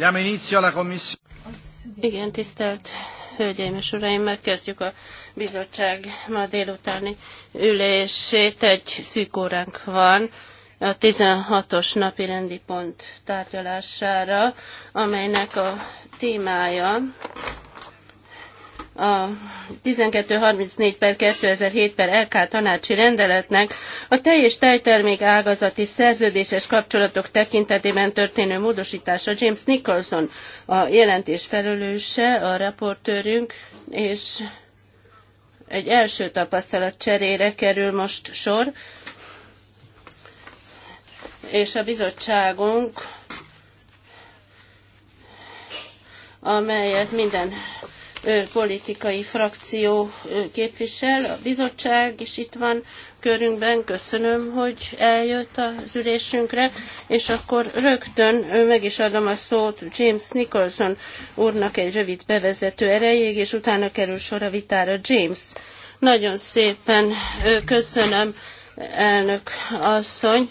Diamo inizio alla commissione. Igen, tisztelt Hölgyeim és Uraim, megkezdjük a bizottság ma délutáni ülését. Egy szűk óránk van a 16-os napi rendi pont tárgyalására, amelynek a témája a 1234 per 2007 per LK tanácsi rendeletnek a tej és tejtermék ágazati szerződéses kapcsolatok tekintetében történő módosítása James Nicholson a jelentés felelőse, a raportőrünk, és egy első tapasztalat cserére kerül most sor, és a bizottságunk, amelyet minden politikai frakció képvisel, a bizottság is itt van körünkben. Köszönöm, hogy eljött az ülésünkre, és akkor rögtön meg is adom a szót James Nicholson úrnak egy rövid bevezető erejéig, és utána kerül sor a vitára. James, nagyon szépen köszönöm, elnök asszony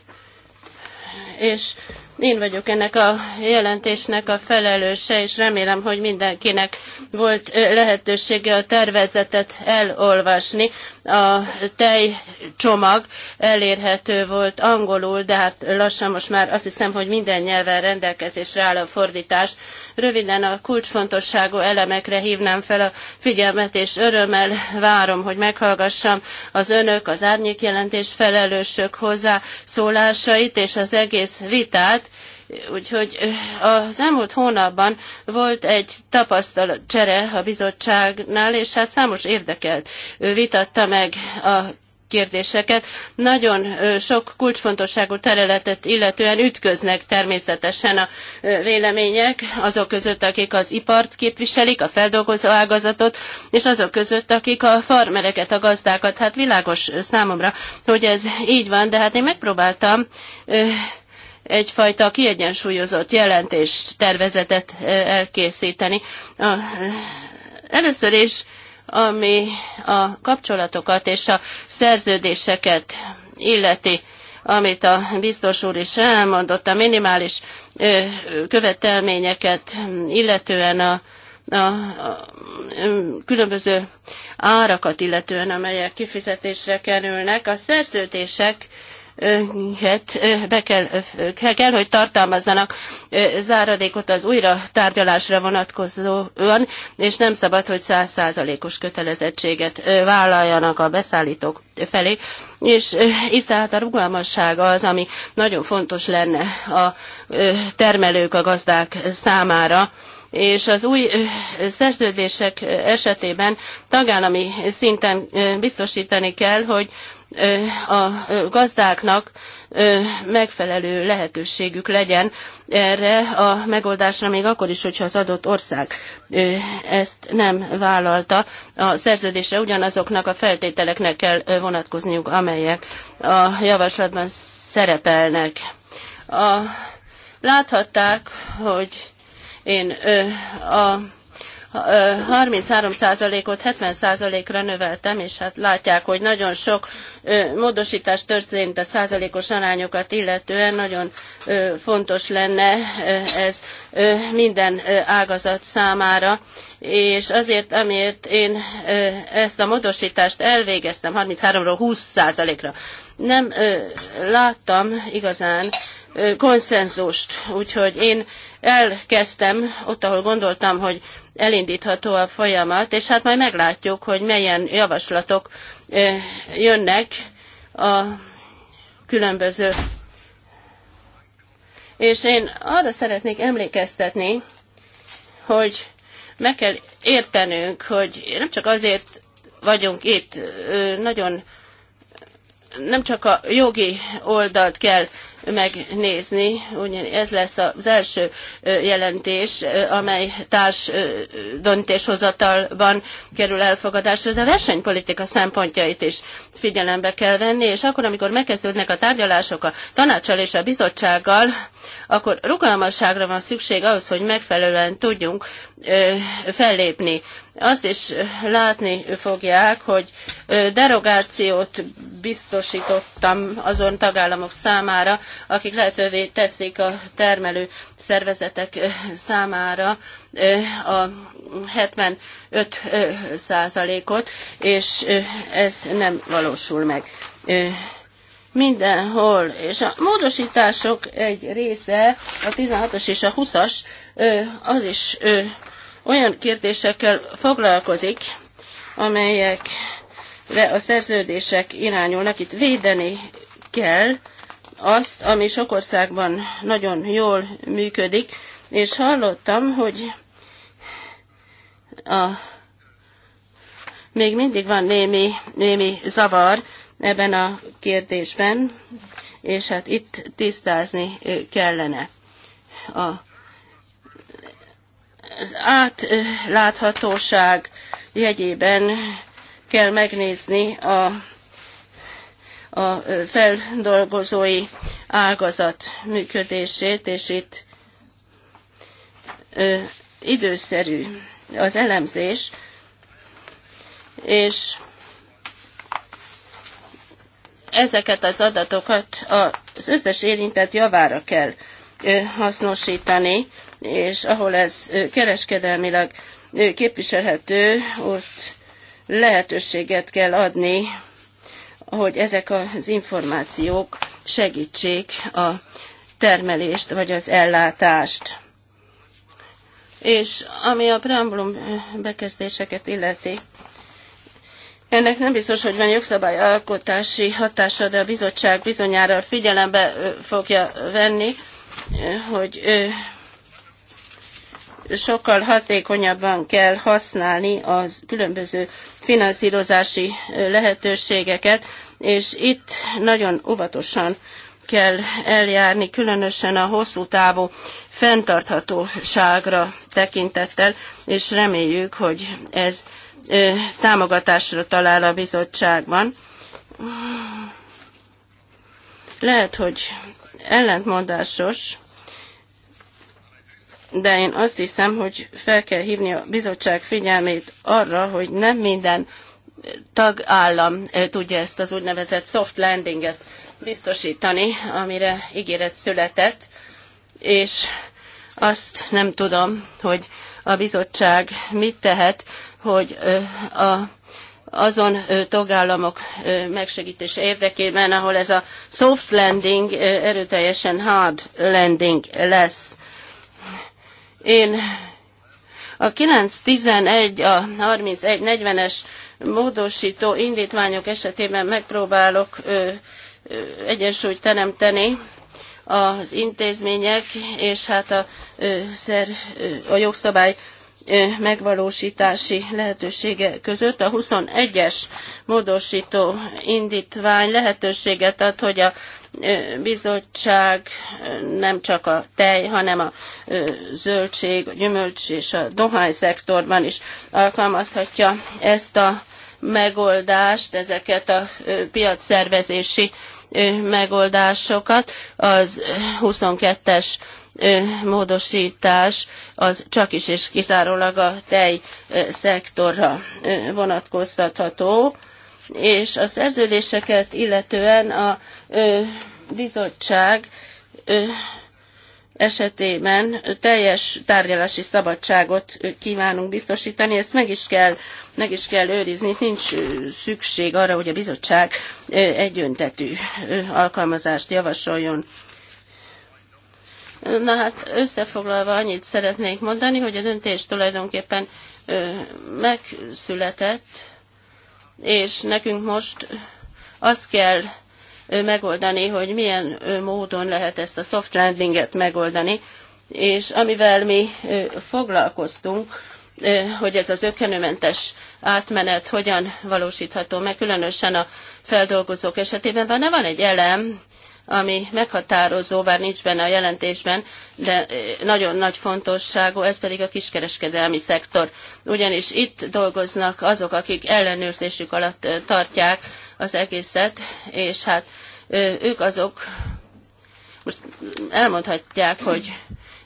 és én vagyok ennek a jelentésnek a felelőse, és remélem, hogy mindenkinek volt lehetősége a tervezetet elolvasni a tejcsomag elérhető volt angolul, de hát lassan most már azt hiszem, hogy minden nyelven rendelkezésre áll a fordítás. Röviden a kulcsfontosságú elemekre hívnám fel a figyelmet, és örömmel várom, hogy meghallgassam az önök, az árnyékjelentés felelősök hozzászólásait és az egész vitát, Úgyhogy az elmúlt hónapban volt egy tapasztalatcsere a bizottságnál, és hát számos érdekelt vitatta meg a kérdéseket. Nagyon sok kulcsfontosságú területet illetően ütköznek természetesen a vélemények azok között, akik az ipart képviselik, a feldolgozó ágazatot, és azok között, akik a farmereket, a gazdákat. Hát világos számomra, hogy ez így van, de hát én megpróbáltam egyfajta kiegyensúlyozott jelentés tervezetet elkészíteni. először is, ami a kapcsolatokat és a szerződéseket illeti, amit a biztos úr is elmondott, a minimális követelményeket, illetően a, a, a különböző árakat, illetően amelyek kifizetésre kerülnek. A szerződések Hát, be kell, kell, hogy tartalmazzanak záradékot az újra tárgyalásra vonatkozóan, és nem szabad, hogy százszázalékos kötelezettséget vállaljanak a beszállítók felé, és itt tehát a rugalmasság az, ami nagyon fontos lenne a termelők, a gazdák számára, és az új szerződések esetében tagállami szinten biztosítani kell, hogy a gazdáknak megfelelő lehetőségük legyen erre a megoldásra, még akkor is, hogyha az adott ország ezt nem vállalta. A szerződésre ugyanazoknak a feltételeknek kell vonatkozniuk, amelyek a javaslatban szerepelnek. A, láthatták, hogy én a 33%-ot 70%-ra növeltem, és hát látják, hogy nagyon sok módosítás történt a százalékos arányokat illetően, nagyon fontos lenne ez minden ágazat számára és azért, amiért én ezt a módosítást elvégeztem 33-ról 20%-ra, nem láttam igazán konszenzust, úgyhogy én elkezdtem ott, ahol gondoltam, hogy elindítható a folyamat, és hát majd meglátjuk, hogy milyen javaslatok jönnek a különböző. És én arra szeretnék emlékeztetni, hogy meg kell értenünk, hogy nem csak azért vagyunk itt, nagyon nem csak a jogi oldalt kell megnézni. Ugyan ez lesz az első jelentés, amely társ döntéshozatalban kerül elfogadásra, de a versenypolitika szempontjait is figyelembe kell venni, és akkor, amikor megkezdődnek a tárgyalások a tanácsal és a bizottsággal, akkor rugalmasságra van szükség ahhoz, hogy megfelelően tudjunk fellépni azt is látni fogják, hogy derogációt biztosítottam azon tagállamok számára, akik lehetővé teszik a termelő szervezetek számára a 75 százalékot, és ez nem valósul meg mindenhol. És a módosítások egy része, a 16-os és a 20-as, az is olyan kérdésekkel foglalkozik, amelyekre a szerződések irányulnak. Itt védeni kell azt, ami sok országban nagyon jól működik, és hallottam, hogy a, még mindig van némi, némi zavar ebben a kérdésben, és hát itt tisztázni kellene a az átláthatóság jegyében kell megnézni a, a feldolgozói ágazat működését, és itt ö, időszerű az elemzés, és ezeket az adatokat az összes érintett javára kell hasznosítani, és ahol ez kereskedelmileg képviselhető, ott lehetőséget kell adni, hogy ezek az információk segítsék a termelést vagy az ellátást. És ami a preambulum bekezdéseket illeti, ennek nem biztos, hogy van jogszabály alkotási hatása, de a bizottság bizonyára figyelembe fogja venni, hogy sokkal hatékonyabban kell használni az különböző finanszírozási lehetőségeket, és itt nagyon óvatosan kell eljárni, különösen a hosszú távú fenntarthatóságra tekintettel, és reméljük, hogy ez támogatásra talál a bizottságban. Lehet, hogy ellentmondásos, de én azt hiszem, hogy fel kell hívni a bizottság figyelmét arra, hogy nem minden tagállam eh, tudja ezt az úgynevezett soft landinget biztosítani, amire ígéret született, és azt nem tudom, hogy a bizottság mit tehet, hogy eh, a, azon eh, tagállamok megsegítése érdekében, ahol ez a soft landing erőteljesen hard landing lesz én a 911, a 3140-es módosító indítványok esetében megpróbálok ö, ö, egyensúlyt teremteni az intézmények és hát a, ö, szer, ö, a jogszabály megvalósítási lehetősége között. A 21-es módosító indítvány lehetőséget ad, hogy a bizottság nem csak a tej, hanem a zöldség, a gyümölcs és a dohány szektorban is alkalmazhatja ezt a megoldást, ezeket a piacszervezési megoldásokat. Az 22-es módosítás az csak is és kizárólag a tej szektorra vonatkoztatható és a szerződéseket illetően a bizottság esetében teljes tárgyalási szabadságot kívánunk biztosítani, ezt meg is kell, meg is kell őrizni, nincs szükség arra, hogy a bizottság egyöntetű alkalmazást javasoljon. Na hát összefoglalva annyit szeretnék mondani, hogy a döntés tulajdonképpen megszületett, és nekünk most azt kell megoldani, hogy milyen módon lehet ezt a soft landinget megoldani, és amivel mi foglalkoztunk, hogy ez az ökenőmentes átmenet hogyan valósítható meg, különösen a feldolgozók esetében, bár van egy elem, ami meghatározó, bár nincs benne a jelentésben, de nagyon nagy fontosságú, ez pedig a kiskereskedelmi szektor. Ugyanis itt dolgoznak azok, akik ellenőrzésük alatt tartják az egészet, és hát ők azok, most elmondhatják, hogy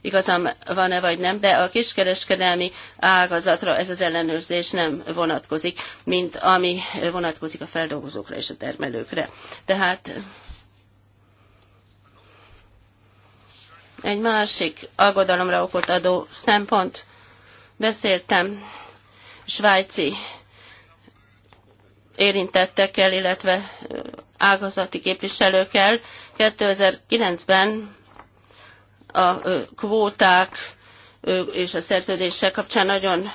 igazam van-e vagy nem, de a kiskereskedelmi ágazatra ez az ellenőrzés nem vonatkozik, mint ami vonatkozik a feldolgozókra és a termelőkre. Tehát egy másik aggodalomra okot adó szempont. Beszéltem svájci érintettekkel, illetve ágazati képviselőkkel. 2009-ben a kvóták és a szerződések kapcsán nagyon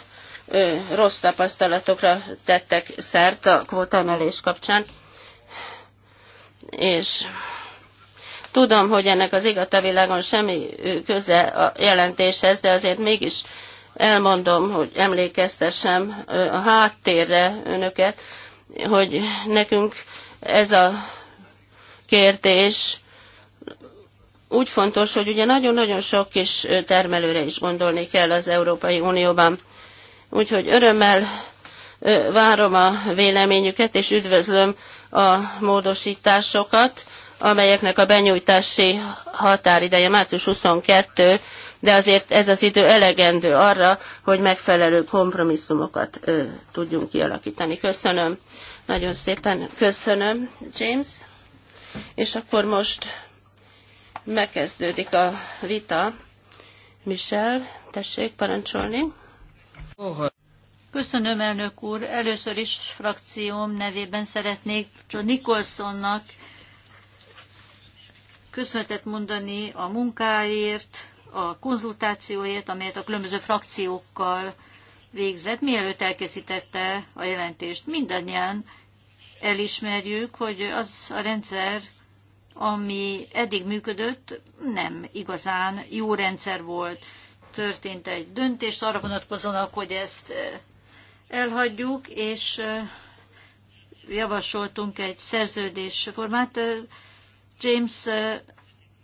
rossz tapasztalatokra tettek szert a kvótaemelés kapcsán. És tudom, hogy ennek az világon semmi köze a jelentéshez, de azért mégis elmondom, hogy emlékeztessem a háttérre önöket, hogy nekünk ez a kérdés úgy fontos, hogy ugye nagyon-nagyon sok kis termelőre is gondolni kell az Európai Unióban. Úgyhogy örömmel várom a véleményüket, és üdvözlöm a módosításokat, amelyeknek a benyújtási határideje március 22, de azért ez az idő elegendő arra, hogy megfelelő kompromisszumokat ö, tudjunk kialakítani. Köszönöm. Nagyon szépen köszönöm, James. És akkor most megkezdődik a vita. Michel, tessék parancsolni. Köszönöm, elnök úr. Először is frakcióm nevében szeretnék John Nicholsonnak köszönetet mondani a munkáért, a konzultációért, amelyet a különböző frakciókkal végzett, mielőtt elkészítette a jelentést. Mindannyian elismerjük, hogy az a rendszer, ami eddig működött, nem igazán jó rendszer volt. Történt egy döntés arra vonatkozónak, hogy ezt eh, elhagyjuk, és eh, javasoltunk egy szerződés formát. Eh, James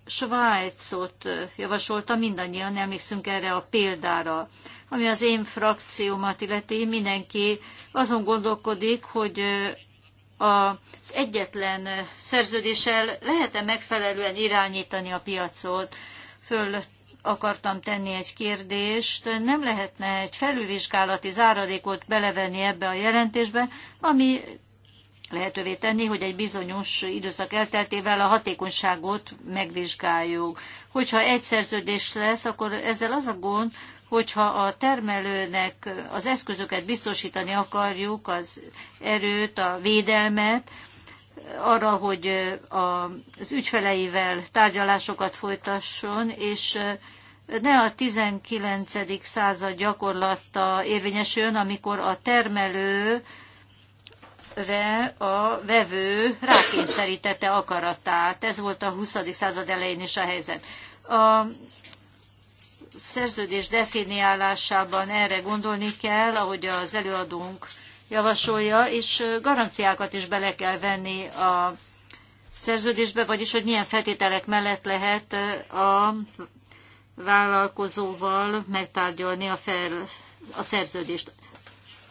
Svájcot javasolta, mindannyian emlékszünk erre a példára. Ami az én frakciómat illeti, mindenki azon gondolkodik, hogy az egyetlen szerződéssel lehet-e megfelelően irányítani a piacot? Föl akartam tenni egy kérdést. Nem lehetne egy felülvizsgálati záradékot belevenni ebbe a jelentésbe, ami lehetővé tenni, hogy egy bizonyos időszak elteltével a hatékonyságot megvizsgáljuk. Hogyha egy szerződés lesz, akkor ezzel az a gond, hogyha a termelőnek az eszközöket biztosítani akarjuk, az erőt, a védelmet, arra, hogy az ügyfeleivel tárgyalásokat folytasson, és ne a 19. század gyakorlatta érvényesüljön, amikor a termelőre a vevő rákényszerítette akaratát. Ez volt a 20. század elején is a helyzet. A szerződés definiálásában erre gondolni kell, ahogy az előadónk javasolja, és garanciákat is bele kell venni a szerződésbe, vagyis hogy milyen feltételek mellett lehet a vállalkozóval megtárgyalni a, fel, a szerződést.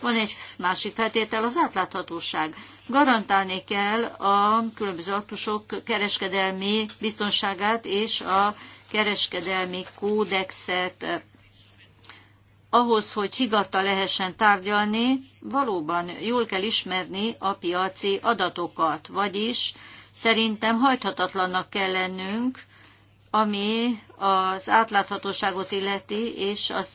Van egy másik feltétel, az átláthatóság. Garantálni kell a különböző aktusok kereskedelmi biztonságát és a kereskedelmi kódexet, eh, ahhoz, hogy higatta lehessen tárgyalni, valóban jól kell ismerni a piaci adatokat, vagyis szerintem hajthatatlannak kell lennünk, ami az átláthatóságot illeti, és az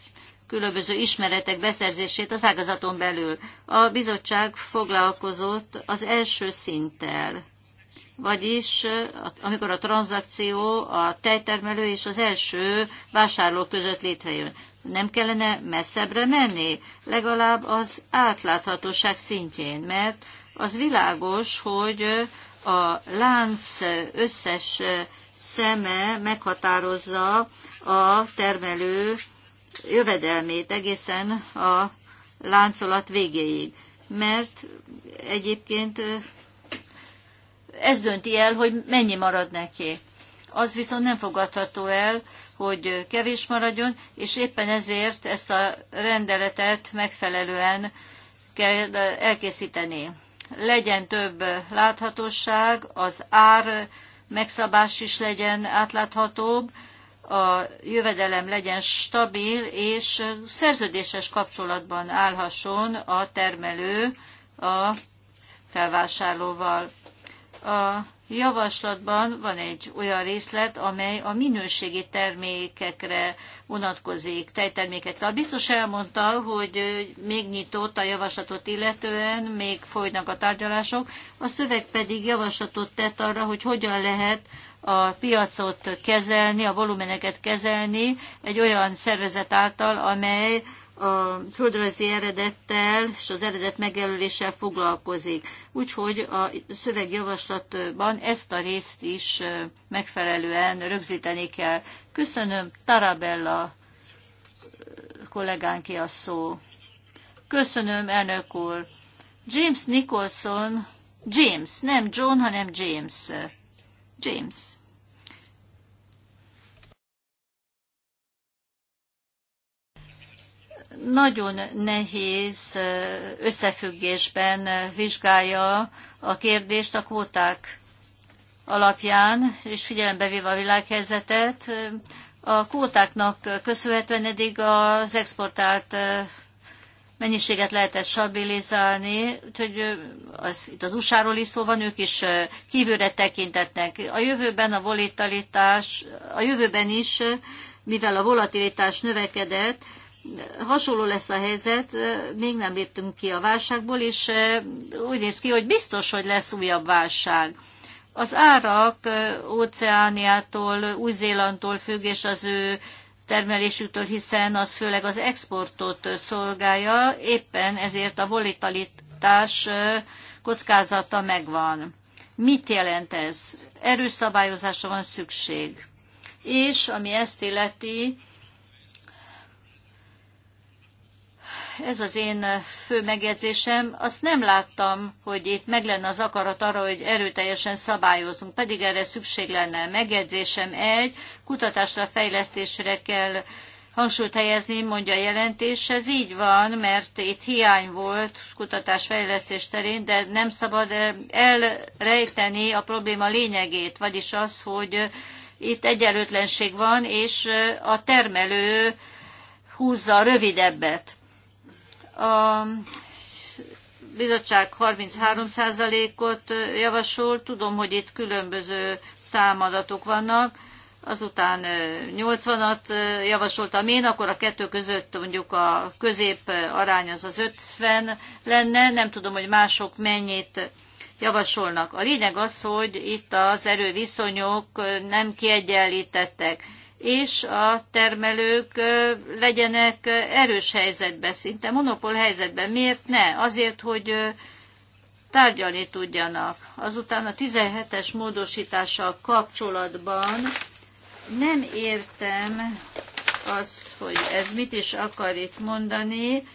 különböző ismeretek beszerzését az ágazaton belül. A bizottság foglalkozott az első szinttel vagyis amikor a tranzakció a tejtermelő és az első vásárló között létrejön. Nem kellene messzebbre menni, legalább az átláthatóság szintjén, mert az világos, hogy a lánc összes szeme meghatározza a termelő jövedelmét egészen a láncolat végéig. Mert egyébként ez dönti el, hogy mennyi marad neki. Az viszont nem fogadható el, hogy kevés maradjon, és éppen ezért ezt a rendeletet megfelelően kell elkészíteni. Legyen több láthatóság, az ár megszabás is legyen átláthatóbb, a jövedelem legyen stabil, és szerződéses kapcsolatban állhasson a termelő a felvásárlóval. A javaslatban van egy olyan részlet, amely a minőségi termékekre vonatkozik, tejtermékekre. A biztos elmondta, hogy még nyitott a javaslatot illetően, még folynak a tárgyalások, a szöveg pedig javaslatot tett arra, hogy hogyan lehet a piacot kezelni, a volumeneket kezelni egy olyan szervezet által, amely a földrajzi eredettel és az eredet megjelöléssel foglalkozik. Úgyhogy a szövegjavaslatban ezt a részt is megfelelően rögzíteni kell. Köszönöm, Tarabella kollégánki a szó. Köszönöm, elnök úr. James Nicholson, James, nem John, hanem James. James. nagyon nehéz összefüggésben vizsgálja a kérdést a kvóták alapján, és figyelembe véve a világhelyzetet. A kvótáknak köszönhetően eddig az exportált mennyiséget lehetett stabilizálni, úgyhogy az, itt az USA-ról is szó van, ők is kívülre tekintetnek. A jövőben a volatilitás, a jövőben is, mivel a volatilitás növekedett, hasonló lesz a helyzet, még nem léptünk ki a válságból, és eh, úgy néz ki, hogy biztos, hogy lesz újabb válság. Az árak eh, Óceániától, Új-Zélandtól függ, és az ő termelésüktől, hiszen az főleg az exportot szolgálja, éppen ezért a volatilitás eh, kockázata megvan. Mit jelent ez? Erős van szükség. És, ami ezt illeti, ez az én eh, fő megjegyzésem. Azt nem láttam, hogy itt meg lenne az akarat arra, hogy erőteljesen szabályozunk, pedig erre szükség lenne. Megjegyzésem egy, kutatásra, fejlesztésre kell hangsúlyt helyezni, mondja a jelentés. Ez így van, mert itt hiány volt kutatás-fejlesztés terén, de nem szabad eh, elrejteni a probléma lényegét, vagyis az, hogy eh, itt egyenlőtlenség van, és a termelő húzza a rövidebbet. A bizottság 33%-ot javasol, tudom, hogy itt különböző számadatok vannak, azután 80-at javasoltam én, akkor a kettő között mondjuk a közép arány az az 50 lenne, nem tudom, hogy mások mennyit javasolnak. A lényeg az, hogy itt az erőviszonyok nem kiegyenlítettek és a termelők legyenek erős helyzetben, szinte monopól helyzetben. Miért ne? Azért, hogy tárgyalni tudjanak. Azután a 17-es módosítással kapcsolatban nem értem azt, hogy ez mit is akar itt mondani,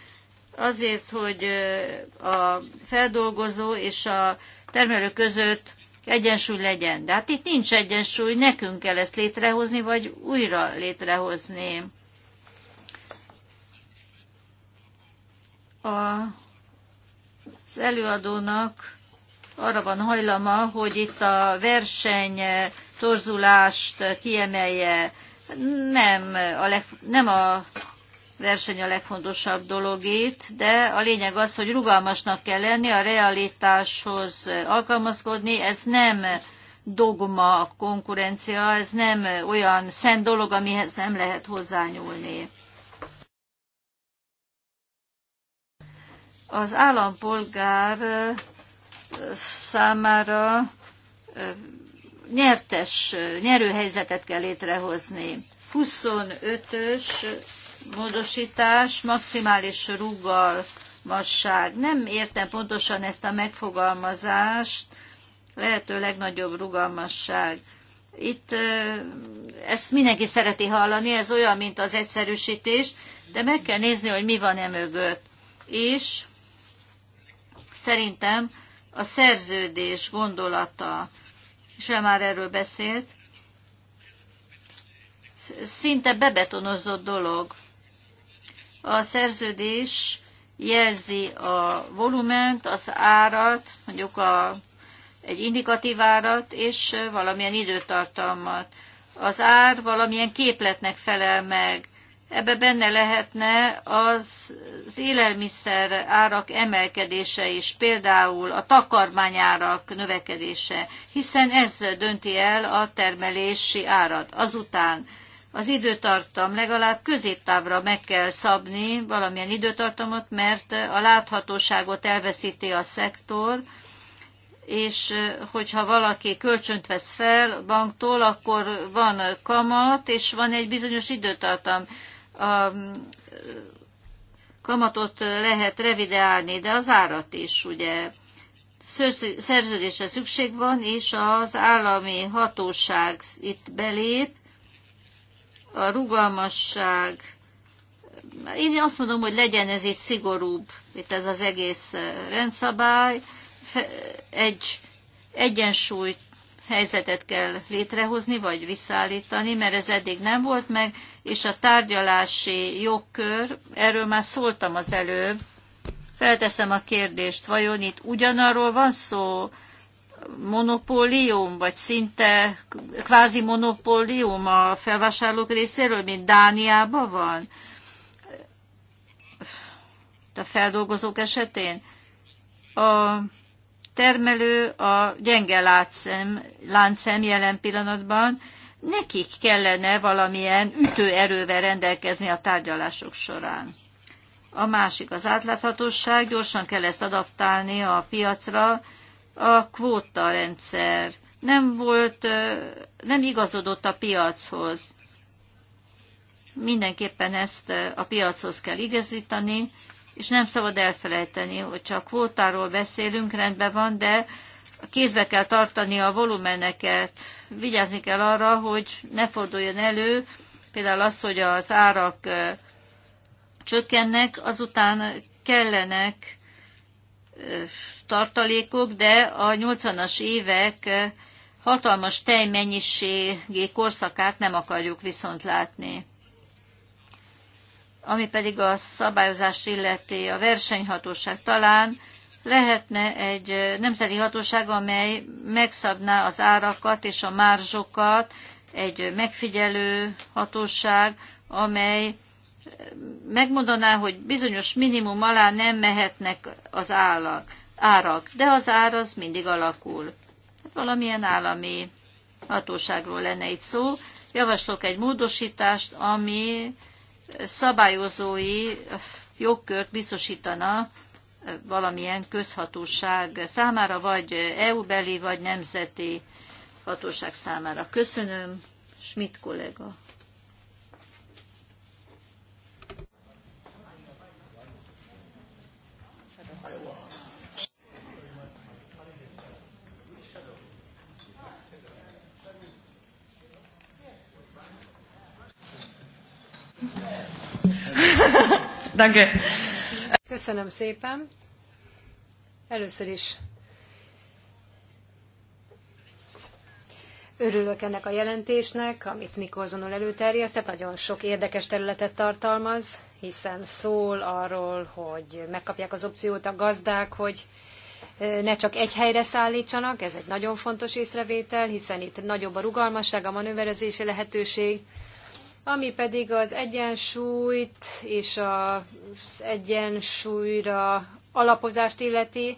azért, hogy a feldolgozó és a termelő között egyensúly legyen. De hát itt nincs egyensúly, nekünk kell ezt létrehozni, vagy újra létrehozni. A, az előadónak arra van hajlama, hogy itt a verseny torzulást kiemelje. Nem a, leg, nem a verseny a legfontosabb dologét, de a lényeg az, hogy rugalmasnak kell lenni, a realitáshoz alkalmazkodni, ez nem dogma a konkurencia, ez nem olyan szent dolog, amihez nem lehet hozzányúlni. Az állampolgár számára nyertes, nyerő helyzetet kell létrehozni. 25-ös módosítás maximális rugalmasság. Nem értem pontosan ezt a megfogalmazást, lehető legnagyobb rugalmasság. Itt ezt mindenki szereti hallani, ez olyan, mint az egyszerűsítés, de meg kell nézni, hogy mi van e mögött. És szerintem a szerződés gondolata, és már erről beszélt, szinte bebetonozott dolog. A szerződés jelzi a volument, az árat, mondjuk a, egy indikatív árat és valamilyen időtartalmat. Az ár valamilyen képletnek felel meg. Ebbe benne lehetne az, az élelmiszer árak emelkedése is, például a takarmányárak növekedése, hiszen ez dönti el a termelési árat. Azután az időtartam legalább középtávra meg kell szabni valamilyen időtartamot, mert a láthatóságot elveszíti a szektor, és hogyha valaki kölcsönt vesz fel banktól, akkor van kamat, és van egy bizonyos időtartam. A kamatot lehet revideálni, de az árat is, ugye, szerződésre szükség van, és az állami hatóság itt belép, a rugalmasság. Én azt mondom, hogy legyen ez itt szigorúbb, itt ez az egész eh, rendszabály. Egy egyensúly helyzetet kell létrehozni, vagy visszaállítani, mert ez eddig nem volt meg, és a tárgyalási jogkör, erről már szóltam az előbb, felteszem a kérdést, vajon itt ugyanarról van szó, monopólium, vagy szinte kvázi monopólium a felvásárlók részéről, mint Dániában van a feldolgozók esetén. A termelő a gyenge látszem, láncem jelen pillanatban, nekik kellene valamilyen ütőerővel rendelkezni a tárgyalások során. A másik az átláthatóság, gyorsan kell ezt adaptálni a piacra, a kvóta rendszer nem volt, nem igazodott a piachoz. Mindenképpen ezt a piachoz kell igazítani, és nem szabad elfelejteni, hogy csak kvótáról beszélünk, rendben van, de kézbe kell tartani a volumeneket, vigyázni kell arra, hogy ne forduljon elő, például az, hogy az árak csökkennek, azután kellenek tartalékok, de a 80-as évek hatalmas tejmennyiségi korszakát nem akarjuk viszont látni. Ami pedig a szabályozást illeti, a versenyhatóság talán lehetne egy nemzeti hatóság, amely megszabná az árakat és a márzsokat, egy megfigyelő hatóság, amely megmondaná, hogy bizonyos minimum alá nem mehetnek az állak, árak, de az ár az mindig alakul. Hát valamilyen állami hatóságról lenne itt szó. Javaslok egy módosítást, ami szabályozói jogkört biztosítana valamilyen közhatóság számára, vagy EU-beli, vagy nemzeti hatóság számára. Köszönöm, Schmidt kollega. Danke. Köszönöm szépen. Először is Örülök ennek a jelentésnek, amit Nikolzonul előterjesztett, nagyon sok érdekes területet tartalmaz, hiszen szól arról, hogy megkapják az opciót a gazdák, hogy ne csak egy helyre szállítsanak, ez egy nagyon fontos észrevétel, hiszen itt nagyobb a rugalmasság, a manőverezési lehetőség, ami pedig az egyensúlyt és az egyensúlyra alapozást illeti,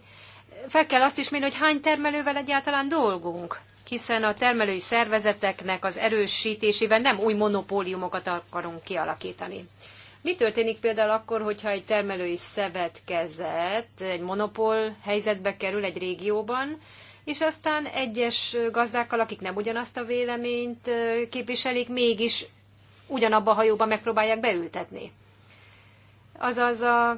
fel kell azt ismerni, hogy hány termelővel egyáltalán dolgunk hiszen a termelői szervezeteknek az erősítésében nem új monopóliumokat akarunk kialakítani. Mi történik például akkor, hogyha egy termelői szövetkezet egy monopól helyzetbe kerül egy régióban, és aztán egyes gazdákkal, akik nem ugyanazt a véleményt képviselik, mégis ugyanabba a hajóba megpróbálják beültetni. Azaz a,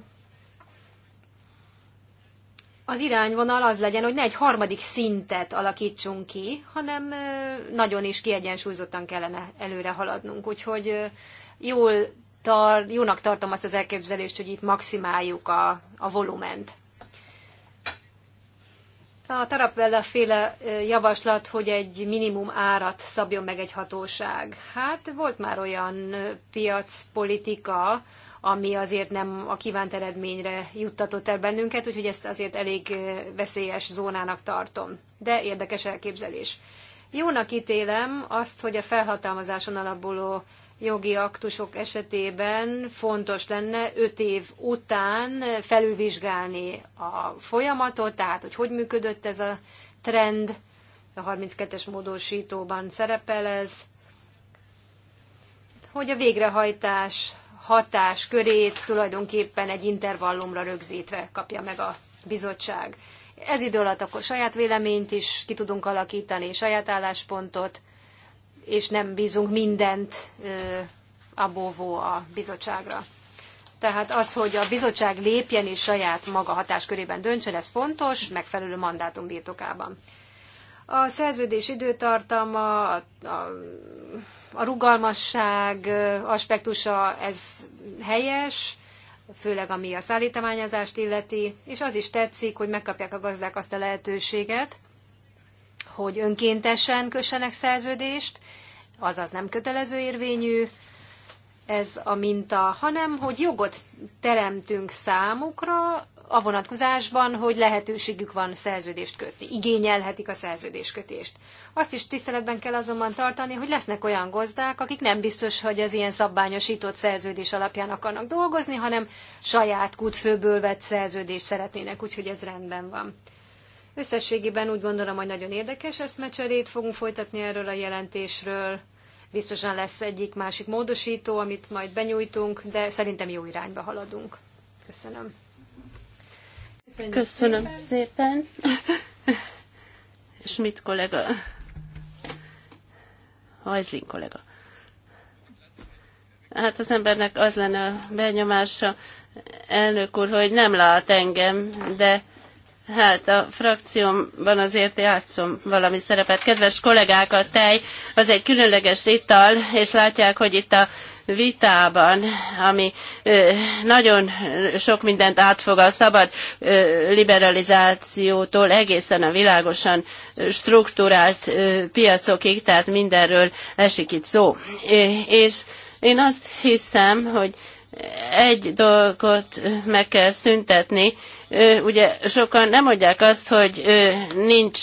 az irányvonal az legyen, hogy ne egy harmadik szintet alakítsunk ki, hanem nagyon is kiegyensúlyozottan kellene előre haladnunk. Úgyhogy jól tar, jónak tartom azt az elképzelést, hogy itt maximáljuk a, a volument. A Tarapella féle javaslat, hogy egy minimum árat szabjon meg egy hatóság. Hát volt már olyan piacpolitika, ami azért nem a kívánt eredményre juttatott el bennünket, úgyhogy ezt azért elég veszélyes zónának tartom. De érdekes elképzelés. Jónak ítélem azt, hogy a felhatalmazáson alapuló jogi aktusok esetében fontos lenne öt év után felülvizsgálni a folyamatot, tehát hogy hogy működött ez a trend, a 32-es módosítóban szerepel ez, hogy a végrehajtás hatás körét tulajdonképpen egy intervallumra rögzítve kapja meg a bizottság. Ez idő alatt akkor saját véleményt is ki tudunk alakítani, saját álláspontot, és nem bízunk mindent abóvó a bizottságra. Tehát az, hogy a bizottság lépjen és saját maga hatáskörében döntsön, ez fontos, megfelelő mandátum birtokában. A szerződés időtartama, a, a, rugalmasság aspektusa, ez helyes, főleg ami a szállítmányozást illeti, és az is tetszik, hogy megkapják a gazdák azt a lehetőséget, hogy önkéntesen kössenek szerződést, azaz nem kötelező érvényű ez a minta, hanem hogy jogot teremtünk számukra a vonatkozásban, hogy lehetőségük van szerződést kötni, igényelhetik a szerződéskötést. Azt is tiszteletben kell azonban tartani, hogy lesznek olyan gazdák, akik nem biztos, hogy az ilyen szabványosított szerződés alapján akarnak dolgozni, hanem saját kutfőből vett szerződést szeretnének, úgyhogy ez rendben van. Összességében úgy gondolom, hogy nagyon érdekes eszmecserét fogunk folytatni erről a jelentésről. Biztosan lesz egyik-másik módosító, amit majd benyújtunk, de szerintem jó irányba haladunk. Köszönöm. Köszönjük Köszönöm szépen. szépen. És mit kollega? Hajzlin kollega. Hát az embernek az lenne a benyomása, elnök úr, hogy nem lát engem, de Hát a frakciómban azért játszom valami szerepet. Kedves kollégák, a tej az egy különleges ital, és látják, hogy itt a vitában, ami nagyon sok mindent átfog a szabad liberalizációtól egészen a világosan struktúrált piacokig, tehát mindenről esik itt szó. És én azt hiszem, hogy egy dolgot meg kell szüntetni. Ugye sokan nem mondják azt, hogy nincs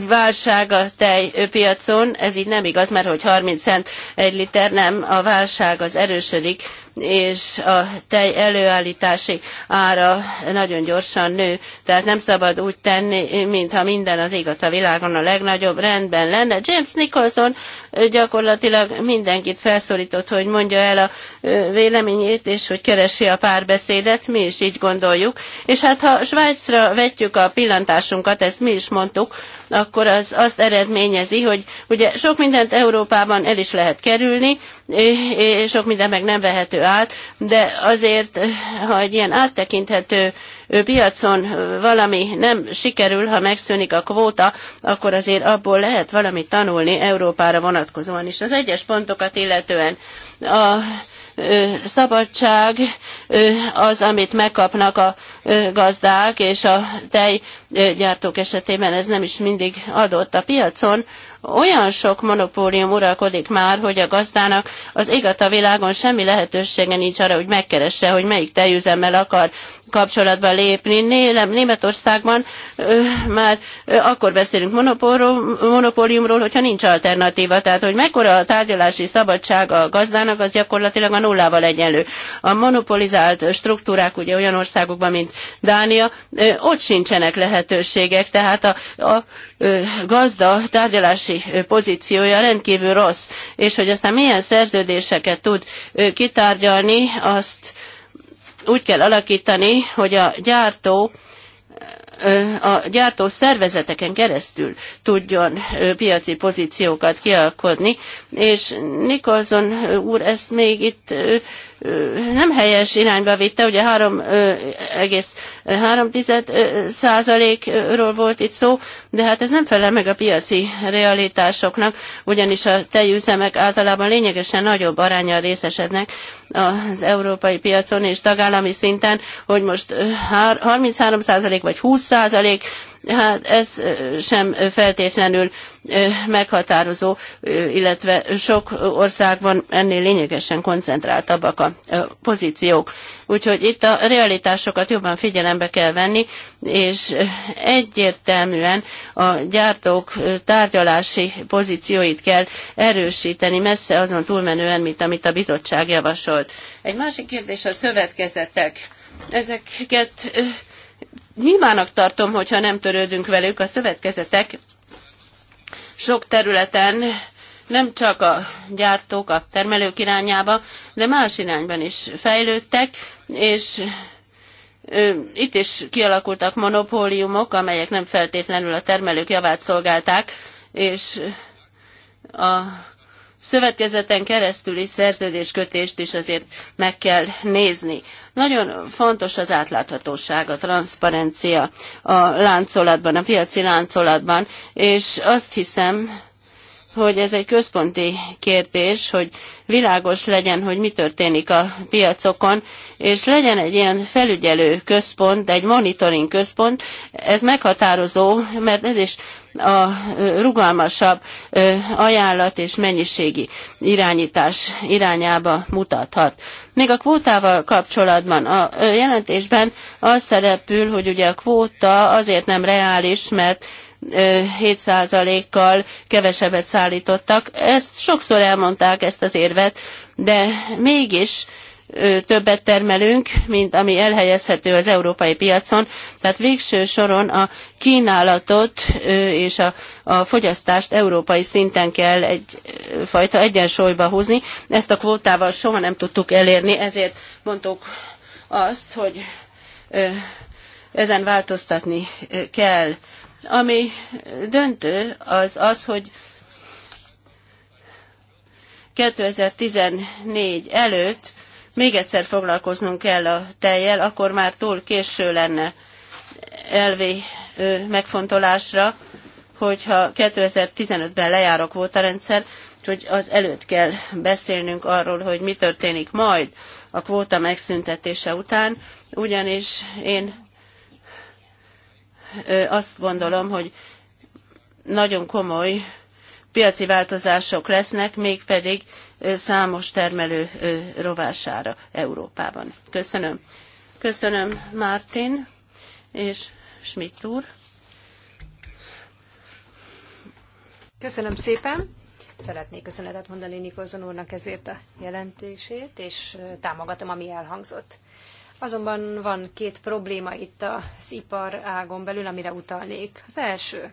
válság a tejpiacon, ez így nem igaz, mert hogy 30 cent egy liter nem, a válság az erősödik, és a tej előállítási ára nagyon gyorsan nő, tehát nem szabad úgy tenni, mintha minden az ég a világon a legnagyobb rendben lenne. James Nicholson gyakorlatilag mindenkit felszólított, hogy mondja el a véleményét, és hogy keresi a párbeszédet, mi is így gondoljuk. És hát ha Svájcra vetjük a pillantásunkat, ezt mi is mondtuk, akkor az azt eredményezi, hogy ugye sok mindent Európában el is lehet kerülni, és sok minden meg nem vehető át, de azért, ha egy ilyen áttekinthető piacon valami nem sikerül, ha megszűnik a kvóta, akkor azért abból lehet valamit tanulni Európára vonatkozóan is. Az egyes pontokat illetően a szabadság az, amit megkapnak a gazdák, és a tej gyártók esetében ez nem is mindig adott a piacon, olyan sok monopólium uralkodik már, hogy a gazdának az igata világon semmi lehetősége nincs arra, hogy megkeresse, hogy melyik tejüzemmel akar kapcsolatba lépni. Németországban ö, már ö, akkor beszélünk monopóliumról, hogyha nincs alternatíva. Tehát, hogy mekkora a tárgyalási szabadság a gazdának, az gyakorlatilag a nullával egyenlő. A monopolizált struktúrák ugye olyan országokban, mint Dánia, ö, ott sincsenek lehetőségek lehetőségek, tehát a, a gazda tárgyalási pozíciója rendkívül rossz, és hogy aztán milyen szerződéseket tud kitárgyalni, azt úgy kell alakítani, hogy a gyártó a gyártó szervezeteken keresztül tudjon piaci pozíciókat kialkodni, és Nikolson úr ezt még itt nem helyes irányba vitte, ugye 3,3 százalékról volt itt szó, de hát ez nem felel meg a piaci realitásoknak, ugyanis a tejüzemek általában lényegesen nagyobb arányal részesednek az európai piacon és tagállami szinten, hogy most 33 százalék vagy 20 százalék, hát ez sem feltétlenül meghatározó, illetve sok országban ennél lényegesen koncentráltabbak a pozíciók. Úgyhogy itt a realitásokat jobban figyelembe kell venni, és egyértelműen a gyártók tárgyalási pozícióit kell erősíteni, messze azon túlmenően, mint amit a bizottság javasolt. Egy másik kérdés a szövetkezetek. Ezeket hibának tartom, hogyha nem törődünk velük, a szövetkezetek sok területen nem csak a gyártók, a termelők irányába, de más irányban is fejlődtek, és itt is kialakultak monopóliumok, amelyek nem feltétlenül a termelők javát szolgálták, és a szövetkezeten keresztüli szerződéskötést is azért meg kell nézni. Nagyon fontos az átláthatóság, a transzparencia a láncolatban, a piaci láncolatban, és azt hiszem, hogy ez egy központi kérdés, hogy világos legyen, hogy mi történik a piacokon, és legyen egy ilyen felügyelő központ, egy monitoring központ, ez meghatározó, mert ez is a rugalmasabb ajánlat és mennyiségi irányítás irányába mutathat. Még a kvótával kapcsolatban a jelentésben az szerepül, hogy ugye a kvóta azért nem reális, mert 7%-kal kevesebbet szállítottak. Ezt sokszor elmondták, ezt az érvet, de mégis többet termelünk, mint ami elhelyezhető az európai piacon. Tehát végső soron a kínálatot és a, a fogyasztást európai szinten kell egyfajta egyensúlyba hozni. Ezt a kvótával soha nem tudtuk elérni, ezért mondtuk azt, hogy ezen változtatni kell. Ami döntő, az az, hogy 2014 előtt még egyszer foglalkoznunk kell a tejjel, akkor már túl késő lenne elvé megfontolásra, hogyha 2015-ben lejár a kvótarendszer, úgyhogy az előtt kell beszélnünk arról, hogy mi történik majd a kvóta megszüntetése után, ugyanis én azt gondolom, hogy nagyon komoly piaci változások lesznek, mégpedig számos termelő rovására Európában. Köszönöm. Köszönöm Mártin és Schmidt úr. Köszönöm szépen. Szeretnék köszönetet mondani Nikolson úrnak ezért a jelentését, és támogatom, ami elhangzott. Azonban van két probléma itt az ipar ágon belül, amire utalnék. Az első,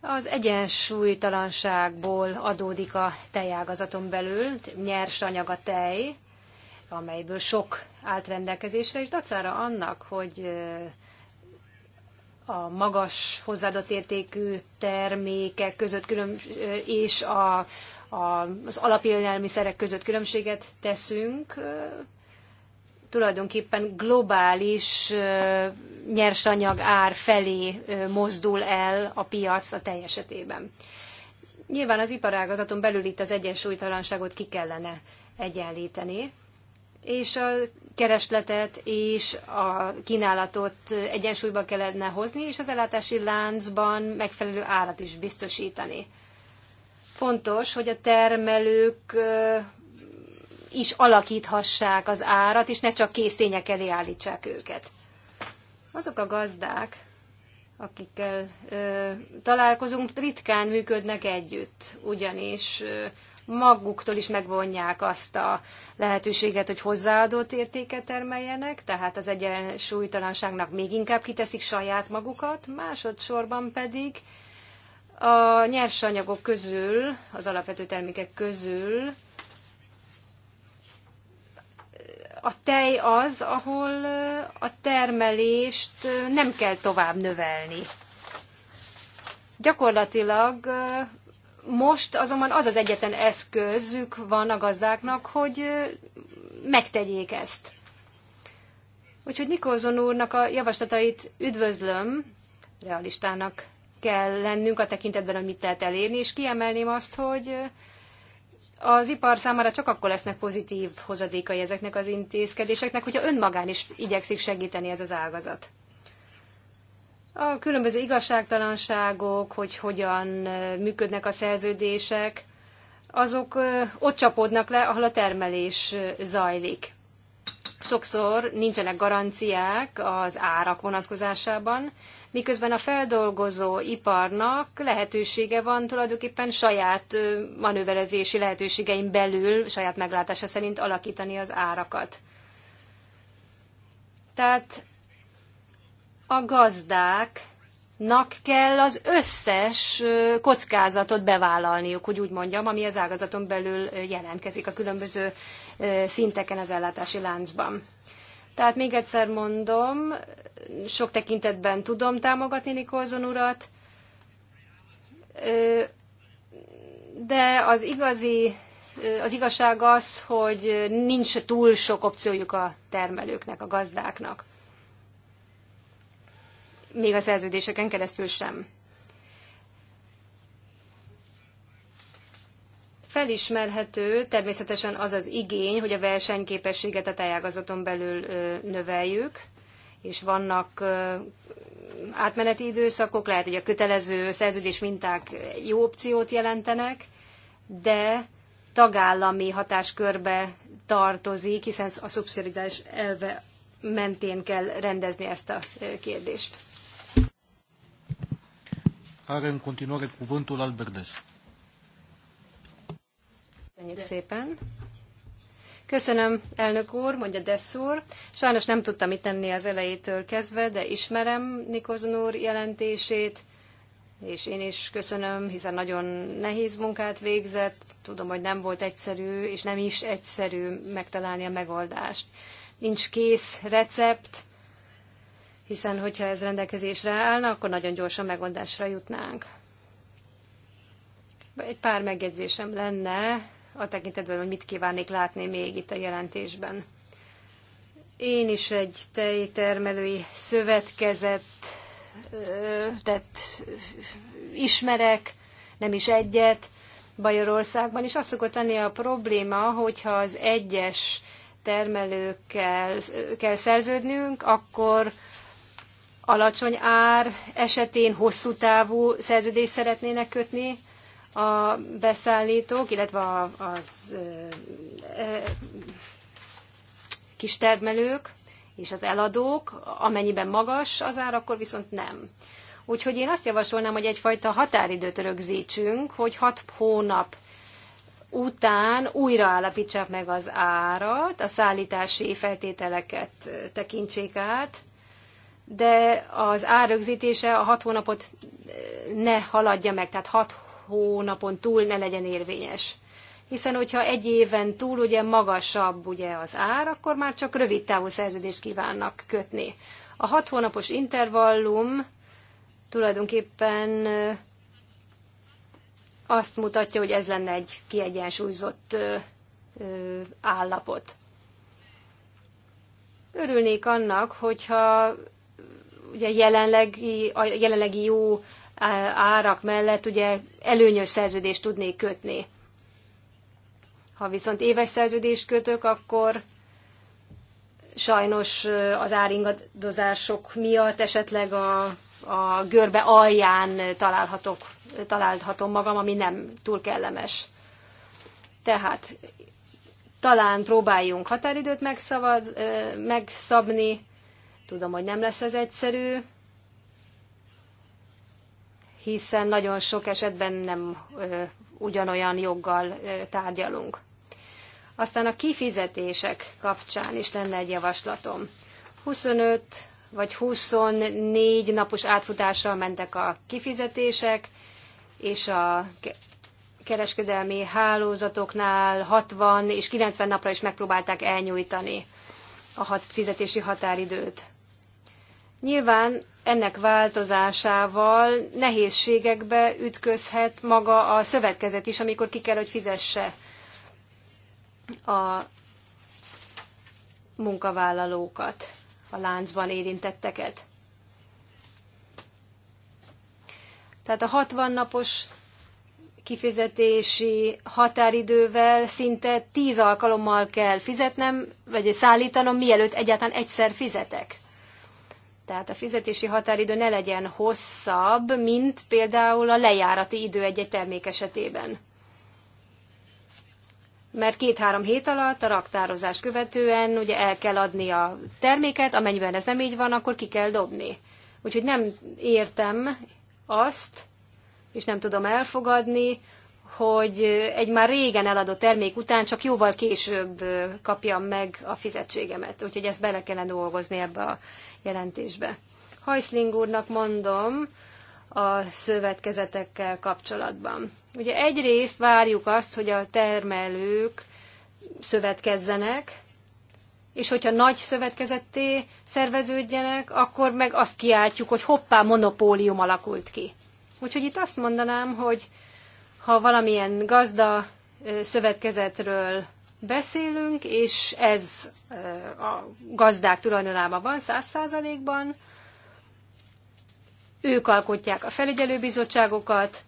az egyensúlytalanságból adódik a tejágazaton belül, nyers anyag a tej, amelyből sok állt rendelkezésre, és dacára annak, hogy a magas hozzáadott értékű termékek között külön, és a, a, az alapélelmiszerek között különbséget teszünk, tulajdonképpen globális nyersanyag ár felé mozdul el a piac a teljesetében. Nyilván az iparágazaton belül itt az egyensúlytalanságot ki kellene egyenlíteni, és a keresletet és a kínálatot egyensúlyba kellene hozni, és az ellátási láncban megfelelő árat is biztosítani. Fontos, hogy a termelők is alakíthassák az árat, és ne csak készények elé állítsák őket. Azok a gazdák, akikkel ö, találkozunk, ritkán működnek együtt, ugyanis ö, maguktól is megvonják azt a lehetőséget, hogy hozzáadott értéket termeljenek, tehát az egyensúlytalanságnak még inkább kiteszik saját magukat, másodszorban pedig a nyersanyagok közül, az alapvető termékek közül a tej az, ahol a termelést nem kell tovább növelni. Gyakorlatilag most azonban az az egyetlen eszközük van a gazdáknak, hogy megtegyék ezt. Úgyhogy Nikolzon úrnak a javaslatait üdvözlöm, realistának kell lennünk a tekintetben, amit mit lehet elérni, és kiemelném azt, hogy az ipar számára csak akkor lesznek pozitív hozadékai ezeknek az intézkedéseknek, hogyha önmagán is igyekszik segíteni ez az ágazat. A különböző igazságtalanságok, hogy hogyan működnek a szerződések, azok ott csapódnak le, ahol a termelés zajlik sokszor nincsenek garanciák az árak vonatkozásában, miközben a feldolgozó iparnak lehetősége van tulajdonképpen saját manőverezési lehetőségein belül, saját meglátása szerint alakítani az árakat. Tehát a gazdáknak kell az összes kockázatot bevállalniuk, hogy úgy mondjam, ami az ágazaton belül jelentkezik a különböző szinteken az ellátási láncban. Tehát még egyszer mondom, sok tekintetben tudom támogatni Nikolzon urat, de az igazi, az igazság az, hogy nincs túl sok opciójuk a termelőknek, a gazdáknak. Még a szerződéseken keresztül sem. Felismerhető természetesen az az igény, hogy a versenyképességet a tájágazaton belül növeljük, és vannak átmeneti időszakok, lehet, hogy a kötelező szerződés minták jó opciót jelentenek, de tagállami hatáskörbe tartozik, hiszen a szubszidizás elve mentén kell rendezni ezt a kérdést. Are în continuare cuvântul Albert Köszönjük szépen. Köszönöm, elnök úr, mondja Desszúr. Sajnos nem tudtam itt tenni az elejétől kezdve, de ismerem Nikozon úr jelentését, és én is köszönöm, hiszen nagyon nehéz munkát végzett. Tudom, hogy nem volt egyszerű, és nem is egyszerű megtalálni a megoldást. Nincs kész recept, hiszen hogyha ez rendelkezésre állna, akkor nagyon gyorsan megoldásra jutnánk. Egy pár megjegyzésem lenne a tekintetben, hogy mit kívánnék látni még itt a jelentésben. Én is egy tejtermelői szövetkezet tehát ismerek, nem is egyet Bajorországban, és az szokott lenni a probléma, hogyha az egyes termelőkkel kell szerződnünk, akkor alacsony ár esetén hosszú távú szerződést szeretnének kötni, a beszállítók, illetve az kistermelők és az eladók, amennyiben magas az ár, akkor viszont nem. Úgyhogy én azt javasolnám, hogy egyfajta határidőt rögzítsünk, hogy hat hónap után újra állapítsák meg az árat, a szállítási feltételeket tekintsék át, de az árrögzítése a hat hónapot ne haladja meg, tehát hat hónapon túl ne legyen érvényes. Hiszen, hogyha egy éven túl ugye magasabb ugye az ár, akkor már csak rövid távú szerződést kívánnak kötni. A hat hónapos intervallum tulajdonképpen azt mutatja, hogy ez lenne egy kiegyensúlyozott állapot. Örülnék annak, hogyha ugye jelenlegi, a jelenlegi jó árak mellett ugye előnyös szerződést tudnék kötni. Ha viszont éves szerződést kötök, akkor sajnos az áringadozások miatt esetleg a, a görbe alján találhatok, találhatom magam, ami nem túl kellemes. Tehát talán próbáljunk határidőt megszabni, tudom, hogy nem lesz ez egyszerű, hiszen nagyon sok esetben nem ugyanolyan joggal tárgyalunk. Aztán a kifizetések kapcsán is lenne egy javaslatom. 25 vagy 24 napos átfutással mentek a kifizetések, és a kereskedelmi hálózatoknál 60 és 90 napra is megpróbálták elnyújtani a hat, fizetési határidőt. Nyilván ennek változásával nehézségekbe ütközhet maga a szövetkezet is, amikor ki kell, hogy fizesse a munkavállalókat, a láncban érintetteket. Tehát a 60 napos kifizetési határidővel szinte 10 alkalommal kell fizetnem, vagy szállítanom, mielőtt egyáltalán egyszer fizetek. Tehát a fizetési határidő ne legyen hosszabb, mint például a lejárati idő egy-egy termék esetében. Mert két-három hét alatt a raktározás követően ugye el kell adni a terméket, amennyiben ez nem így van, akkor ki kell dobni. Úgyhogy nem értem azt, és nem tudom elfogadni, hogy egy már régen eladott termék után csak jóval később kapjam meg a fizetségemet. Úgyhogy ezt bele kellene dolgozni ebbe a jelentésbe. Hajszling úrnak mondom a szövetkezetekkel kapcsolatban. Ugye egyrészt várjuk azt, hogy a termelők szövetkezzenek, és hogyha nagy szövetkezetté szerveződjenek, akkor meg azt kiáltjuk, hogy hoppá, monopólium alakult ki. Úgyhogy itt azt mondanám, hogy ha valamilyen gazda szövetkezetről beszélünk, és ez a gazdák tulajdonában van száz százalékban, ők alkotják a felügyelőbizottságokat,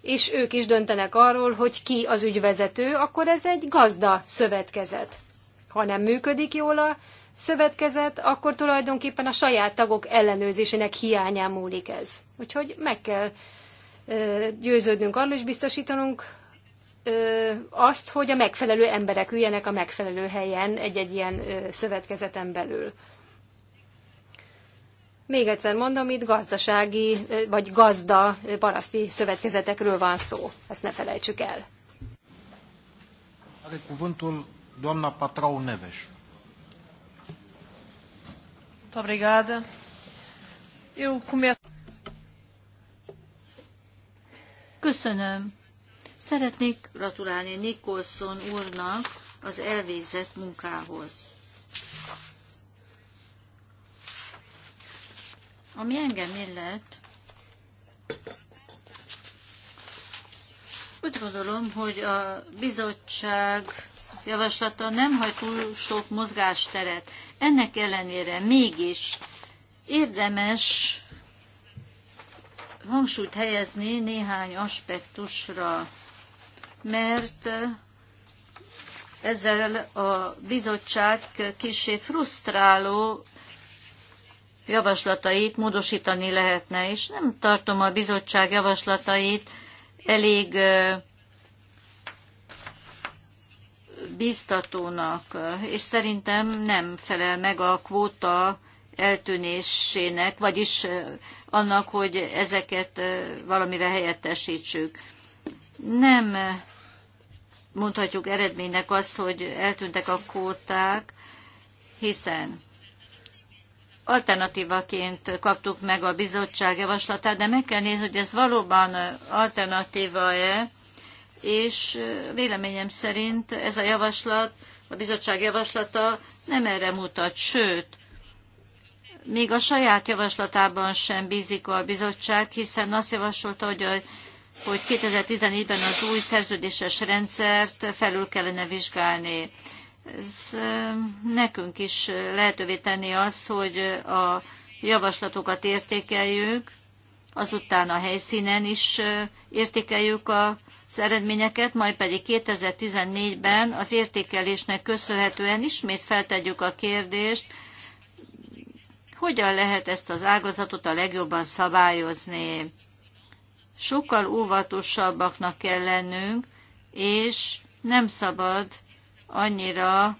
és ők is döntenek arról, hogy ki az ügyvezető, akkor ez egy gazda szövetkezet. Ha nem működik jól a szövetkezet, akkor tulajdonképpen a saját tagok ellenőrzésének hiányán múlik ez. Úgyhogy meg kell győződnünk arról és biztosítanunk azt, hogy a megfelelő emberek üljenek a megfelelő helyen egy-egy ilyen szövetkezeten belül. Még egyszer mondom, itt gazdasági vagy gazda paraszti szövetkezetekről van szó. Ezt ne felejtsük el. Are cuvântul doamna Patrau Neves. Obrigada. Eu começo... Köszönöm. Szeretnék gratulálni Nicholson úrnak az elvégzett munkához. Ami engem illet, úgy gondolom, hogy a bizottság javaslata nem hagy túl sok mozgásteret. Ennek ellenére mégis érdemes hangsúlyt helyezni néhány aspektusra, mert ezzel a bizottság kisé frusztráló javaslatait módosítani lehetne, és nem tartom a bizottság javaslatait elég biztatónak, és szerintem nem felel meg a kvóta eltűnésének, vagyis annak, hogy ezeket valamivel helyettesítsük. Nem mondhatjuk eredménynek azt, hogy eltűntek a kóták, hiszen alternatívaként kaptuk meg a bizottság javaslatát, de meg kell nézni, hogy ez valóban alternatíva-e, és véleményem szerint ez a javaslat, a bizottság javaslata nem erre mutat, sőt, még a saját javaslatában sem bízik a bizottság, hiszen azt javasolta, hogy, a, hogy 2014-ben az új szerződéses rendszert felül kellene vizsgálni. Ez nekünk is lehetővé tenni azt, hogy a javaslatokat értékeljük, azután a helyszínen is értékeljük a az eredményeket, majd pedig 2014-ben az értékelésnek köszönhetően ismét feltegyük a kérdést, hogyan lehet ezt az ágazatot a legjobban szabályozni? Sokkal óvatosabbaknak kell lennünk, és nem szabad annyira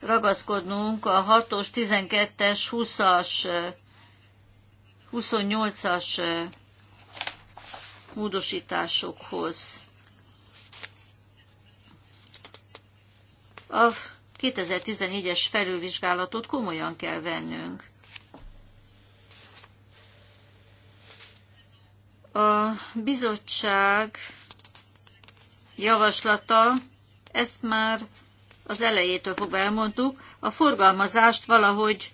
ragaszkodnunk a 6-os, 12-es, 20-as, 28-as módosításokhoz. A 2014-es felülvizsgálatot komolyan kell vennünk. A bizottság javaslata, ezt már az elejétől fogva elmondtuk, a forgalmazást valahogy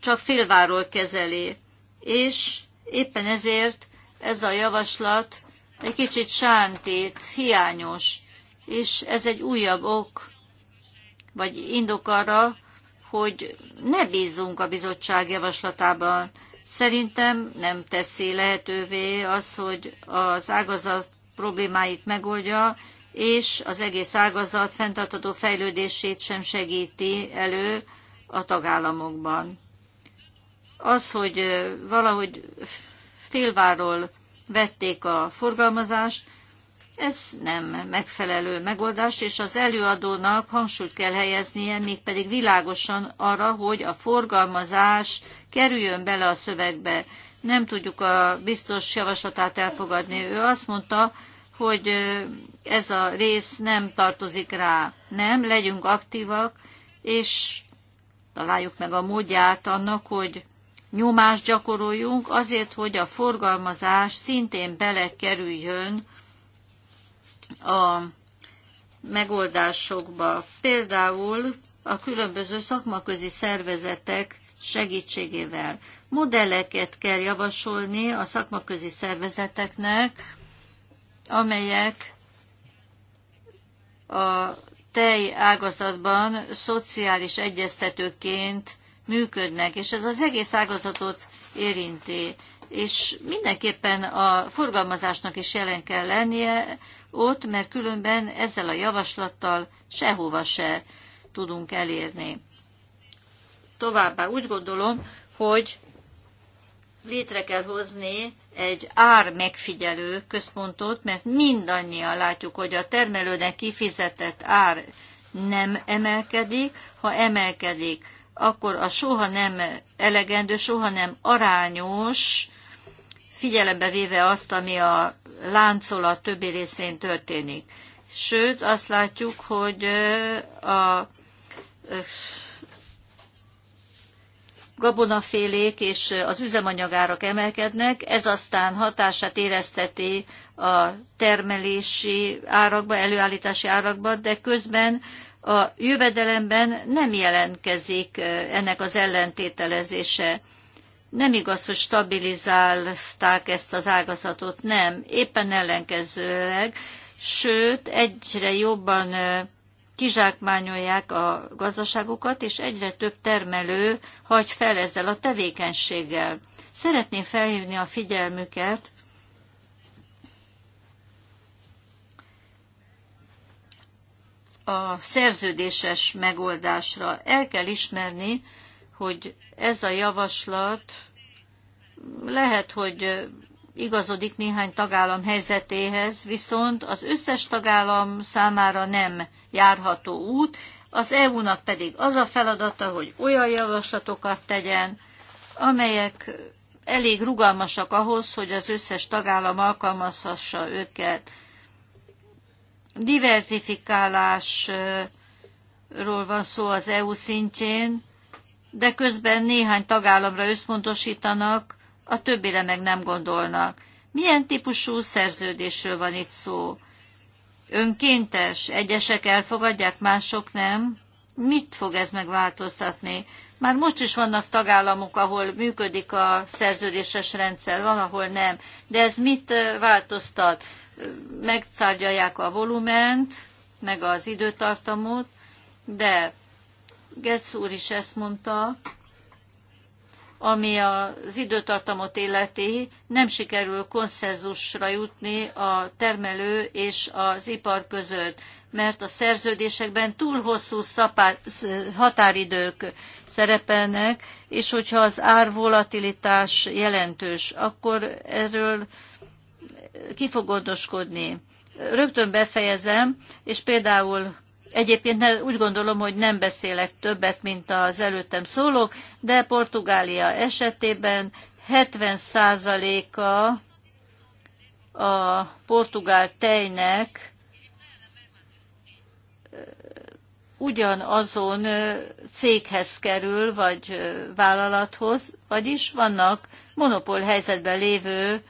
csak félváról kezeli, és éppen ezért ez a javaslat egy kicsit sántét, hiányos, és ez egy újabb ok vagy indok arra, hogy ne bízzunk a bizottság javaslatában. Szerintem nem teszi lehetővé az, hogy az ágazat problémáit megoldja, és az egész ágazat fenntartató fejlődését sem segíti elő a tagállamokban. Az, hogy valahogy félváról vették a forgalmazást, ez nem megfelelő megoldás, és az előadónak hangsúlyt kell helyeznie, mégpedig világosan arra, hogy a forgalmazás kerüljön bele a szövegbe. Nem tudjuk a biztos javaslatát elfogadni. Ő azt mondta, hogy ez a rész nem tartozik rá. Nem, legyünk aktívak, és találjuk meg a módját annak, hogy nyomást gyakoroljunk azért, hogy a forgalmazás szintén belekerüljön a megoldásokba. Például a különböző szakmaközi szervezetek segítségével. Modelleket kell javasolni a szakmaközi szervezeteknek, amelyek a tej ágazatban szociális egyeztetőként működnek, és ez az egész ágazatot érinti és mindenképpen a forgalmazásnak is jelen kell lennie ott, mert különben ezzel a javaslattal sehova se tudunk elérni. Továbbá úgy gondolom, hogy létre kell hozni egy ár megfigyelő központot, mert mindannyian látjuk, hogy a termelőnek kifizetett ár nem emelkedik, ha emelkedik, akkor a soha nem elegendő, soha nem arányos figyelembe véve azt, ami a láncolat többi részén történik. Sőt, azt látjuk, hogy a gabonafélék és az üzemanyagárak emelkednek, ez aztán hatását érezteti a termelési árakba, előállítási árakba, de közben a jövedelemben nem jelentkezik ennek az ellentételezése nem igaz, hogy stabilizálták ezt az ágazatot, nem, éppen ellenkezőleg, sőt, egyre jobban kizsákmányolják a gazdaságokat, és egyre több termelő hagy fel ezzel a tevékenységgel. Szeretném felhívni a figyelmüket a szerződéses megoldásra. El kell ismerni, hogy ez a javaslat lehet, hogy igazodik néhány tagállam helyzetéhez, viszont az összes tagállam számára nem járható út, az EU-nak pedig az a feladata, hogy olyan javaslatokat tegyen, amelyek elég rugalmasak ahhoz, hogy az összes tagállam alkalmazhassa őket. Diverzifikálásról van szó az EU szintjén, de közben néhány tagállamra összpontosítanak, a többire meg nem gondolnak. Milyen típusú szerződésről van itt szó? Önkéntes, egyesek elfogadják, mások nem? Mit fog ez megváltoztatni? Már most is vannak tagállamok, ahol működik a szerződéses rendszer, van, ahol nem. De ez mit változtat? Megszárgyalják a volument, meg az időtartamot, de Getz úr is ezt mondta, ami az időtartamot illeti, nem sikerül konszenzusra jutni a termelő és az ipar között, mert a szerződésekben túl hosszú szapá, határidők szerepelnek, és hogyha az árvolatilitás jelentős, akkor erről ki fog gondoskodni. Rögtön befejezem, és például Egyébként úgy gondolom, hogy nem beszélek többet, mint az előttem szólók, de Portugália esetében 70%-a a portugál tejnek ugyanazon céghez kerül, vagy vállalathoz, vagyis vannak monopól helyzetben lévő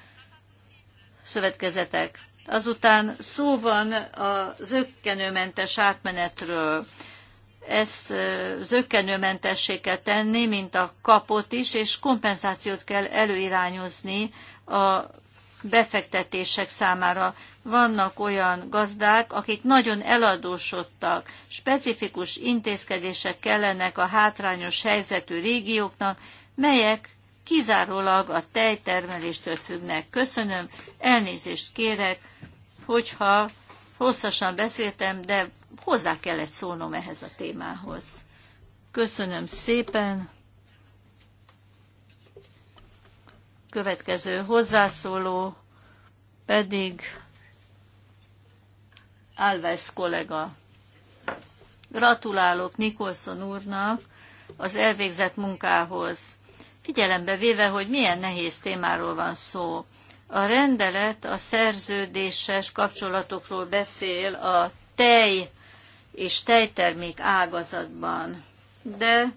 szövetkezetek. Azután szó van a zöggenőmentes átmenetről. Ezt zöggenőmentessé kell tenni, mint a kapot is, és kompenzációt kell előirányozni a befektetések számára. Vannak olyan gazdák, akik nagyon eladósodtak, specifikus intézkedések kellenek a hátrányos helyzetű régióknak, melyek kizárólag a tejtermeléstől függnek. Köszönöm, elnézést kérek, hogyha hosszasan beszéltem, de hozzá kellett szólnom ehhez a témához. Köszönöm szépen. Következő hozzászóló pedig Alves kollega. Gratulálok Nikolson úrnak az elvégzett munkához figyelembe véve, hogy milyen nehéz témáról van szó. A rendelet a szerződéses kapcsolatokról beszél a tej és tejtermék ágazatban, de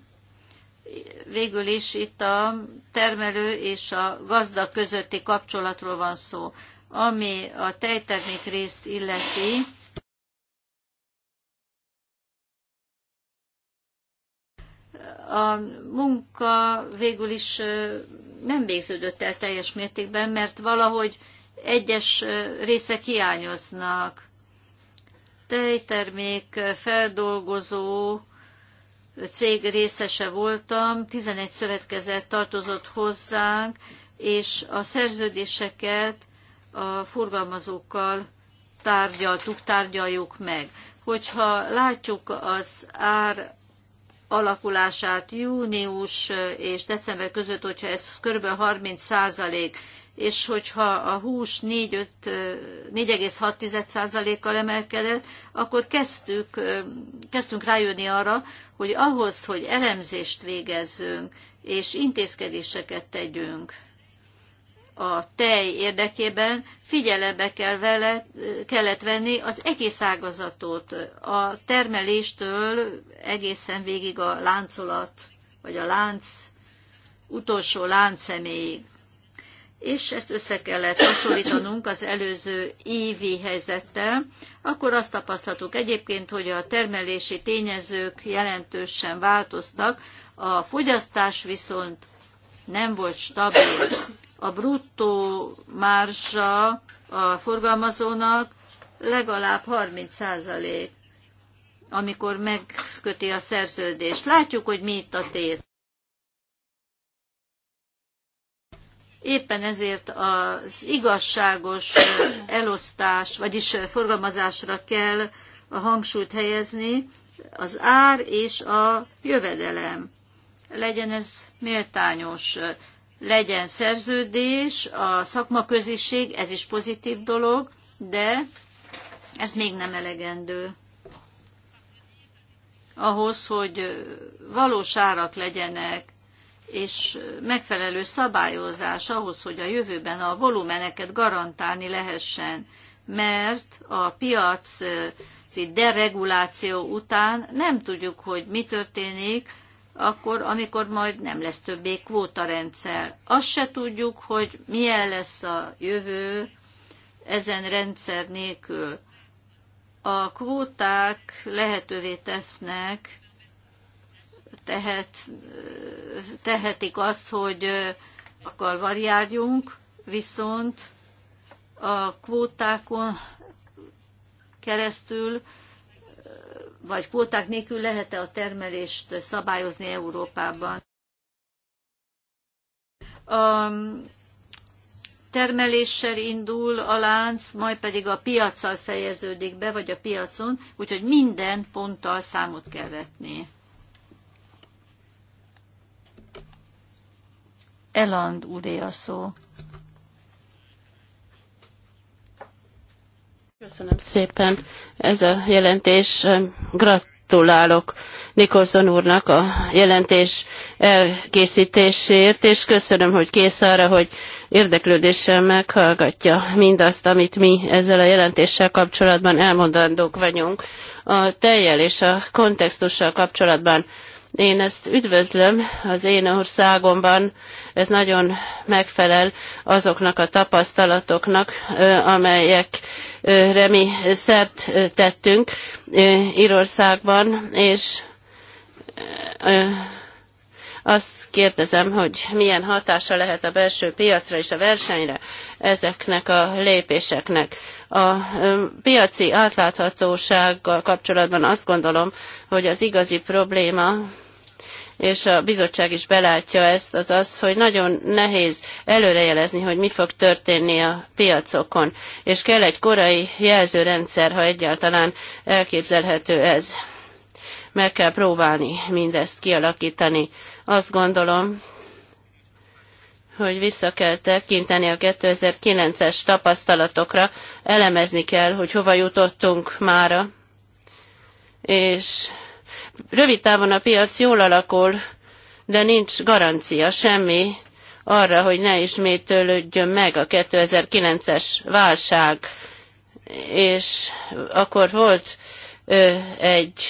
végül is itt a termelő és a gazda közötti kapcsolatról van szó. Ami a tejtermék részt illeti, a munka végül is nem végződött el teljes mértékben, mert valahogy egyes részek hiányoznak. Tejtermék feldolgozó cég részese voltam, 11 szövetkezet tartozott hozzánk, és a szerződéseket a forgalmazókkal tárgyaltuk, tárgyaljuk meg. Hogyha látjuk az ár alakulását június és december között, hogyha ez kb. 30 százalék, és hogyha a hús 4,6%-kal emelkedett, akkor kezdtük, kezdtünk rájönni arra, hogy ahhoz, hogy elemzést végezzünk és intézkedéseket tegyünk, a tej érdekében figyelembe kell vele, kellett venni az egész ágazatot, a termeléstől egészen végig a láncolat, vagy a lánc, utolsó láncszemélyig. És ezt össze kellett hasonlítanunk az előző évi helyzettel, akkor azt tapasztaltuk egyébként, hogy a termelési tényezők jelentősen változtak, a fogyasztás viszont nem volt stabil a bruttó mársa a forgalmazónak legalább 30 százalék, amikor megköti a szerződést. Látjuk, hogy mi itt a tét. Éppen ezért az igazságos elosztás, vagyis forgalmazásra kell a hangsúlyt helyezni, az ár és a jövedelem. Legyen ez méltányos legyen szerződés, a szakmaköziség, ez is pozitív dolog, de ez még nem elegendő. Ahhoz, hogy valós árak legyenek, és megfelelő szabályozás ahhoz, hogy a jövőben a volumeneket garantálni lehessen, mert a piac dereguláció után nem tudjuk, hogy mi történik akkor, amikor majd nem lesz többé kvótarendszer. Azt se tudjuk, hogy milyen lesz a jövő ezen rendszer nélkül. A kvóták lehetővé tesznek, tehet, tehetik azt, hogy akkor variáljunk, viszont a kvótákon keresztül vagy kvóták nélkül lehet-e a termelést szabályozni Európában? A termeléssel indul a lánc, majd pedig a piacsal fejeződik be, vagy a piacon, úgyhogy minden ponttal számot kell vetni. Eland úré a szó. Köszönöm szépen ez a jelentés. Gratulálok Nikolson úrnak a jelentés elkészítéséért és köszönöm, hogy kész arra, hogy érdeklődéssel meghallgatja mindazt, amit mi ezzel a jelentéssel kapcsolatban elmondandók vagyunk. A teljel és a kontextussal kapcsolatban én ezt üdvözlöm az én országomban, ez nagyon megfelel azoknak a tapasztalatoknak, amelyekre mi szert tettünk Írországban, és azt kérdezem, hogy milyen hatása lehet a belső piacra és a versenyre ezeknek a lépéseknek. A piaci átláthatósággal kapcsolatban azt gondolom, hogy az igazi probléma és a bizottság is belátja ezt, az az, hogy nagyon nehéz előrejelezni, hogy mi fog történni a piacokon, és kell egy korai jelzőrendszer, ha egyáltalán elképzelhető ez. Meg kell próbálni mindezt kialakítani. Azt gondolom, hogy vissza kell tekinteni a 2009-es tapasztalatokra, elemezni kell, hogy hova jutottunk mára, és Rövid távon a piac jól alakul, de nincs garancia semmi arra, hogy ne ismétlődjön meg a 2009-es válság. És akkor volt ö, egy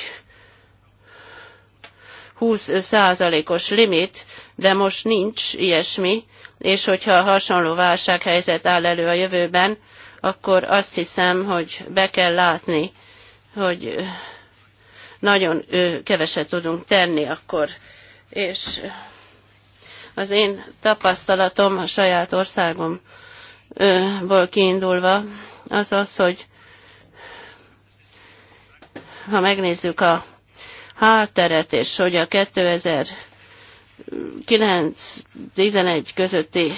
20 százalékos limit, de most nincs ilyesmi, és hogyha hasonló válsághelyzet áll elő a jövőben, akkor azt hiszem, hogy be kell látni, hogy nagyon keveset tudunk tenni akkor. És az én tapasztalatom a saját országomból kiindulva az az, hogy ha megnézzük a hátteret, és hogy a 2009-11 közötti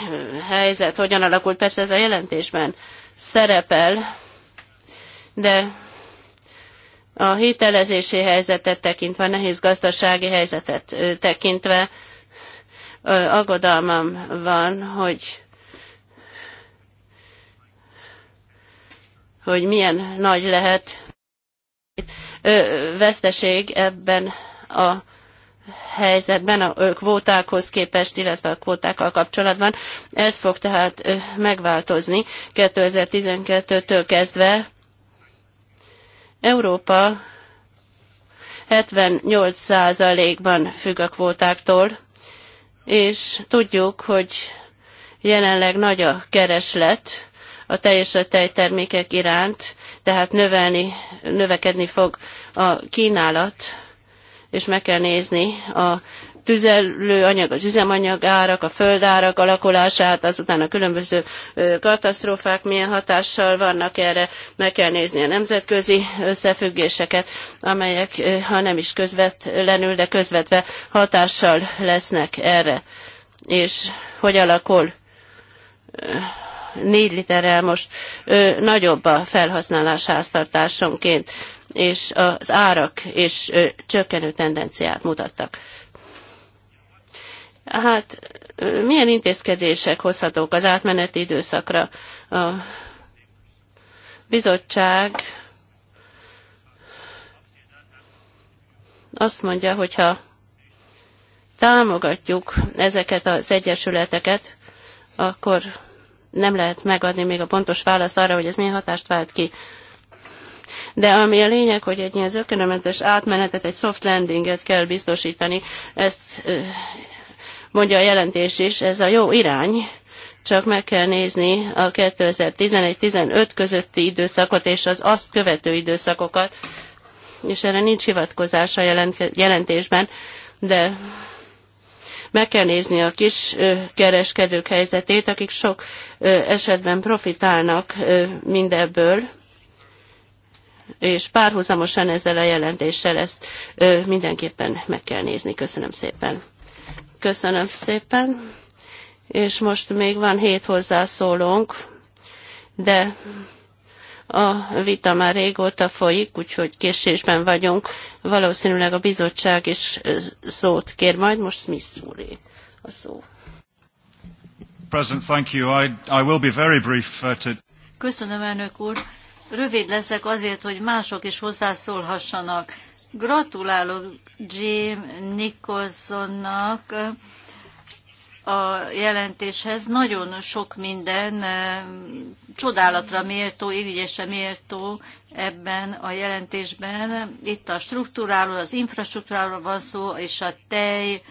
helyzet hogyan alakult, persze ez a jelentésben szerepel, de a hitelezési helyzetet tekintve, nehéz gazdasági helyzetet tekintve aggodalmam van, hogy hogy milyen nagy lehet veszteség ebben a helyzetben a kvótákhoz képest, illetve a kvótákkal kapcsolatban. Ez fog tehát megváltozni 2012-től kezdve Európa 78%-ban függ a kvótáktól, és tudjuk, hogy jelenleg nagy a kereslet a teljes a tejtermékek iránt, tehát növelni, növekedni fog a kínálat, és meg kell nézni a tüzelőanyag, az üzemanyag árak, a földárak alakulását, azután a különböző katasztrófák milyen hatással vannak erre, meg kell nézni a nemzetközi összefüggéseket, amelyek, ha nem is közvetlenül, de közvetve hatással lesznek erre. És hogy alakul négy literrel most ö, nagyobb a felhasználás háztartásonként, és az árak és ö, csökkenő tendenciát mutattak. Hát milyen intézkedések hozhatók az átmeneti időszakra? A bizottság azt mondja, hogyha támogatjuk ezeket az egyesületeket, akkor nem lehet megadni még a pontos választ arra, hogy ez milyen hatást vált ki. De ami a lényeg, hogy egy ilyen zökkenőmentes átmenetet, egy soft landinget kell biztosítani, ezt mondja a jelentés is, ez a jó irány, csak meg kell nézni a 2011-15 közötti időszakot és az azt követő időszakokat, és erre nincs hivatkozás a jelentésben, de meg kell nézni a kis kereskedők helyzetét, akik sok esetben profitálnak mindebből, és párhuzamosan ezzel a jelentéssel ezt mindenképpen meg kell nézni. Köszönöm szépen. Köszönöm szépen. És most még van hét hozzászólónk, de a vita már régóta folyik, úgyhogy késésben vagyunk. Valószínűleg a bizottság is szót kér majd, most Smith úré a szó. President, thank you. I, I will be very brief uh, to... Köszönöm, elnök úr. Rövid leszek azért, hogy mások is hozzászólhassanak. Gratulálok Jim Nicholsonnak a jelentéshez. Nagyon sok minden eh, csodálatra méltó, irigyesre méltó ebben a jelentésben. Itt a struktúráról, az infrastruktúráról van szó, és a tej,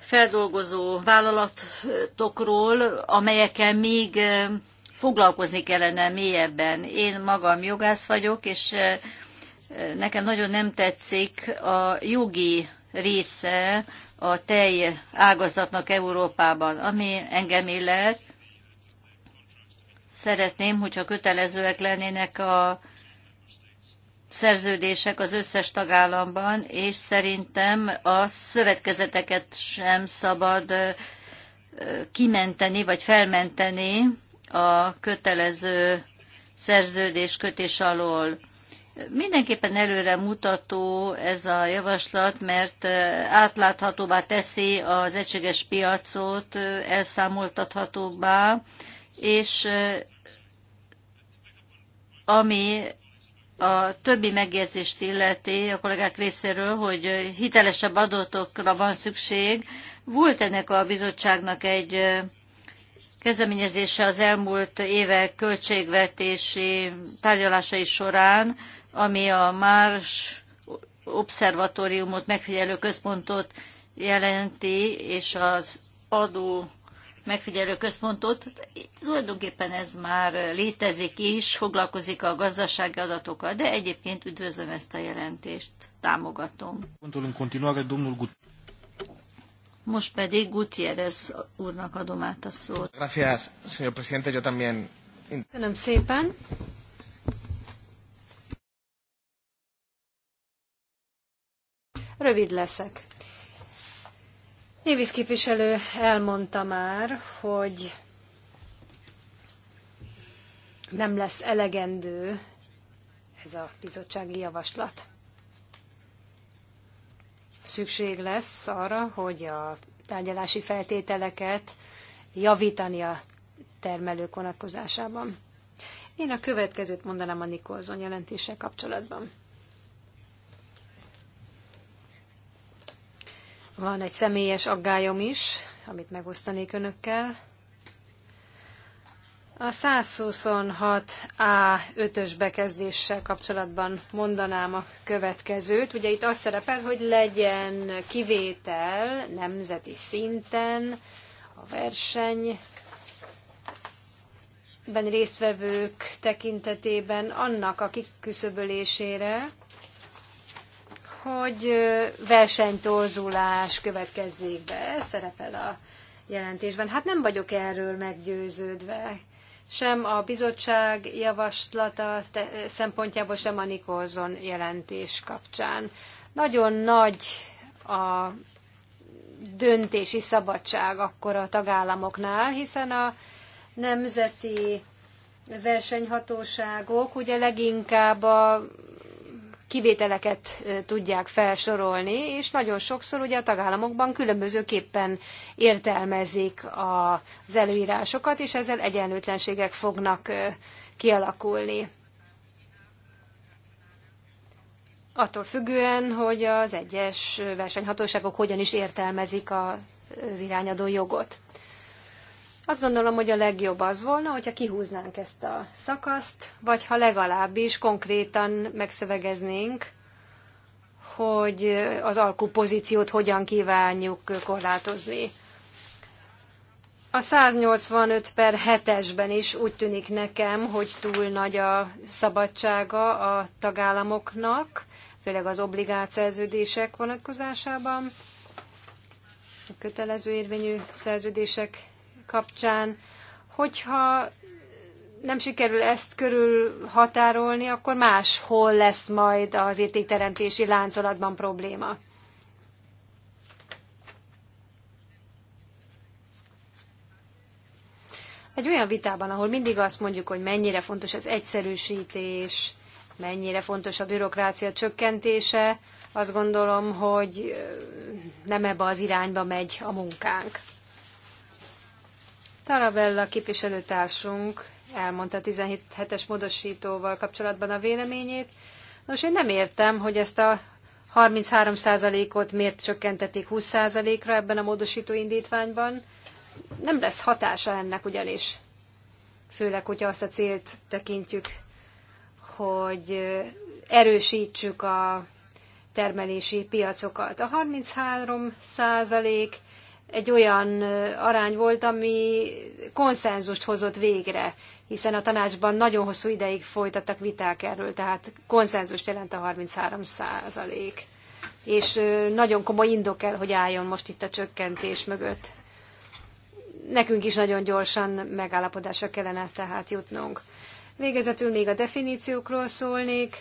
feldolgozó vállalatokról, amelyekkel még eh, foglalkozni kellene mélyebben. Én magam jogász vagyok, és eh, Nekem nagyon nem tetszik a jogi része a tej ágazatnak Európában, ami engem illet. Szeretném, hogyha kötelezőek lennének a szerződések az összes tagállamban, és szerintem a szövetkezeteket sem szabad kimenteni vagy felmenteni a kötelező szerződés kötés alól. Mindenképpen előre mutató ez a javaslat, mert átláthatóbbá teszi az egységes piacot, elszámoltathatóbbá, és ami a többi megjegyzést illeti a kollégák részéről, hogy hitelesebb adatokra van szükség. Volt ennek a bizottságnak egy kezdeményezése az elmúlt évek költségvetési tárgyalásai során, ami a Mars Obszervatóriumot megfigyelő központot jelenti, és az adó megfigyelő központot. Tulajdonképpen ez már létezik is, foglalkozik a gazdasági adatokkal, de egyébként üdvözlöm ezt a jelentést, támogatom. Most pedig Gutierrez úrnak adom át a szót. señor presidente, yo también. Köszönöm szépen. Rövid leszek. Évisz képviselő elmondta már, hogy nem lesz elegendő ez a bizottsági javaslat. Szükség lesz arra, hogy a tárgyalási feltételeket javítani a termelők vonatkozásában. Én a következőt mondanám a Nikolzon jelentése kapcsolatban. Van egy személyes aggályom is, amit megosztanék önökkel. A 126A 5-ös bekezdéssel kapcsolatban mondanám a következőt. Ugye itt az szerepel, hogy legyen kivétel nemzeti szinten a verseny ben résztvevők tekintetében annak a kiküszöbölésére, hogy versenytorzulás következzék be. Ez szerepel a jelentésben. Hát nem vagyok erről meggyőződve. Sem a bizottság javaslata szempontjából, sem a Nikolson jelentés kapcsán. Nagyon nagy a döntési szabadság akkor a tagállamoknál, hiszen a nemzeti versenyhatóságok ugye leginkább a kivételeket tudják felsorolni, és nagyon sokszor ugye a tagállamokban különbözőképpen értelmezik az előírásokat, és ezzel egyenlőtlenségek fognak kialakulni. Attól függően, hogy az egyes versenyhatóságok hogyan is értelmezik az irányadó jogot. Azt gondolom, hogy a legjobb az volna, hogyha kihúznánk ezt a szakaszt, vagy ha legalábbis konkrétan megszövegeznénk, hogy az alkupozíciót hogyan kívánjuk korlátozni. A 185 per 7-esben is úgy tűnik nekem, hogy túl nagy a szabadsága a tagállamoknak, főleg az obligált szerződések vonatkozásában, a kötelező érvényű szerződések kapcsán, hogyha nem sikerül ezt körül határolni, akkor máshol lesz majd az értékteremtési láncolatban probléma. Egy olyan vitában, ahol mindig azt mondjuk, hogy mennyire fontos az egyszerűsítés, mennyire fontos a bürokrácia csökkentése, azt gondolom, hogy nem ebbe az irányba megy a munkánk. Tarabella képviselőtársunk elmondta 17 hetes módosítóval kapcsolatban a véleményét. Nos, én nem értem, hogy ezt a 33%-ot miért csökkentették 20%-ra ebben a módosító indítványban. Nem lesz hatása ennek ugyanis. Főleg, hogyha azt a célt tekintjük, hogy erősítsük a termelési piacokat. A 33 egy olyan arány volt, ami konszenzust hozott végre, hiszen a tanácsban nagyon hosszú ideig folytattak viták erről, tehát konszenzust jelent a 33 százalék. És nagyon komoly indok kell, hogy álljon most itt a csökkentés mögött. Nekünk is nagyon gyorsan megállapodásra kellene tehát jutnunk. Végezetül még a definíciókról szólnék.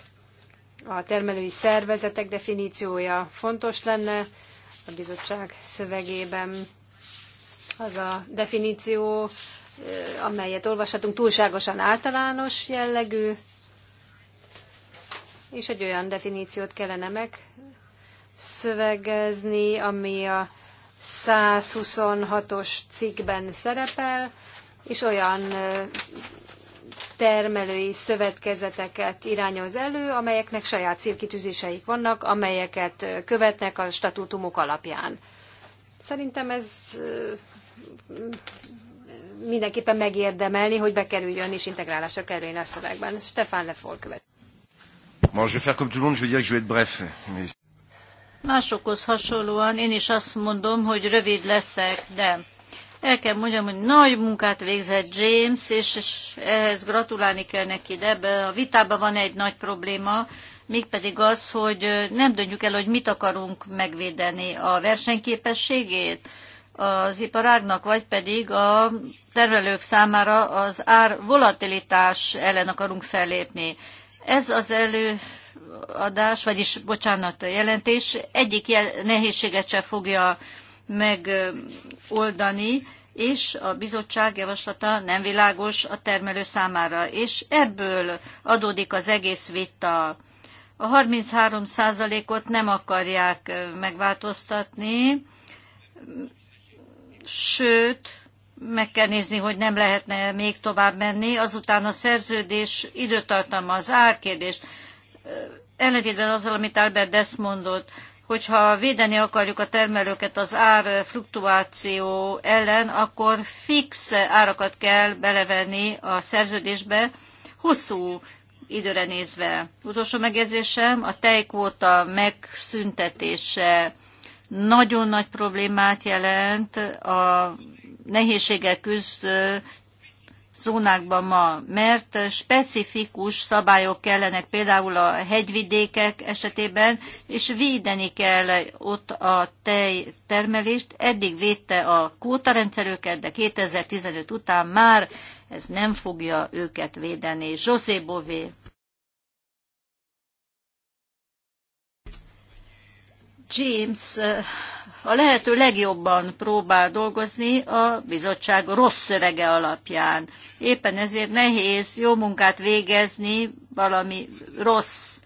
A termelői szervezetek definíciója fontos lenne a bizottság szövegében az a definíció, eh, amelyet olvashatunk, túlságosan általános jellegű, és egy olyan definíciót kellene megszövegezni, ami a 126-os cikkben szerepel, és olyan eh, termelői szövetkezeteket irányoz elő, amelyeknek saját célkitűzéseik vannak, amelyeket követnek a statútumok alapján. Szerintem ez mindenképpen megérdemelni, hogy bekerüljön és integrálásra kerüljön a szövegben. Stefan Lefol követ. Bon, je je vais dire que je vais être bref. Mais... Másokhoz hasonlóan én is azt mondom, hogy rövid leszek, de el kell mondjam, hogy nagy munkát végzett James, és, és ehhez gratulálni kell neki, de ebbe a vitában van egy nagy probléma, mégpedig az, hogy nem döntjük el, hogy mit akarunk megvédeni, a versenyképességét az iparágnak, vagy pedig a termelők számára az ár volatilitás ellen akarunk fellépni. Ez az elő, adás, vagyis bocsánat, a jelentés egyik jel- nehézséget sem fogja megoldani, és a bizottság javaslata nem világos a termelő számára. És ebből adódik az egész vita. A 33%-ot nem akarják megváltoztatni, sőt, meg kell nézni, hogy nem lehetne még tovább menni. Azután a szerződés időtartama, az árkérdés, ellentétben azzal, amit Albert Dess mondott, hogyha védeni akarjuk a termelőket az ár fluktuáció ellen, akkor fix árakat kell belevenni a szerződésbe hosszú időre nézve. Utolsó megjegyzésem, a tejkvóta megszüntetése nagyon nagy problémát jelent a nehézséggel küzdő zónákban ma, mert specifikus szabályok kellenek például a hegyvidékek esetében, és védeni kell ott a tejtermelést. Eddig védte a kótarendszerőket, de 2015 után már ez nem fogja őket védeni. José Bové. James eh, a lehető legjobban próbál dolgozni a bizottság rossz szövege alapján. Éppen ezért nehéz jó munkát végezni valami rossz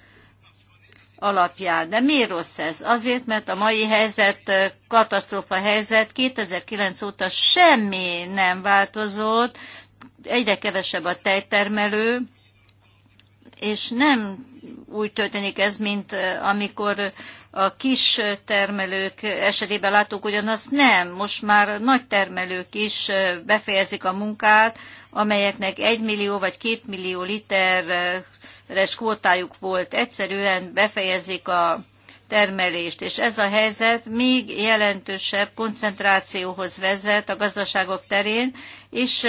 alapján. De miért rossz ez? Azért, mert a mai helyzet, eh, katasztrófa helyzet 2009 óta semmi nem változott, egyre kevesebb a tejtermelő, és nem úgy történik ez, mint eh, amikor a kis termelők esetében látunk ugyanazt nem. Most már nagy termelők is befejezik a munkát, amelyeknek 1 millió vagy 2 millió literes kvótájuk volt. Egyszerűen befejezik a termelést, és ez a helyzet még jelentősebb koncentrációhoz vezet a gazdaságok terén, és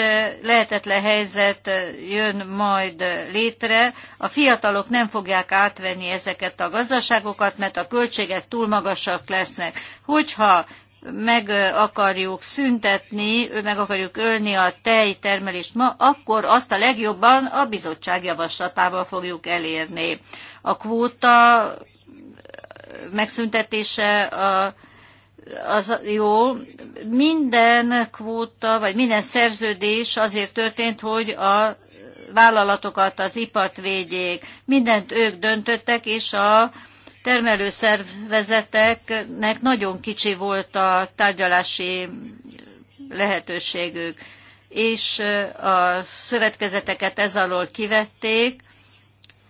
lehetetlen helyzet jön majd létre. A fiatalok nem fogják átvenni ezeket a gazdaságokat, mert a költségek túl magasak lesznek. Hogyha meg akarjuk szüntetni, meg akarjuk ölni a tejtermelést ma, akkor azt a legjobban a bizottság javaslatával fogjuk elérni. A kvóta megszüntetése a, az jó. Minden kvóta, vagy minden szerződés azért történt, hogy a vállalatokat, az ipart védjék. Mindent ők döntöttek, és a termelőszervezeteknek nagyon kicsi volt a tárgyalási lehetőségük. És a szövetkezeteket ez alól kivették.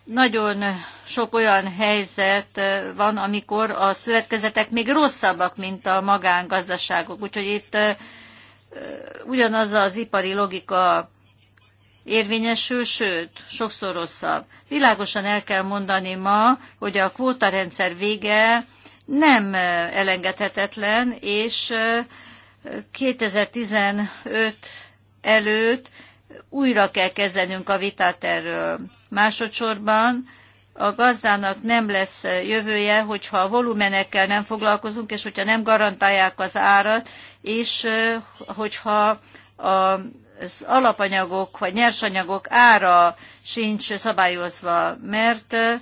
Nagyon sok olyan helyzet van, amikor a szövetkezetek még rosszabbak, mint a magángazdaságok. Úgyhogy itt ugyanaz az ipari logika érvényesül, sőt, sokszor rosszabb. Világosan el kell mondani ma, hogy a kvótarendszer vége nem elengedhetetlen, és 2015 előtt újra kell kezdenünk a vitát erről. Másodszorban a gazdának nem lesz eh, jövője, hogyha a volumenekkel nem foglalkozunk, és hogyha nem garantálják az árat, és eh, hogyha az alapanyagok vagy nyersanyagok ára sincs szabályozva, mert eh,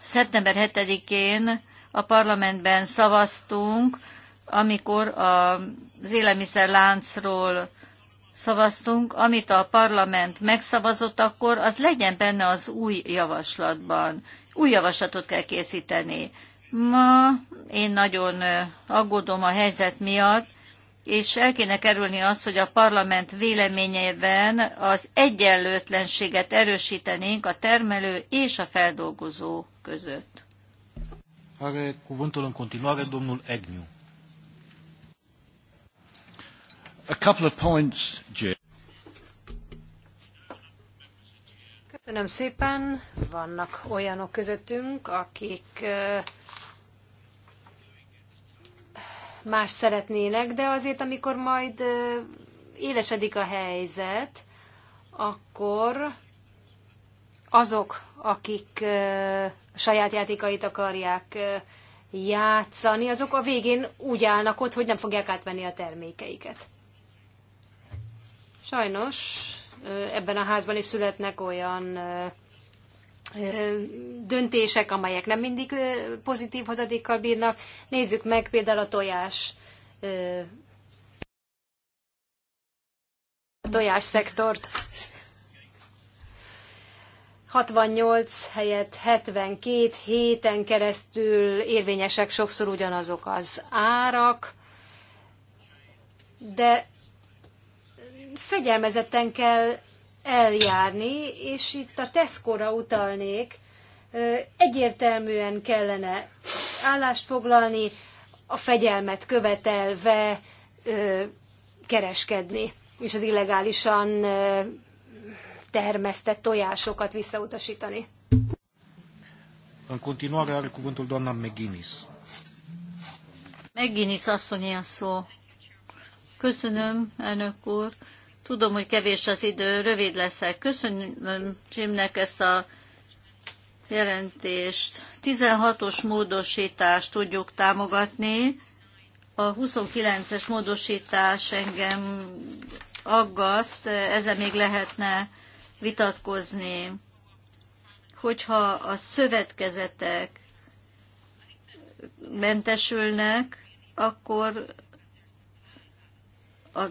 szeptember 7-én a parlamentben szavaztunk, amikor az élelmiszerláncról szavaztunk, amit a parlament megszavazott akkor, az legyen benne az új javaslatban. Új javaslatot kell készíteni. Ma én nagyon aggódom a helyzet miatt, és el kéne kerülni azt, hogy a parlament véleményében az egyenlőtlenséget erősítenénk a termelő és a feldolgozó között. Are cuvântul în continuare domnul Egniu. a couple of points, Jim. Köszönöm szépen. Vannak olyanok közöttünk, akik más szeretnének, de azért, amikor majd élesedik a helyzet, akkor azok, akik saját játékait akarják játszani, azok a végén úgy állnak ott, hogy nem fogják átvenni a termékeiket. Sajnos ebben a házban is születnek olyan döntések, amelyek nem mindig pozitív hozadékkal bírnak. Nézzük meg például a tojás a tojás szektort. 68 helyett 72 héten keresztül érvényesek sokszor ugyanazok az árak, de fegyelmezetten kell eljárni, és itt a Tesco-ra utalnék, egyértelműen kellene állást foglalni, a fegyelmet követelve kereskedni, és az illegálisan termesztett tojásokat visszautasítani. În continuare are cuvântul doamna McGuinness. McGuinness a szó. Köszönöm, elnök úr. Tudom, hogy kevés az idő, rövid leszek. Köszönöm Jimnek ezt a jelentést. 16-os módosítást tudjuk támogatni. A 29-es módosítás engem aggaszt, ezzel még lehetne vitatkozni. Hogyha a szövetkezetek mentesülnek, akkor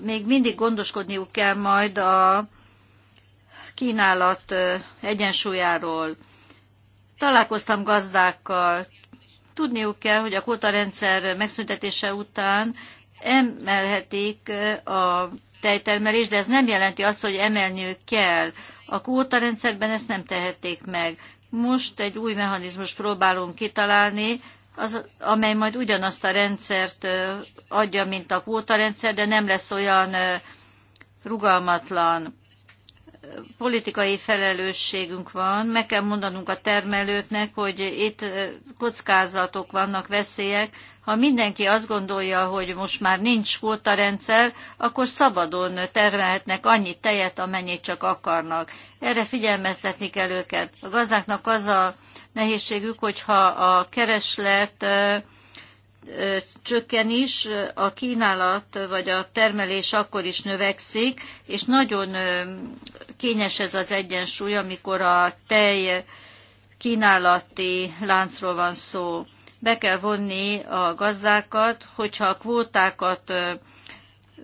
még mindig gondoskodniuk kell majd a kínálat egyensúlyáról. Találkoztam gazdákkal, tudniuk kell, hogy a kótarendszer megszüntetése után emelhetik a tejtermelést, de ez nem jelenti azt, hogy emelniük kell. A kótarendszerben ezt nem tehették meg. Most egy új mechanizmus próbálunk kitalálni, az, amely majd ugyanazt a rendszert adja, mint a rendszer, de nem lesz olyan rugalmatlan politikai felelősségünk van, meg kell mondanunk a termelőknek, hogy itt kockázatok vannak, veszélyek. Ha mindenki azt gondolja, hogy most már nincs rendszer, akkor szabadon termelhetnek annyi tejet, amennyit csak akarnak. Erre figyelmeztetni kell őket. A gazdáknak az a nehézségük, hogyha a kereslet csökken is, a kínálat vagy a termelés akkor is növekszik, és nagyon kényes ez az egyensúly, amikor a tej kínálati láncról van szó. Be kell vonni a gazdákat, hogyha a kvótákat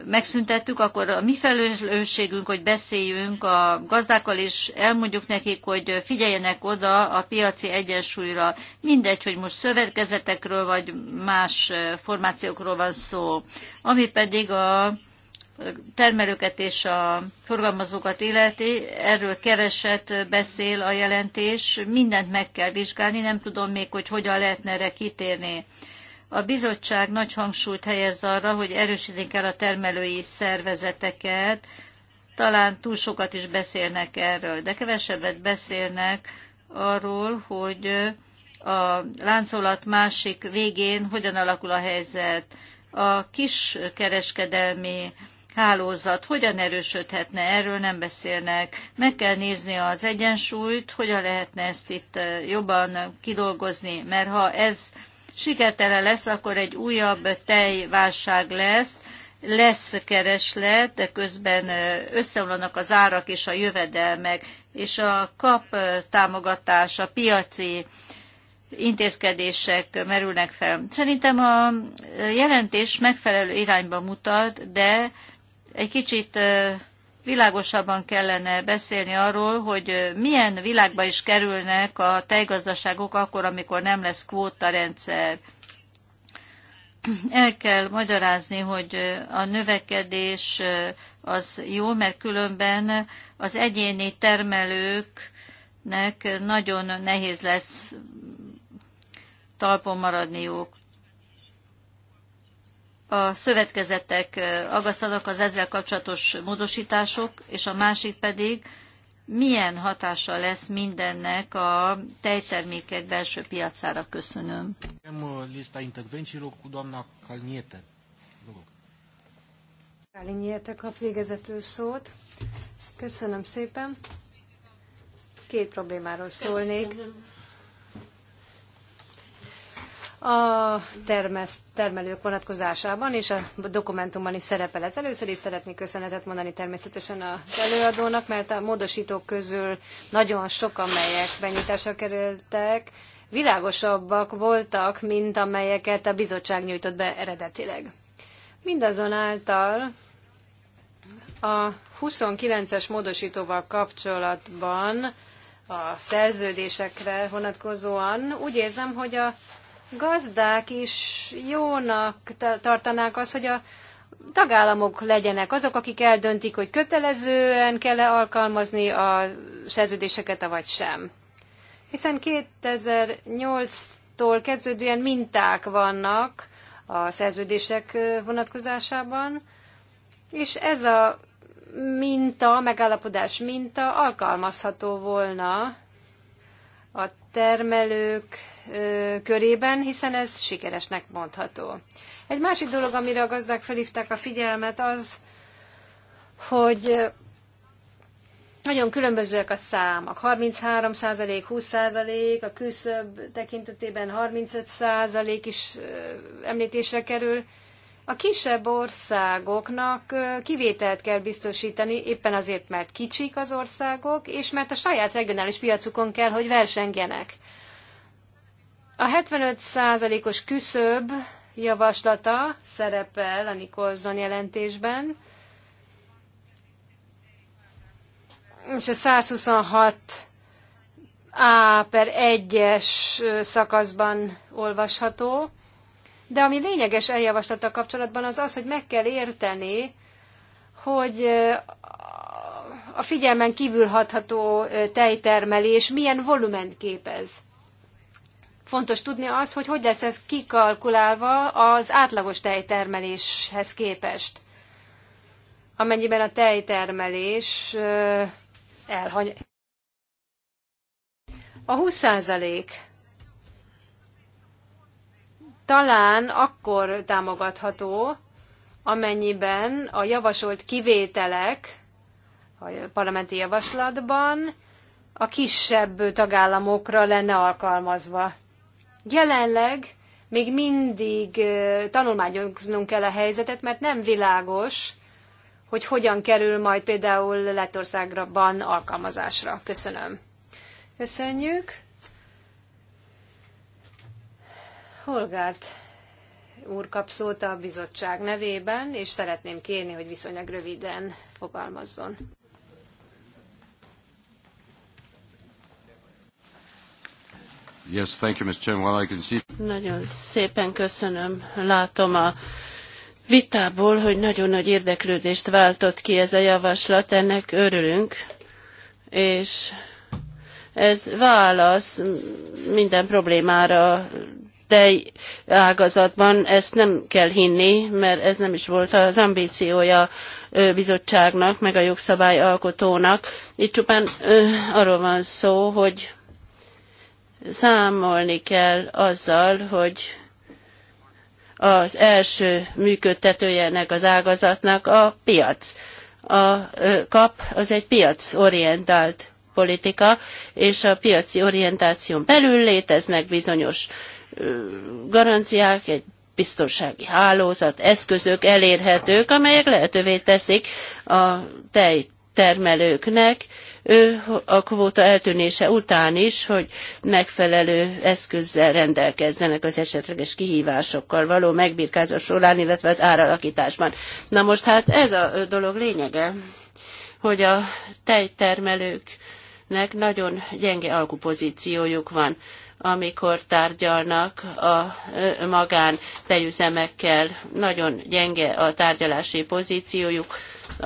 megszüntettük, akkor a mi felelősségünk, hogy beszéljünk a gazdákkal, és elmondjuk nekik, hogy figyeljenek oda a piaci egyensúlyra. Mindegy, hogy most szövetkezetekről vagy más eh, formációkról van szó. Ami pedig a termelőket és a forgalmazókat illeti, erről keveset beszél a jelentés, mindent meg kell vizsgálni, nem tudom még, hogy hogyan lehetne erre kitérni. A bizottság nagy hangsúlyt helyez arra, hogy erősíteni kell a termelői szervezeteket, talán túl sokat is beszélnek erről, de kevesebbet beszélnek arról, hogy a láncolat másik végén hogyan alakul a helyzet, a kiskereskedelmi hálózat hogyan erősödhetne, erről nem beszélnek. Meg kell nézni az egyensúlyt, hogyan lehetne ezt itt jobban kidolgozni, mert ha ez sikertelen lesz, akkor egy újabb tejválság lesz, lesz kereslet, de közben összeomlanak az árak és a jövedelmek, és a kap támogatás, a piaci intézkedések merülnek fel. Szerintem a jelentés megfelelő irányba mutat, de egy kicsit világosabban kellene beszélni arról, hogy milyen világba is kerülnek a tejgazdaságok akkor, amikor nem lesz kvóta rendszer. El kell magyarázni, hogy a növekedés az jó, mert különben az egyéni termelőknek nagyon nehéz lesz talpon maradniuk a szövetkezetek agasztanak az ezzel kapcsolatos módosítások, és a másik pedig, milyen hatása lesz mindennek a tejtermékek belső piacára? Köszönöm. Am kap végezető szót. Köszönöm szépen. Két problémáról szólnék. Köszönöm a termesz, termelők vonatkozásában, és a dokumentumban is szerepel ez. Először is szeretnék köszönetet mondani természetesen az előadónak, mert a módosítók közül nagyon sok, amelyek benyújtásra kerültek, világosabbak voltak, mint amelyeket a bizottság nyújtott be eredetileg. Mindazonáltal a 29-es módosítóval kapcsolatban a szerződésekre vonatkozóan úgy érzem, hogy a gazdák is jónak tartanák az, hogy a tagállamok legyenek azok, akik eldöntik, hogy kötelezően kell-e alkalmazni a szerződéseket, vagy sem. Hiszen 2008-tól kezdődően minták vannak a szerződések vonatkozásában, és ez a minta, megállapodás minta alkalmazható volna a termelők körében, hiszen ez sikeresnek mondható. Egy másik dolog, amire a gazdák felhívták a figyelmet, az, hogy nagyon különbözőek a számok. 33 százalék, 20 százalék, a küszöb tekintetében 35 százalék is említésre kerül. A kisebb országoknak kivételt kell biztosítani, éppen azért, mert kicsik az országok, és mert a saját regionális piacukon kell, hogy versengjenek. A 75%-os küszöb javaslata szerepel a Nikolson jelentésben, és a 126 A per 1-es szakaszban olvasható. De ami lényeges eljavaslattal kapcsolatban az az, hogy meg kell érteni, hogy a figyelmen kívül hatható tejtermelés milyen volument képez. Fontos tudni az, hogy hogy lesz ez kikalkulálva az átlagos tejtermeléshez képest. Amennyiben a tejtermelés elhany... A 20 talán akkor támogatható, amennyiben a javasolt kivételek a parlamenti javaslatban a kisebb tagállamokra lenne alkalmazva. Jelenleg még mindig tanulmányoznunk kell a helyzetet, mert nem világos, hogy hogyan kerül majd például Lettországban alkalmazásra. Köszönöm. Köszönjük. Holgárt úr kap szót a bizottság nevében, és szeretném kérni, hogy viszonylag röviden fogalmazzon. Yes, thank you, Well, I can see... Nagyon szépen köszönöm. Látom a vitából, hogy nagyon nagy érdeklődést váltott ki ez a javaslat, ennek örülünk, és ez válasz minden problémára a ágazatban. Ezt nem kell hinni, mert ez nem is volt az ambíciója bizottságnak, meg a jogszabályalkotónak. Itt csupán arról van szó, hogy számolni kell azzal, hogy az első működtetőjének az ágazatnak a piac. A kap az egy piacorientált politika, és a piaci orientáción belül léteznek bizonyos garanciák, egy biztonsági hálózat, eszközök elérhetők, amelyek lehetővé teszik a tejtermelőknek, a kvóta eltűnése után is, hogy megfelelő eszközzel rendelkezzenek az esetleges kihívásokkal való megbirkázás során, illetve az áralakításban. Na most hát ez a dolog lényege, hogy a tejtermelőknek nagyon gyenge alkupozíciójuk van amikor tárgyalnak a magán tejüzemekkel. Nagyon gyenge a tárgyalási pozíciójuk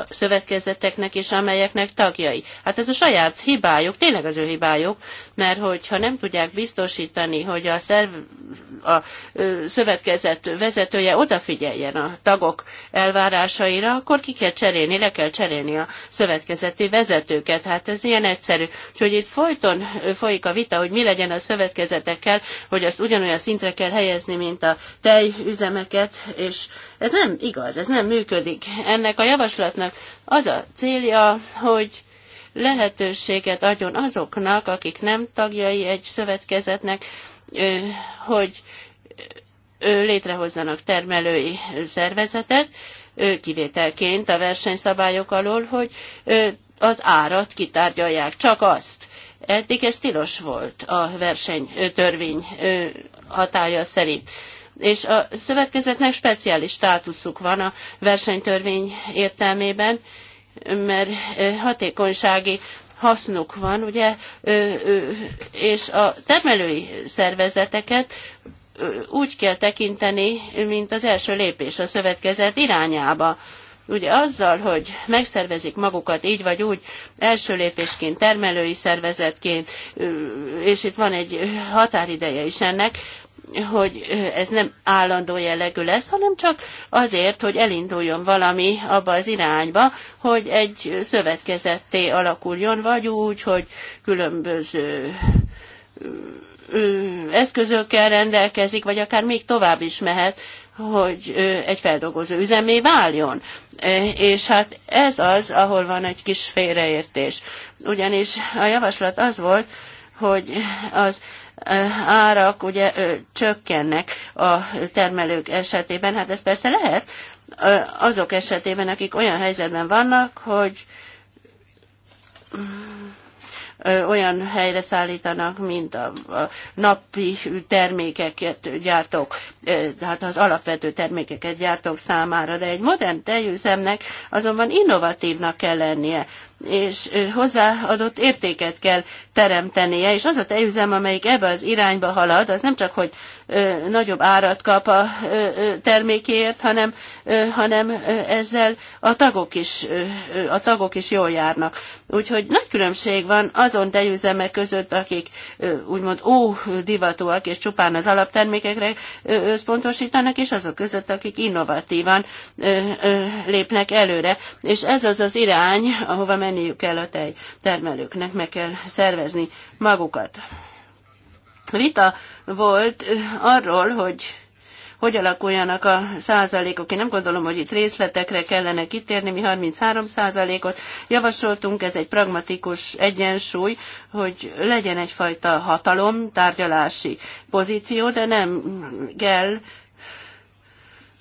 szövetkezeteknek és amelyeknek tagjai. Hát ez a saját hibájuk, tényleg az ő hibájuk, mert hogyha nem tudják biztosítani, hogy a, szerv, a szövetkezet vezetője odafigyeljen a tagok elvárásaira, akkor ki kell cserélni, le kell cserélni a szövetkezeti vezetőket. Hát ez ilyen egyszerű. Úgyhogy itt folyton folyik a vita, hogy mi legyen a szövetkezetekkel, hogy azt ugyanolyan szintre kell helyezni, mint a tejüzemeket, és ez nem igaz, ez nem működik. Ennek a javaslat javaslatnak az a célja, hogy lehetőséget adjon azoknak, akik nem tagjai egy szövetkezetnek, hogy létrehozzanak termelői szervezetet, kivételként a versenyszabályok alól, hogy az árat kitárgyalják, csak azt. Eddig ez tilos volt a versenytörvény hatája szerint és a szövetkezetnek speciális státuszuk van a versenytörvény értelmében, mert hatékonysági hasznuk van, ugye, és a termelői szervezeteket úgy kell tekinteni, mint az első lépés a szövetkezet irányába. Ugye azzal, hogy megszervezik magukat így vagy úgy, első lépésként, termelői szervezetként, és itt van egy határideje is ennek, hogy ez nem állandó jellegű lesz, hanem csak azért, hogy elinduljon valami abba az irányba, hogy egy szövetkezetté alakuljon, vagy úgy, hogy különböző eszközökkel rendelkezik, vagy akár még tovább is mehet, hogy egy feldolgozó üzemé váljon. És hát ez az, ahol van egy kis félreértés. Ugyanis a javaslat az volt, hogy az Eh, árak ugye csökkennek a termelők esetében. Hát ez persze lehet azok esetében, akik olyan helyzetben vannak, hogy olyan helyre szállítanak, mint a, napi termékeket gyártók, tehát az alapvető termékeket gyártók számára, de egy modern tejüzemnek azonban innovatívnak kell lennie, és hozzáadott értéket kell teremtenie, és az a tejüzem, amelyik ebbe az irányba halad, az nem csak, hogy ö, nagyobb árat kap a ö, termékért, hanem, ö, hanem ezzel a tagok, is, ö, a tagok is jól járnak. Úgyhogy nagy különbség van azon tejüzemek között, akik ö, úgymond ó divatúak, és csupán az alaptermékekre összpontosítanak, és azok között, akik innovatívan ö, ö, lépnek előre. És ez az az irány, ahova menniük kell a tejtermelőknek, meg kell szervezni érezni magukat. Vita volt arról, hogy hogy alakuljanak a százalékok. Én nem gondolom, hogy itt részletekre kellene kitérni, mi 33 százalékot javasoltunk, ez egy pragmatikus egyensúly, hogy legyen egyfajta hatalom, tárgyalási pozíció, de nem kell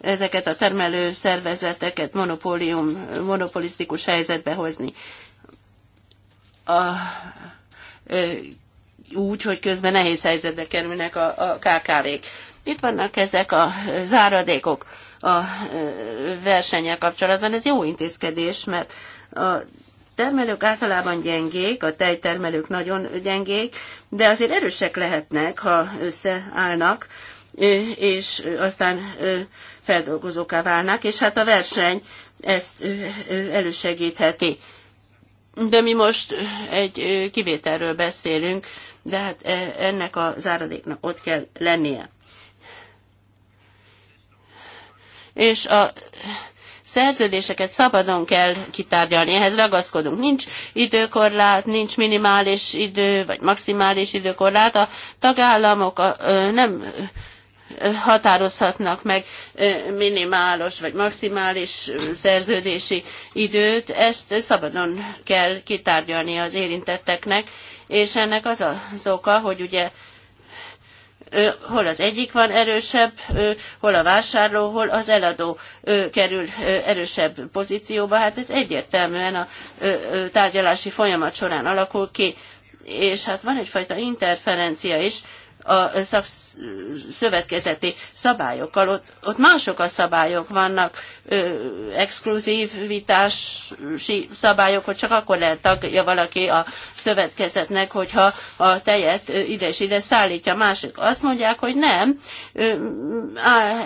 ezeket a termelő szervezeteket monopólium, monopolisztikus helyzetbe hozni. A úgy, hogy közben nehéz helyzetbe kerülnek a, a KKV-k. Itt vannak ezek a záradékok a versennyel kapcsolatban. Ez jó intézkedés, mert a termelők általában gyengék, a tejtermelők nagyon gyengék, de azért erősek lehetnek, ha összeállnak, és aztán feldolgozóká válnak, és hát a verseny ezt elősegítheti. De mi most egy kivételről beszélünk, de hát ennek a záradéknak ott kell lennie. És a szerződéseket szabadon kell kitárgyalni, ehhez ragaszkodunk. Nincs időkorlát, nincs minimális idő, vagy maximális időkorlát. A tagállamok a, nem határozhatnak meg minimálos vagy maximális szerződési időt, ezt szabadon kell kitárgyalni az érintetteknek, és ennek az az oka, hogy ugye hol az egyik van erősebb, hol a vásárló, hol az eladó kerül erősebb pozícióba. Hát ez egyértelműen a tárgyalási folyamat során alakul ki, és hát van egyfajta interferencia is, a szövetkezeti szabályokkal. Ott, ott mások a szabályok vannak, ö, exkluzivitási szabályok, hogy csak akkor lehet tagja valaki a szövetkezetnek, hogyha a tejet ide és ide szállítja. Másik azt mondják, hogy nem, ö,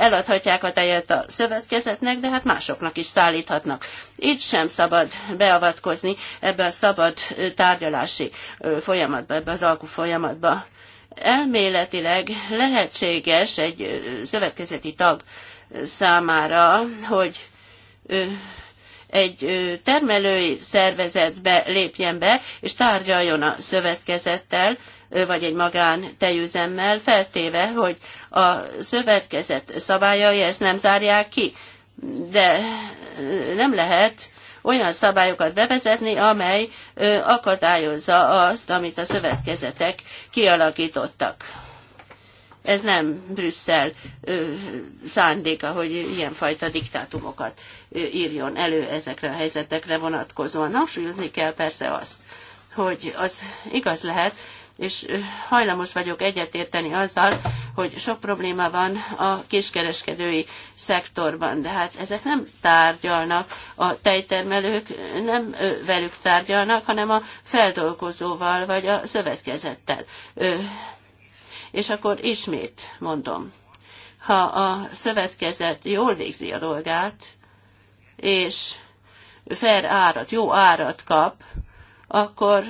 eladhatják a tejet a szövetkezetnek, de hát másoknak is szállíthatnak. Itt sem szabad beavatkozni ebbe a szabad tárgyalási folyamatba, ebbe az alkú folyamatba elméletileg lehetséges egy szövetkezeti tag számára, hogy egy termelői szervezetbe lépjen be, és tárgyaljon a szövetkezettel, vagy egy magán tejüzemmel, feltéve, hogy a szövetkezet szabályai ezt nem zárják ki. De nem lehet olyan szabályokat bevezetni, amely akadályozza azt, amit a szövetkezetek kialakítottak ez nem Brüsszel ö, szándéka, hogy ilyenfajta diktátumokat ö, írjon elő ezekre a helyzetekre vonatkozóan. Hangsúlyozni kell persze azt, hogy az igaz lehet, és hajlamos vagyok egyetérteni azzal, hogy sok probléma van a kiskereskedői szektorban, de hát ezek nem tárgyalnak, a tejtermelők nem velük tárgyalnak, hanem a feldolgozóval vagy a szövetkezettel. És akkor ismét mondom, ha a szövetkezet jól végzi a dolgát, és fair árat, jó árat kap, akkor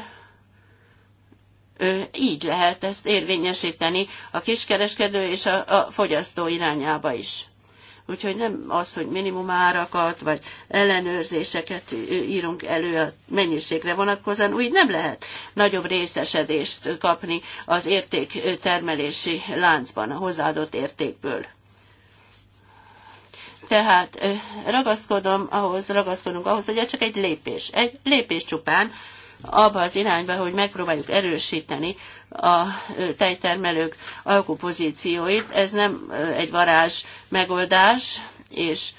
így lehet ezt érvényesíteni a kiskereskedő és a, a fogyasztó irányába is. Úgyhogy nem az, hogy minimumárakat vagy ellenőrzéseket írunk elő a mennyiségre vonatkozóan, úgy nem lehet nagyobb részesedést kapni az értéktermelési láncban, a hozzáadott értékből. Tehát ragaszkodom ahhoz, ragaszkodunk ahhoz, hogy ez csak egy lépés. Egy lépés csupán, abba az irányba, hogy megpróbáljuk erősíteni a tejtermelők alkupozícióit. Ez nem egy varázs megoldás, és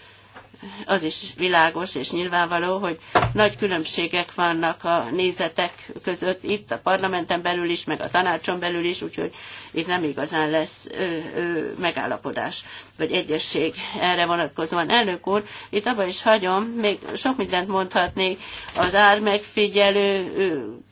az is világos és nyilvánvaló, hogy nagy különbségek vannak a nézetek között itt, a parlamenten belül is, meg a tanácson belül is, úgyhogy itt nem igazán lesz ö, ö, megállapodás, vagy egyesség erre vonatkozóan. Elnök úr, itt abba is hagyom, még sok mindent mondhatnék az ármegfigyelő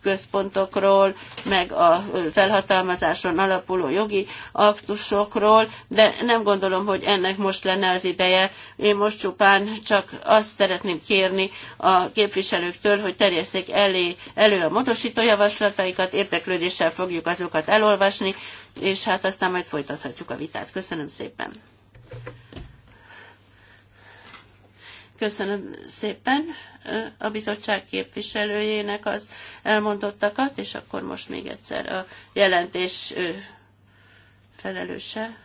központokról, meg a felhatalmazáson alapuló jogi aktusokról, de nem gondolom, hogy ennek most lenne az ideje. Én most csupán Csupán csak azt szeretném kérni a képviselőktől, hogy terjesszék elé, elő a módosító javaslataikat, érdeklődéssel fogjuk azokat elolvasni, és hát aztán majd folytathatjuk a vitát. Köszönöm szépen! Köszönöm szépen a bizottság képviselőjének az elmondottakat, és akkor most még egyszer a jelentés felelőse.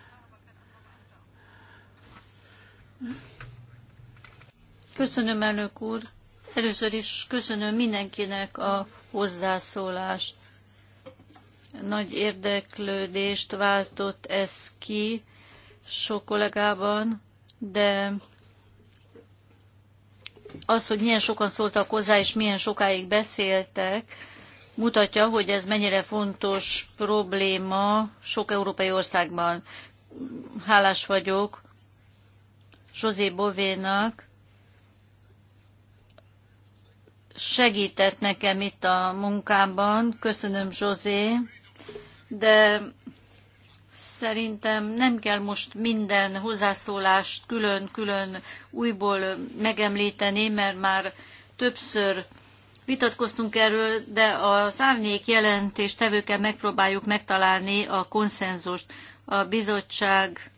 Mm-hmm. Köszönöm, elnök úr. Először is köszönöm mindenkinek a hozzászólást. Nagy érdeklődést váltott ez ki sok kollégában, de az, hogy milyen sokan szóltak hozzá, és milyen sokáig beszéltek, mutatja, hogy ez mennyire fontos probléma sok európai országban. Hálás vagyok José Bovénak, segített nekem itt a munkában. Köszönöm, José. de szerintem nem kell most minden hozzászólást külön-külön újból megemlíteni, mert már többször vitatkoztunk erről, de az árnyék jelentés tevőkkel megpróbáljuk megtalálni a konszenzust. A bizottság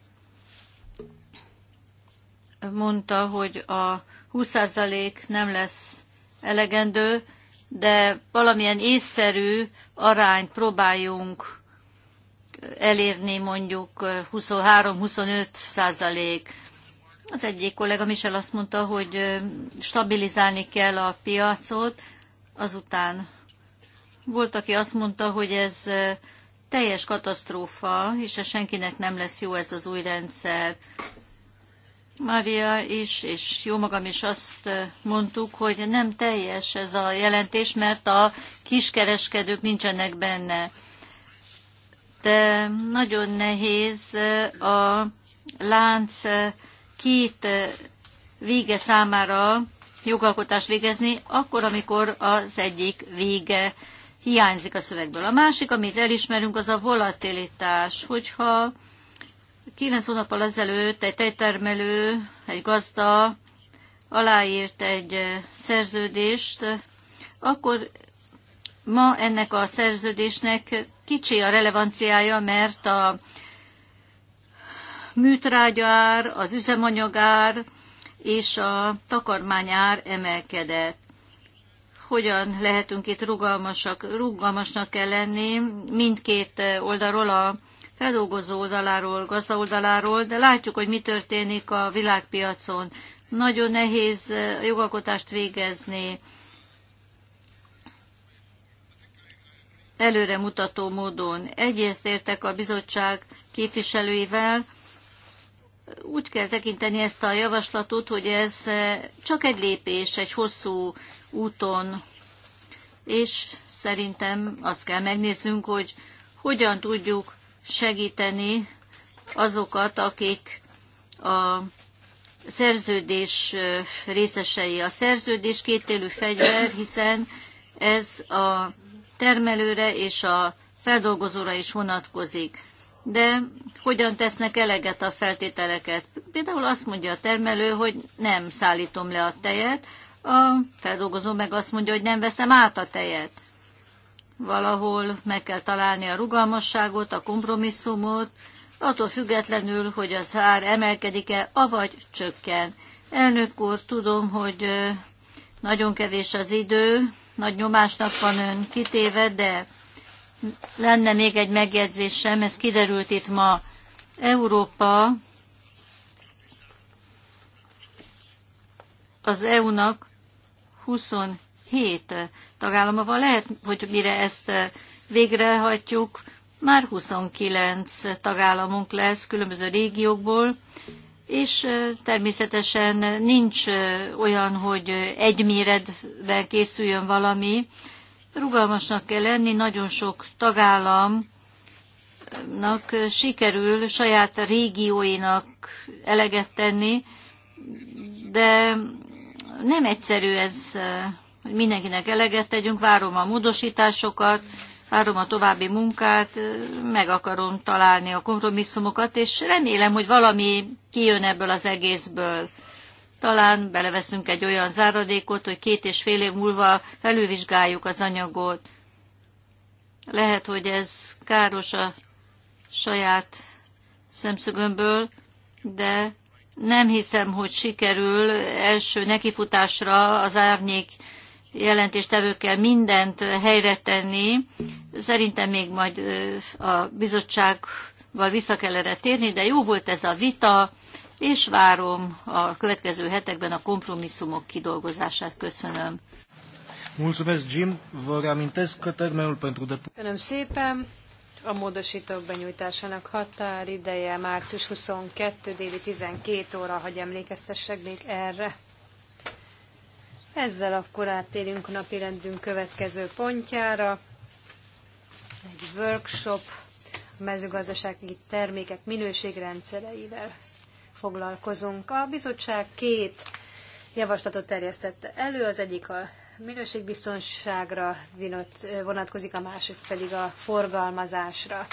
mondta, hogy a 20% nem lesz elegendő, de valamilyen észszerű arányt próbáljunk elérni mondjuk 23-25 százalék. Az egyik kollega Michel azt mondta, hogy stabilizálni kell a piacot, azután volt, aki azt mondta, hogy ez teljes katasztrófa, és senkinek nem lesz jó ez az új rendszer. Maria is, és jó magam is azt eh, mondtuk, hogy nem teljes ez a jelentés, mert a kiskereskedők nincsenek benne. De nagyon nehéz eh, a lánc eh, két vége számára jogalkotást végezni, akkor, amikor az egyik vége hiányzik a szövegből. A másik, amit elismerünk, az a volatilitás, hogyha Kilenc hónappal ezelőtt egy tejtermelő, egy gazda aláírt egy szerződést, akkor ma ennek a szerződésnek kicsi a relevanciája, mert a műtrágyár, az üzemanyagár és a takarmányár emelkedett. Hogyan lehetünk itt rugalmasak? Rugalmasnak kell lenni mindkét oldalról a feldolgozó oldaláról, gazda oldaláról, de látjuk, hogy mi történik a világpiacon. Nagyon nehéz jogalkotást végezni, előremutató módon. Egyetértek a bizottság képviselőivel, úgy kell tekinteni ezt a javaslatot, hogy ez csak egy lépés egy hosszú úton, és szerintem azt kell megnéznünk, hogy hogyan tudjuk segíteni azokat, akik a szerződés részesei. A szerződés kétélű fegyver, hiszen ez a termelőre és a feldolgozóra is vonatkozik. De hogyan tesznek eleget a feltételeket? Például azt mondja a termelő, hogy nem szállítom le a tejet, a feldolgozó meg azt mondja, hogy nem veszem át a tejet valahol meg kell találni a rugalmasságot, a kompromisszumot, attól függetlenül, hogy az ár emelkedik-e, avagy csökken. Elnök úr, tudom, hogy nagyon kevés az idő, nagy nyomásnak van ön kitéve, de lenne még egy megjegyzésem, ez kiderült itt ma. Európa az EU-nak hét eh, tagállama van. Lehet, hogy mire ezt eh, végrehajtjuk, már 29 tagállamunk lesz különböző régiókból, és eh, természetesen nincs olyan, hogy egy méretben készüljön valami. Rugalmasnak kell lenni, nagyon sok tagállam sikerül saját régióinak eleget tenni, de nem egyszerű ez hogy mindenkinek eleget tegyünk, várom a módosításokat, várom a további munkát, meg akarom találni a kompromisszumokat, és remélem, hogy valami kijön ebből az egészből. Talán beleveszünk egy olyan záradékot, hogy két és fél év múlva felülvizsgáljuk az anyagot. Lehet, hogy ez káros a saját szemszögömből, de nem hiszem, hogy sikerül első nekifutásra az árnyék jelentéstevőkkel mindent helyre tenni. Szerintem még majd a bizottsággal vissza kell erre térni, de jó volt ez a vita, és várom a következő hetekben a kompromisszumok kidolgozását. Köszönöm. Mulțumesc, Jim. Vă reamintesc că termenul pentru deputare... Köszönöm szépen. A módosítók benyújtásának határideje március 22 déli 12 óra, hogy emlékeztessek még erre. Ezzel akkor áttérünk a napi rendünk következő pontjára. Egy workshop a mezőgazdasági termékek minőségrendszereivel foglalkozunk. A bizottság két javaslatot terjesztette elő, az egyik a minőségbiztonságra vonatkozik, a másik pedig a forgalmazásra.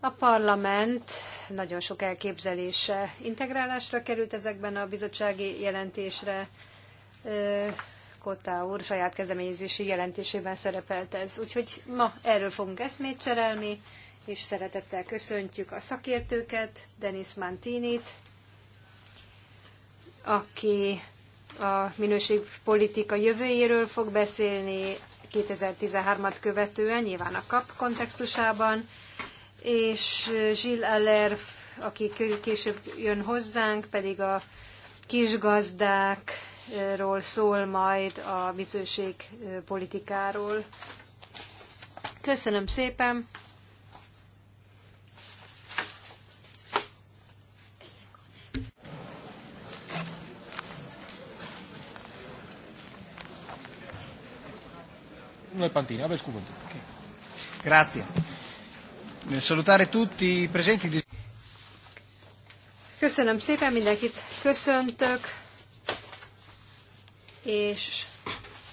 A parlament nagyon sok elképzelése integrálásra került ezekben a bizottsági jelentésre, Kotá úr saját kezdeményezési jelentésében szerepelt ez. Úgyhogy ma erről fogunk eszmét cserélni, és szeretettel köszöntjük a szakértőket, Denis Mantinit, aki a minőségpolitika jövőjéről fog beszélni 2013-at követően, nyilván a KAP kontextusában, és Gilles Aller, aki később jön hozzánk, pedig a kisgazdák ról szól majd a bizőség politikáról. Köszönöm szépen! Noi pantini, aveți cuvântul. Okay. Grazie. Nel eh, salutare tutti i presenti. Köszönöm szépen, mindenkit köszöntök és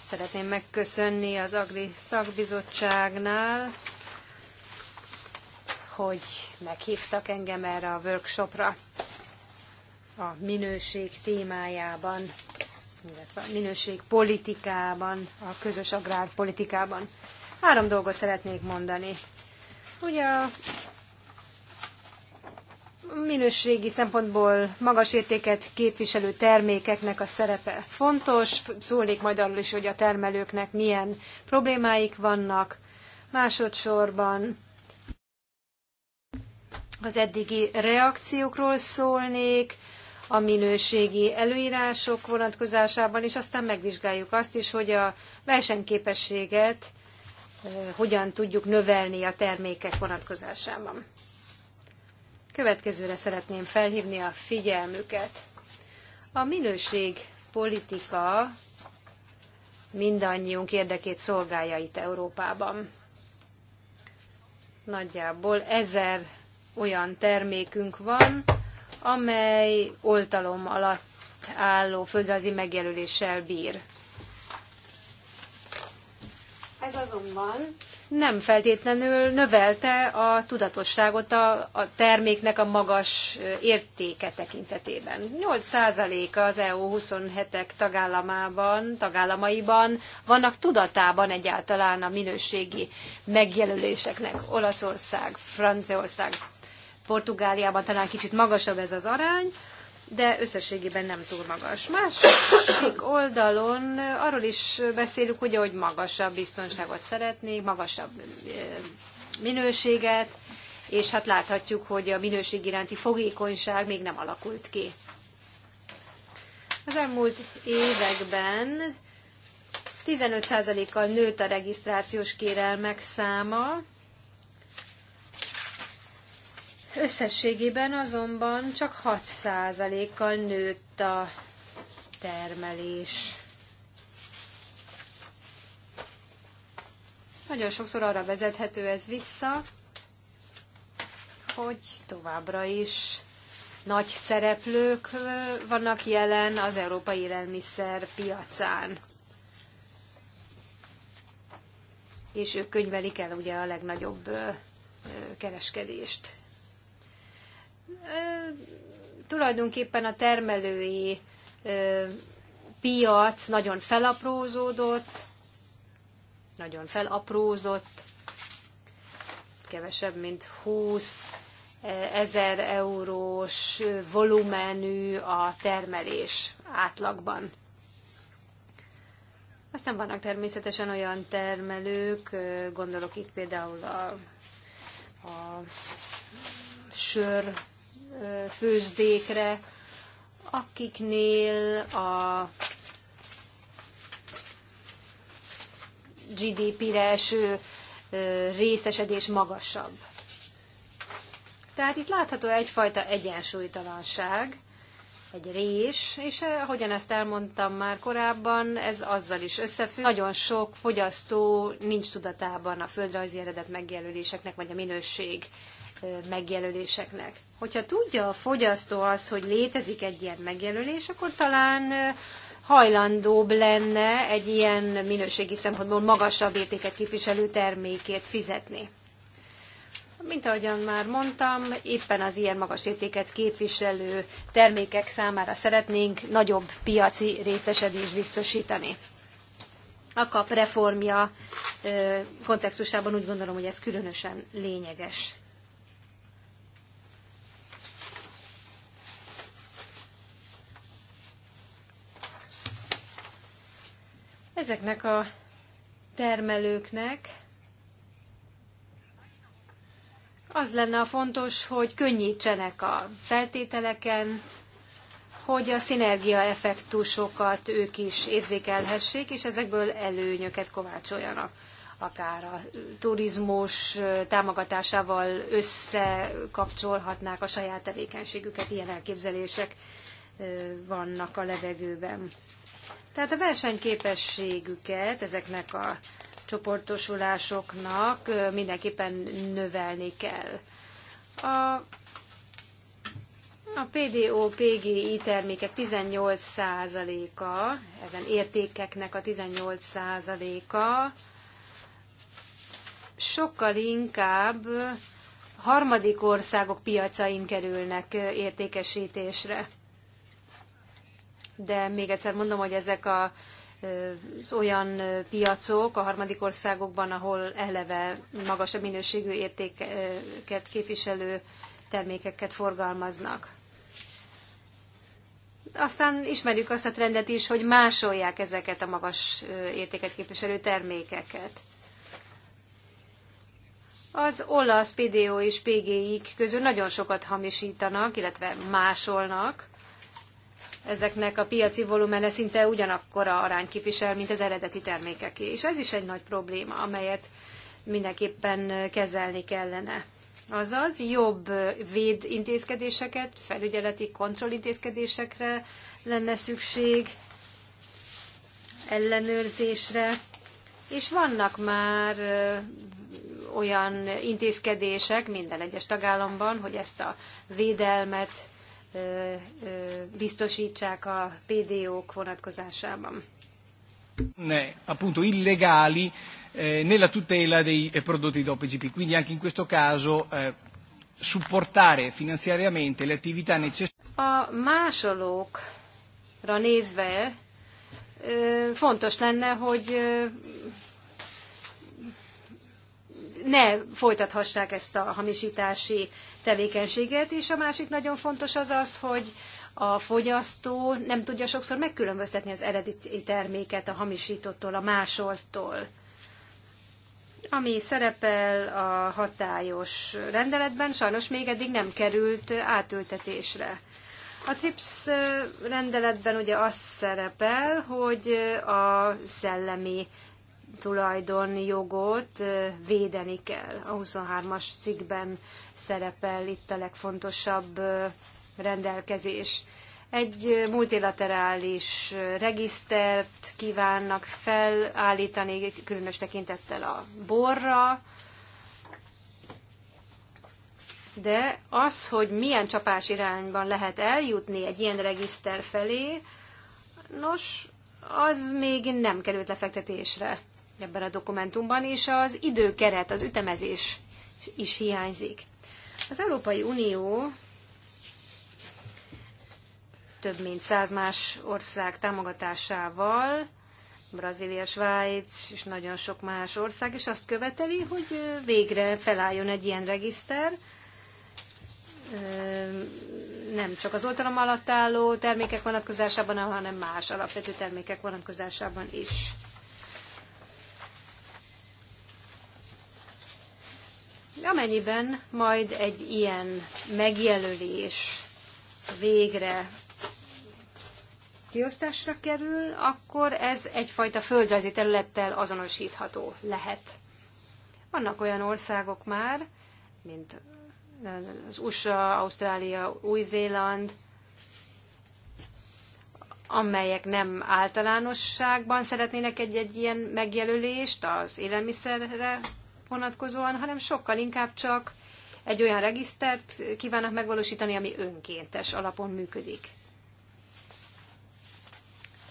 szeretném megköszönni az Agri Szakbizottságnál, hogy meghívtak engem erre a workshopra a minőség témájában, illetve a minőség politikában, a közös agrárpolitikában. Három dolgot szeretnék mondani. Ugye a minőségi szempontból magas értéket képviselő termékeknek a szerepe fontos. Szólnék majd arról is, hogy a termelőknek milyen problémáik vannak. Másodszorban az eddigi reakciókról szólnék, a minőségi előírások vonatkozásában, és aztán megvizsgáljuk azt is, hogy a versenyképességet eh, hogyan tudjuk növelni a termékek vonatkozásában. Következőre szeretném felhívni a figyelmüket. A minőség politika mindannyiunk érdekét szolgálja itt Európában. Nagyjából ezer olyan termékünk van, amely oltalom alatt álló földrajzi megjelöléssel bír. Ez azonban nem feltétlenül növelte a tudatosságot a, a terméknek a magas értéke tekintetében. 8%-a az EU 27-ek tagállamában, tagállamaiban vannak tudatában egyáltalán a minőségi megjelöléseknek. Olaszország, Franciaország, Portugáliában talán kicsit magasabb ez az arány, de összességében nem túl magas. Másik oldalon arról is beszélünk, ugye, hogy magasabb biztonságot szeretnék, magasabb minőséget, és hát láthatjuk, hogy a minőség iránti fogékonyság még nem alakult ki. Az elmúlt években 15%-kal nőtt a regisztrációs kérelmek száma, Összességében azonban csak 6%-kal nőtt a termelés. Nagyon sokszor arra vezethető ez vissza, hogy továbbra is nagy szereplők vannak jelen az európai élelmiszer piacán. És ők könyvelik el ugye a legnagyobb kereskedést tulajdonképpen a termelői piac nagyon felaprózódott, nagyon felaprózott, kevesebb, mint 20 ezer eurós volumenű a termelés átlagban. Aztán vannak természetesen olyan termelők, gondolok itt például a, a sör főzdékre, akiknél a GDP-re eső részesedés magasabb. Tehát itt látható egyfajta egyensúlytalanság, egy rés, és ahogyan ezt elmondtam már korábban, ez azzal is összefügg. Nagyon sok fogyasztó nincs tudatában a földrajzi eredet megjelöléseknek, vagy a minőség megjelöléseknek. Hogyha tudja a fogyasztó az, hogy létezik egy ilyen megjelölés, akkor talán hajlandóbb lenne egy ilyen minőségi szempontból magasabb értéket képviselő termékét fizetni. Mint ahogyan már mondtam, éppen az ilyen magas értéket képviselő termékek számára szeretnénk nagyobb piaci részesedést biztosítani. A KAP reformja kontextusában úgy gondolom, hogy ez különösen lényeges Ezeknek a termelőknek az lenne a fontos, hogy könnyítsenek a feltételeken, hogy a szinergia effektusokat ők is érzékelhessék, és ezekből előnyöket kovácsoljanak. Akár a turizmus támogatásával összekapcsolhatnák a saját tevékenységüket, ilyen elképzelések vannak a levegőben. Tehát a versenyképességüket ezeknek a csoportosulásoknak mindenképpen növelni kell. A a PDO, PGI termékek 18%-a, ezen értékeknek a 18%-a sokkal inkább harmadik országok piacain kerülnek értékesítésre de még egyszer mondom, hogy ezek a, az olyan piacok a harmadik országokban, ahol eleve magasabb minőségű értéket képviselő termékeket forgalmaznak. Aztán ismerjük azt a trendet is, hogy másolják ezeket a magas értéket képviselő termékeket. Az olasz PDO és PGI-k közül nagyon sokat hamisítanak, illetve másolnak, ezeknek a piaci volumene szinte ugyanakkora arány képvisel, mint az eredeti termékeké. És ez is egy nagy probléma, amelyet mindenképpen kezelni kellene. Azaz jobb véd intézkedéseket, felügyeleti kontrollintézkedésekre lenne szükség, ellenőrzésre, és vannak már olyan intézkedések minden egyes tagállamban, hogy ezt a védelmet biztosítsák a PDO-k vonatkozásában. Ne, appunto illegali eh, nella tutela dei eh, prodotti DOPGP, quindi anche in questo caso eh, supportare finanziariamente le attività necessarie. A másolókra nézve fontos lenne, hogy ne folytathassák ezt a hamisítási tevékenységet, és a másik nagyon fontos az az, hogy a fogyasztó nem tudja sokszor megkülönböztetni az eredeti terméket a hamisítottól, a másoltól. Ami szerepel a hatályos rendeletben, sajnos még eddig nem került átültetésre. A TRIPS rendeletben ugye az szerepel, hogy a szellemi tulajdonjogot védeni kell. A 23-as cikkben szerepel itt a legfontosabb rendelkezés. Egy multilaterális regisztert kívánnak felállítani, különös tekintettel a borra, de az, hogy milyen csapás irányban lehet eljutni egy ilyen regiszter felé, nos, az még nem került lefektetésre ebben a dokumentumban, és az időkeret, az ütemezés is hiányzik. Az Európai Unió több mint száz más ország támogatásával, Brazília, Svájc és nagyon sok más ország is azt követeli, hogy végre felálljon egy ilyen regiszter, nem csak az oltalom alatt álló termékek vonatkozásában, hanem más alapvető termékek vonatkozásában is. Amennyiben majd egy ilyen megjelölés végre kiosztásra kerül, akkor ez egyfajta földrajzi területtel azonosítható lehet. Vannak olyan országok már, mint eh, az USA, Ausztrália, Új-Zéland, amelyek nem általánosságban szeretnének egy-egy ilyen megjelölést az élelmiszerre vonatkozóan, hanem sokkal inkább csak egy olyan regisztert kívánnak megvalósítani, ami önkéntes alapon működik.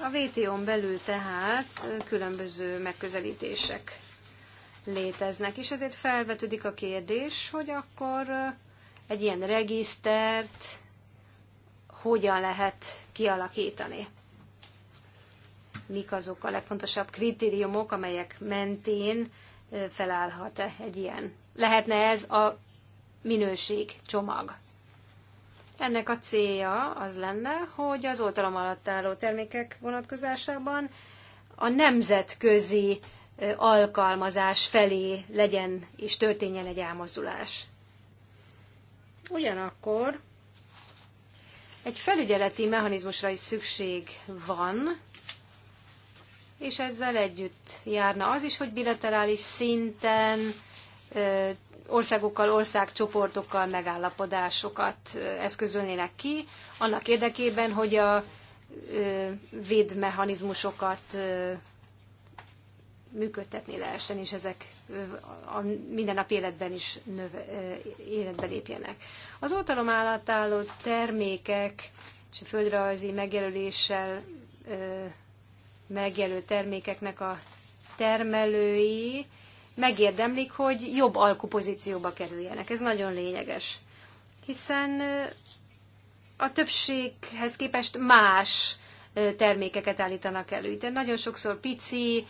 A WTO-n belül tehát különböző megközelítések léteznek, és ezért felvetődik a kérdés, hogy akkor egy ilyen regisztert hogyan lehet kialakítani. Mik azok a legfontosabb kritériumok, amelyek mentén felállhat-e egy ilyen. Lehetne ez a minőség csomag. Ennek a célja az lenne, hogy az oltalom alatt álló termékek vonatkozásában a nemzetközi alkalmazás felé legyen és történjen egy elmozdulás. Ugyanakkor egy felügyeleti mechanizmusra is szükség van, és ezzel együtt járna az is, hogy bilaterális szinten országokkal, országcsoportokkal megállapodásokat eszközölnének ki, annak érdekében, hogy a védmechanizmusokat működtetni lehessen, és ezek a nap életben is növ, életbe lépjenek. Az oltalom állatálló termékek és a földrajzi megjelöléssel megjelölt termékeknek a termelői megérdemlik, hogy jobb alkupozícióba kerüljenek. Ez nagyon lényeges. Hiszen a többséghez képest más termékeket állítanak elő. De nagyon sokszor pici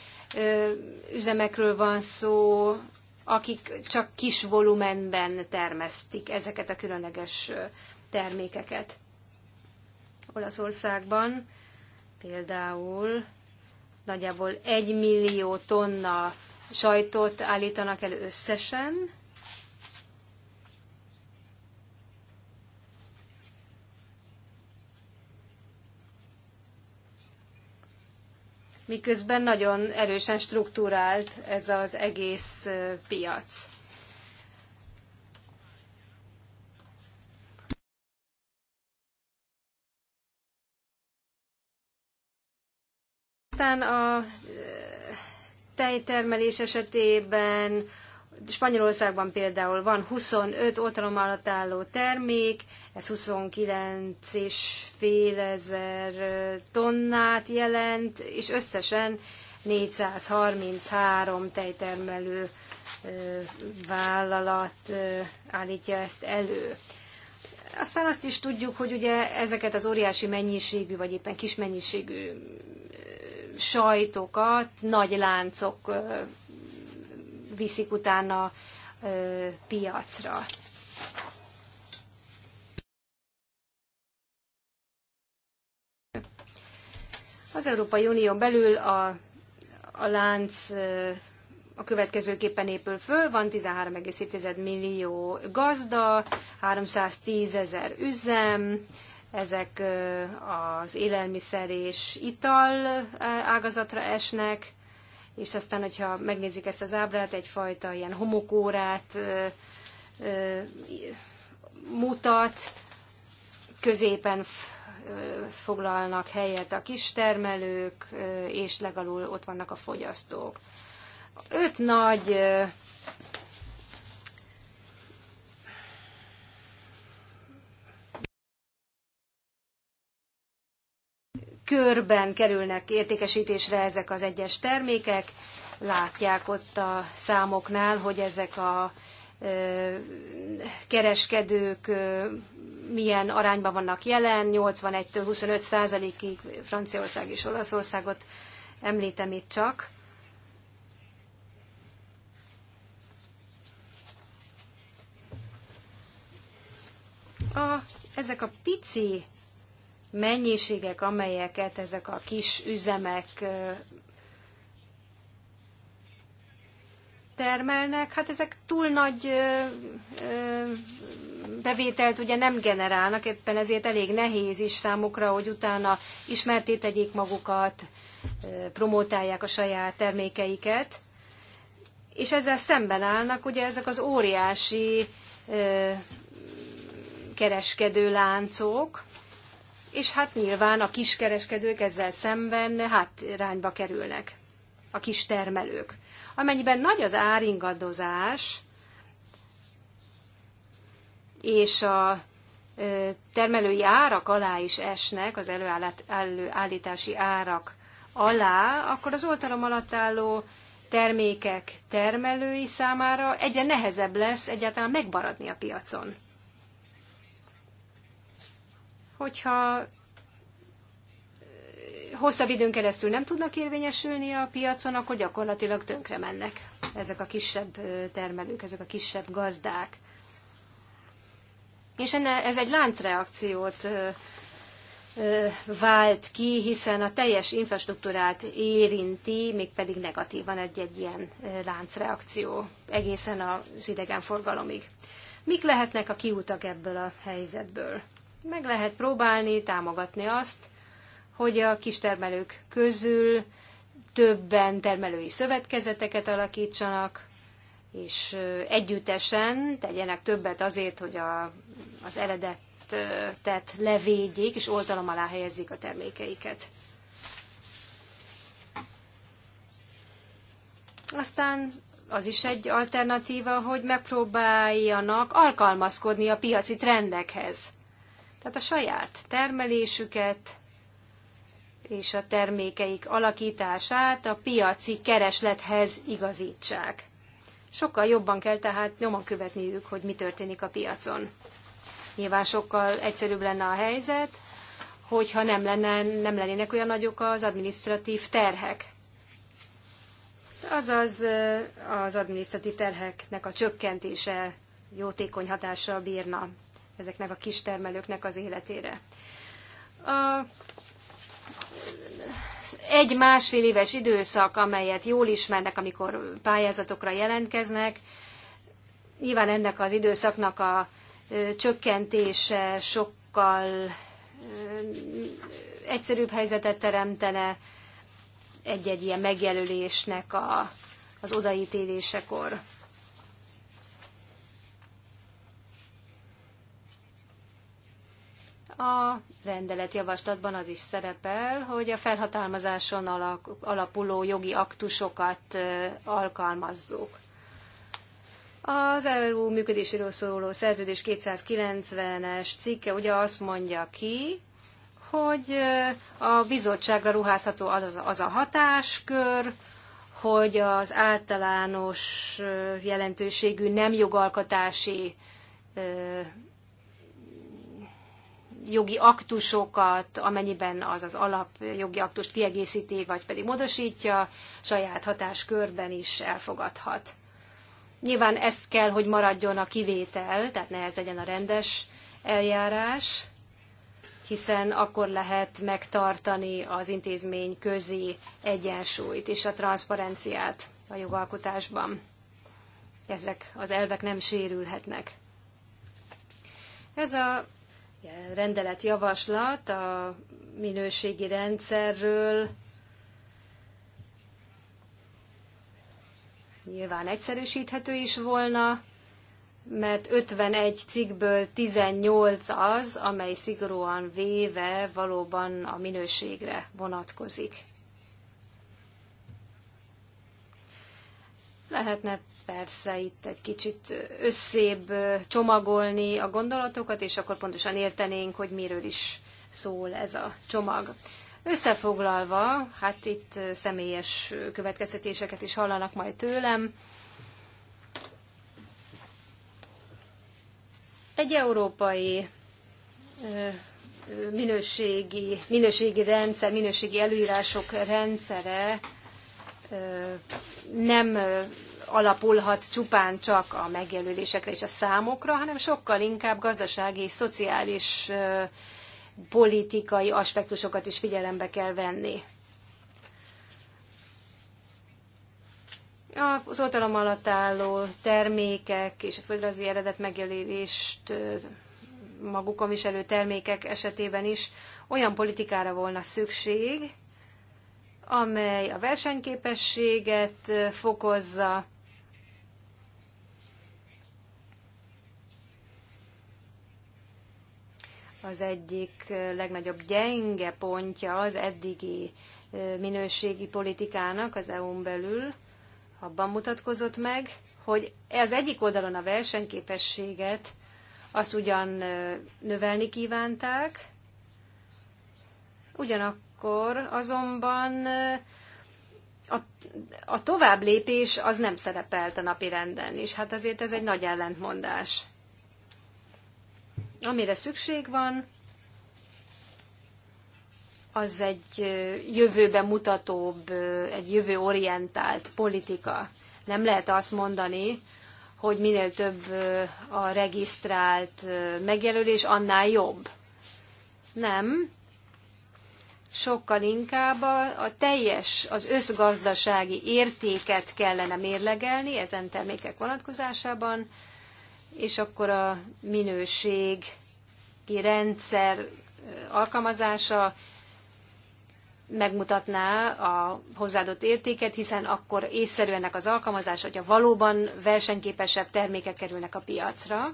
üzemekről van szó, akik csak kis volumenben termesztik ezeket a különleges termékeket. Olaszországban például nagyjából 1 millió tonna sajtot állítanak elő összesen, miközben nagyon erősen struktúrált ez az egész piac. Aztán a tejtermelés esetében Spanyolországban például van 25 oltalom alatt álló termék, ez 29 és fél ezer tonnát jelent, és összesen 433 tejtermelő vállalat állítja ezt elő. Aztán azt is tudjuk, hogy ugye ezeket az óriási mennyiségű, vagy éppen kis mennyiségű sajtokat nagy láncok viszik utána piacra. Az Európai Unió belül a, a lánc a következőképpen épül föl, van 13,7 millió gazda, 310 ezer üzem, ezek az élelmiszer és ital ágazatra esnek, és aztán, hogyha megnézik ezt az ábrát, egyfajta ilyen homokórát mutat, középen foglalnak helyet a kistermelők, és legalul ott vannak a fogyasztók. Öt nagy körben kerülnek értékesítésre ezek az egyes termékek. Látják ott a számoknál, hogy ezek a kereskedők milyen arányban vannak jelen, 81-től 25 százalékig Franciaország és Olaszországot említem itt csak. A, ezek a pici mennyiségek, amelyeket ezek a kis üzemek termelnek, hát ezek túl nagy bevételt ugye nem generálnak, éppen ezért elég nehéz is számukra, hogy utána ismerté tegyék magukat, promotálják a saját termékeiket. És ezzel szemben állnak ugye ezek az óriási kereskedőláncok. láncok, és hát nyilván a kiskereskedők ezzel szemben hátrányba kerülnek, a kis termelők. Amennyiben nagy az áringadozás, és a termelői árak alá is esnek, az előállítási árak alá, akkor az oltalom alatt álló termékek termelői számára egyre nehezebb lesz egyáltalán megmaradni a piacon hogyha eh, hosszabb időn keresztül nem tudnak érvényesülni a piacon, akkor gyakorlatilag tönkre mennek ezek a kisebb eh, termelők, ezek a kisebb gazdák. És enne, ez egy láncreakciót eh, vált ki, hiszen a teljes infrastruktúrát érinti, mégpedig negatívan egy-egy ilyen láncreakció egészen az idegenforgalomig. Mik lehetnek a kiutak ebből a helyzetből? meg lehet próbálni támogatni azt, hogy a kistermelők közül többen termelői szövetkezeteket alakítsanak, és együttesen tegyenek többet azért, hogy a, az eredetet levédjék, és oltalom alá helyezzék a termékeiket. Aztán az is egy alternatíva, hogy megpróbáljanak alkalmazkodni a piaci trendekhez. Tehát a saját termelésüket és a termékeik alakítását a piaci kereslethez igazítsák. Sokkal jobban kell tehát nyomon követniük, hogy mi történik a piacon. Nyilván sokkal egyszerűbb lenne a helyzet, hogyha nem, lenne, nem lennének olyan nagyok az administratív terhek. Azaz az administratív terheknek a csökkentése jótékony hatással bírna ezeknek a kistermelőknek az életére. A egy másfél éves időszak, amelyet jól ismernek, amikor pályázatokra jelentkeznek, nyilván ennek az időszaknak a csökkentése sokkal egyszerűbb helyzetet teremtene egy-egy ilyen megjelölésnek a, az odaítélésekor. A rendeletjavaslatban az is szerepel, hogy a felhatalmazáson alapuló jogi aktusokat alkalmazzuk. Az EU működéséről szóló szerződés 290-es cikke ugye azt mondja ki, hogy a bizottságra ruházható az, az a hatáskör, hogy az általános jelentőségű nem jogalkotási jogi aktusokat, amennyiben az az alap jogi aktust kiegészíti, vagy pedig módosítja, saját hatáskörben is elfogadhat. Nyilván ez kell, hogy maradjon a kivétel, tehát ne ez legyen a rendes eljárás, hiszen akkor lehet megtartani az intézmény közi egyensúlyt és a transzparenciát a jogalkotásban. Ezek az elvek nem sérülhetnek. Ez a rendeletjavaslat a minőségi rendszerről nyilván egyszerűsíthető is volna, mert 51 cikkből 18 az, amely szigorúan véve valóban a minőségre vonatkozik. Lehetne persze itt egy kicsit összébb csomagolni a gondolatokat, és akkor pontosan értenénk, hogy miről is szól ez a csomag. Összefoglalva, hát itt személyes következtetéseket is hallanak majd tőlem. Egy európai minőségi, minőségi rendszer, minőségi előírások rendszere nem alapulhat csupán csak a megjelölésekre és a számokra, hanem sokkal inkább gazdasági és szociális politikai aspektusokat is figyelembe kell venni. Az oltalom alatt álló termékek és a földrajzi eredet megjelölést magukon viselő termékek esetében is olyan politikára volna szükség, amely a versenyképességet fokozza, az egyik legnagyobb gyenge pontja az eddigi minőségi politikának az EU-n belül abban mutatkozott meg, hogy az egyik oldalon a versenyképességet azt ugyan növelni kívánták, ugyanakkor azonban a, a tovább lépés az nem szerepelt a napi renden, és hát azért ez egy nagy ellentmondás. Amire szükség van, az egy jövőben mutatóbb, egy jövőorientált politika. Nem lehet azt mondani, hogy minél több a regisztrált megjelölés, annál jobb. Nem. Sokkal inkább a, a teljes, az összgazdasági értéket kellene mérlegelni ezen termékek vonatkozásában, és akkor a minőség, rendszer alkalmazása megmutatná a hozzáadott értéket, hiszen akkor észszerű ennek az alkalmazása, hogyha valóban versenyképesebb termékek kerülnek a piacra,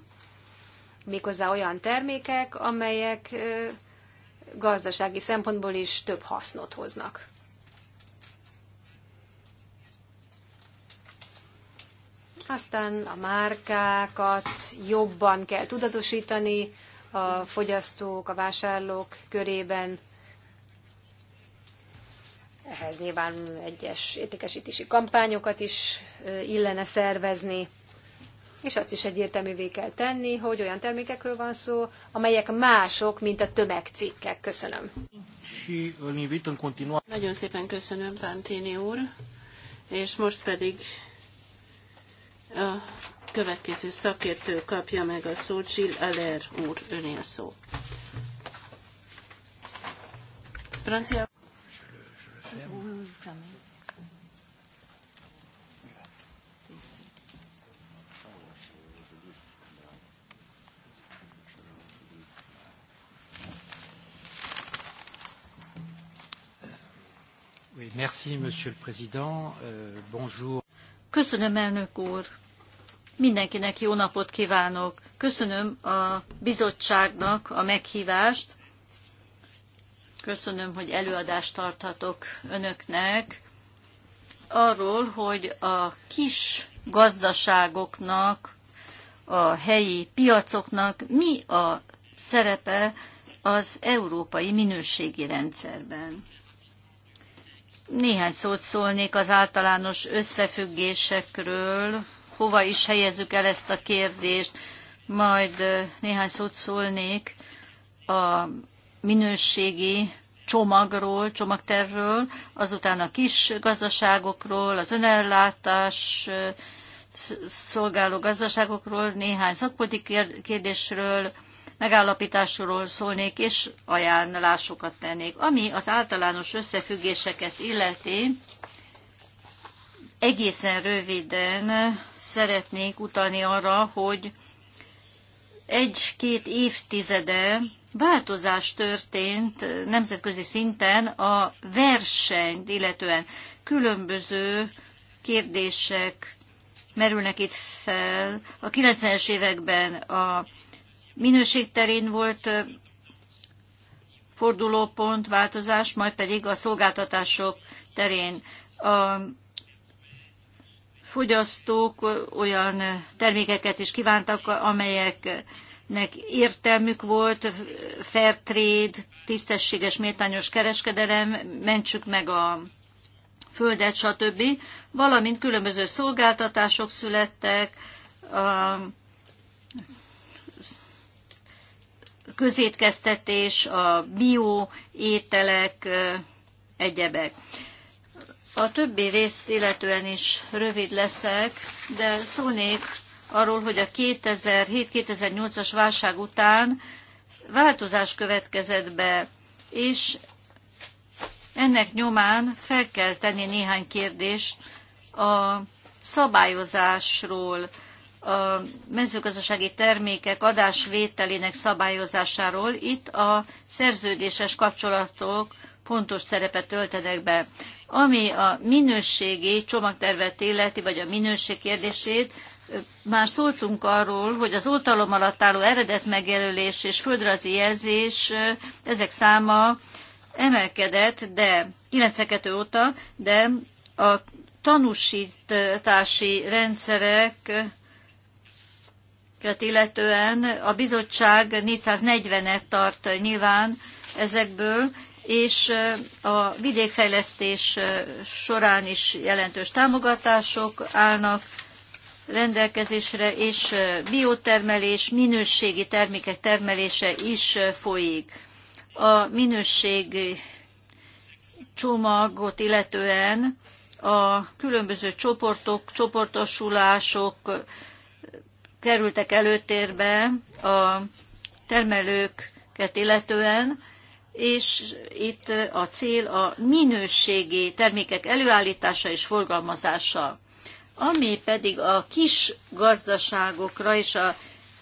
méghozzá olyan termékek, amelyek gazdasági szempontból is több hasznot hoznak. Aztán a márkákat jobban kell tudatosítani a fogyasztók, a vásárlók körében. Ehhez nyilván egyes értékesítési kampányokat is illene szervezni, és azt is egyértelművé kell tenni, hogy olyan termékekről van szó, amelyek mások, mint a tömegcikkek. Köszönöm. Nagyon szépen köszönöm, Pántini úr. És most pedig a következő szakértő kapja meg a szót, Gilles Aller úr, önél szó. Francia. Merci, Monsieur le Président. Euh, bonjour. Köszönöm, elnök úr. Mindenkinek jó napot kívánok. Köszönöm a bizottságnak a meghívást. Köszönöm, hogy előadást tarthatok önöknek arról, hogy a kis gazdaságoknak, a helyi piacoknak mi a szerepe az európai minőségi rendszerben. Néhány szót szólnék az általános összefüggésekről, hova is helyezzük el ezt a kérdést. Majd néhány szót szólnék a minőségi csomagról, csomagtervről, azután a kis gazdaságokról, az önellátás szolgáló gazdaságokról, néhány szakpolitikai kérdésről, megállapításról szólnék, és ajánlásokat tennék. Ami az általános összefüggéseket illeti, egészen röviden szeretnék utalni arra, hogy egy-két évtizede változás történt nemzetközi szinten a versenyt, illetően különböző kérdések merülnek itt fel. A 90-es években a minőség terén volt fordulópont, változás, majd pedig a szolgáltatások terén. A fogyasztók olyan termékeket is kívántak, amelyeknek értelmük volt, fair trade, tisztességes, méltányos kereskedelem, mentsük meg a földet, stb. Valamint különböző szolgáltatások születtek, a közétkeztetés, a bio ételek, egyebek. A többi részt illetően is rövid leszek, de szólnék arról, hogy a 2007-2008-as válság után változás következett be, és ennek nyomán fel kell tenni néhány kérdést a szabályozásról, a mezőgazdasági termékek adásvételének szabályozásáról. Itt a szerződéses kapcsolatok fontos szerepet töltenek be. Ami a minőségi csomagtervet illeti, vagy a minőség kérdését, már szóltunk arról, hogy az oltalom alatt álló eredet megjelölés és földrajzi jelzés, ezek száma emelkedett, de 92 óta, de a tanúsítási rendszerek illetően a bizottság 440-et tart nyilván ezekből, és a vidékfejlesztés során is jelentős támogatások állnak rendelkezésre, és biotermelés, minőségi termékek termelése is folyik. A minőség csomagot illetően a különböző csoportok, csoportosulások kerültek előtérbe a termelőket illetően, és itt a cél a minőségi termékek előállítása és forgalmazása. Ami pedig a kis gazdaságokra és a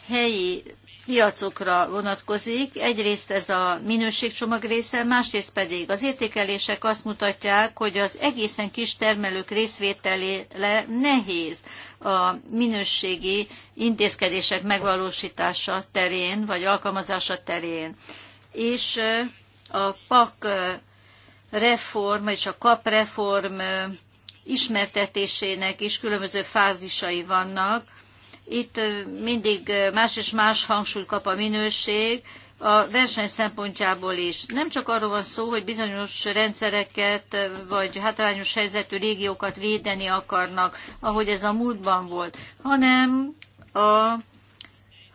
helyi piacokra vonatkozik. Egyrészt ez a minőségcsomag része, másrészt pedig az értékelések azt mutatják, hogy az egészen kis termelők részvételére nehéz a minőségi intézkedések megvalósítása terén, vagy alkalmazása terén. És a PAK reform és a KAP reform ismertetésének is különböző fázisai vannak. Itt mindig más és más hangsúly kap a minőség, a verseny szempontjából is. Nem csak arról van szó, hogy bizonyos rendszereket vagy hátrányos helyzetű régiókat védeni akarnak, ahogy ez a múltban volt, hanem a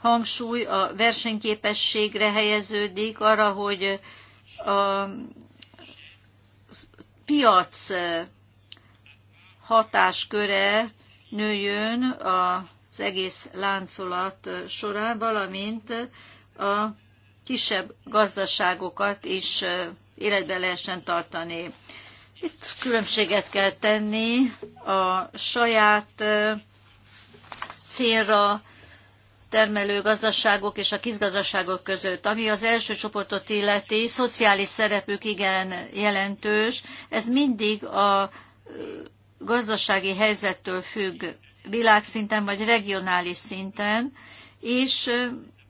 hangsúly a versenyképességre helyeződik, arra, hogy a piac hatásköre nőjön az egész láncolat során, valamint a kisebb gazdaságokat is életbe lehessen tartani. Itt különbséget kell tenni a saját célra termelő gazdaságok és a kisgazdaságok között. Ami az első csoportot illeti, szociális szerepük igen jelentős. Ez mindig a gazdasági helyzettől függ világszinten vagy regionális szinten, és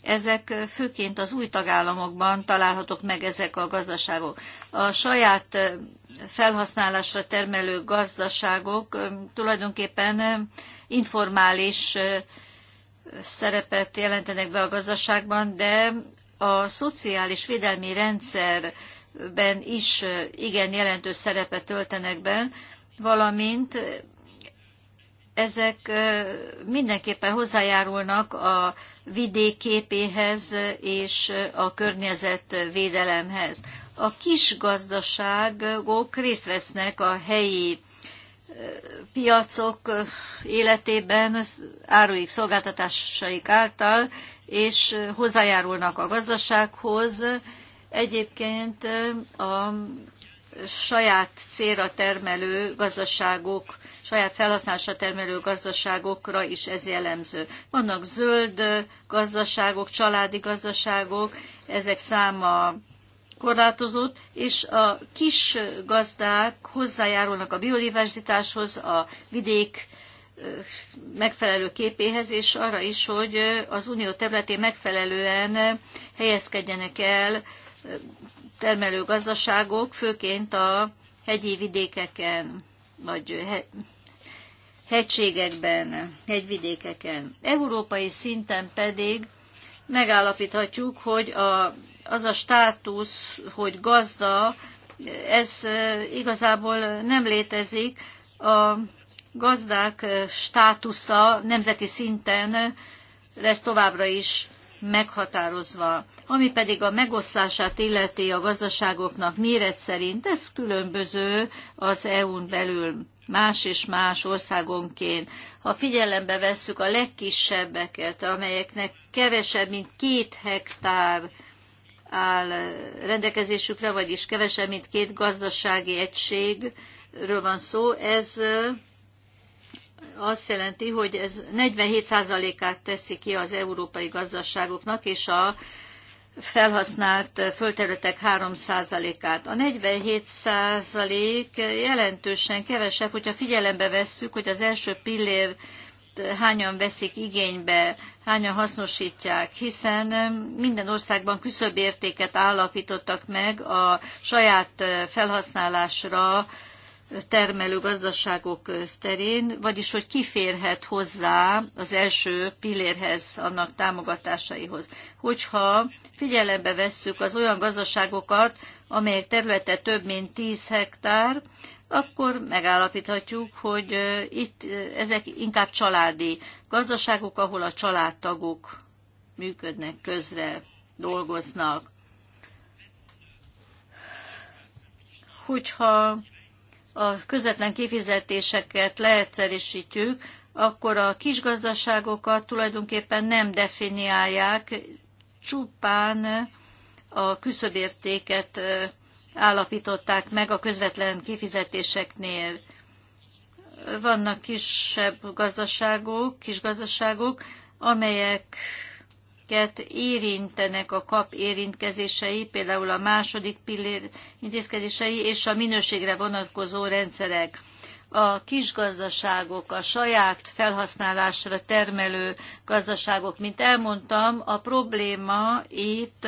ezek főként az új tagállamokban találhatók meg ezek a gazdaságok. A saját felhasználásra termelő gazdaságok tulajdonképpen informális szerepet jelentenek be a gazdaságban, de a szociális védelmi rendszerben is igen jelentős szerepet töltenek be, valamint ezek mindenképpen hozzájárulnak a vidék képéhez és a környezetvédelemhez. A kis gazdaságok részt vesznek a helyi piacok életében áruik, szolgáltatásaik által, és hozzájárulnak a gazdasághoz. Egyébként a saját célra termelő gazdaságok, saját felhasználásra termelő gazdaságokra is ez jellemző. Vannak zöld gazdaságok, családi gazdaságok, ezek száma korlátozott, és a kis gazdák hozzájárulnak a biodiverzitáshoz, a vidék megfelelő képéhez, és arra is, hogy az unió területén megfelelően helyezkedjenek el termelő gazdaságok, főként a hegyi vidékeken, vagy hegységekben, hegyvidékeken. Európai szinten pedig megállapíthatjuk, hogy a az a státusz, hogy gazda, ez igazából nem létezik. A gazdák státusza nemzeti szinten lesz továbbra is meghatározva. Ami pedig a megoszlását illeti a gazdaságoknak méret szerint, ez különböző az EU-n belül más és más országonként. Ha figyelembe vesszük a legkisebbeket, amelyeknek kevesebb, mint két hektár áll rendelkezésükre, vagyis kevesebb, mint két gazdasági egységről van szó. Ez azt jelenti, hogy ez 47%-át teszi ki az európai gazdaságoknak, és a felhasznált földterületek 3%-át. A 47% jelentősen kevesebb, hogyha figyelembe vesszük, hogy az első pillér hányan veszik igénybe, hányan hasznosítják, hiszen minden országban értéket állapítottak meg a saját felhasználásra termelő gazdaságok terén, vagyis hogy kiférhet hozzá az első pillérhez, annak támogatásaihoz. Hogyha figyelembe vesszük az olyan gazdaságokat, amelyek területe több mint 10 hektár, akkor megállapíthatjuk, hogy itt ezek inkább családi gazdaságok, ahol a családtagok működnek közre, dolgoznak. Hogyha a közvetlen kifizetéseket leegyszerűsítjük, akkor a kisgazdaságokat tulajdonképpen nem definiálják, csupán a küszöbértéket állapították meg a közvetlen kifizetéseknél. Vannak kisebb gazdaságok, kis gazdaságok, amelyeket érintenek a kap érintkezései, például a második pillér intézkedései és a minőségre vonatkozó rendszerek a kisgazdaságok, a saját felhasználásra termelő gazdaságok. Mint elmondtam, a probléma itt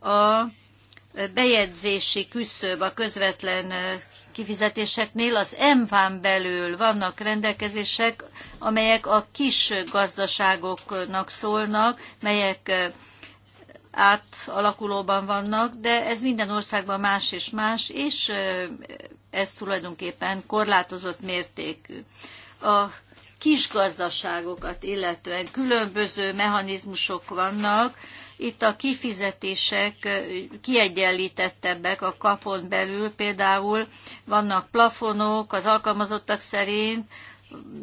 a bejegyzési küszöb a közvetlen kifizetéseknél az MVAN belül vannak rendelkezések, amelyek a kis gazdaságoknak szólnak, melyek átalakulóban vannak, de ez minden országban más és más, és ez tulajdonképpen korlátozott mértékű. A kis gazdaságokat illetően különböző mechanizmusok vannak, itt a kifizetések kiegyenlítettebbek a kapon belül, például vannak plafonok az alkalmazottak szerint,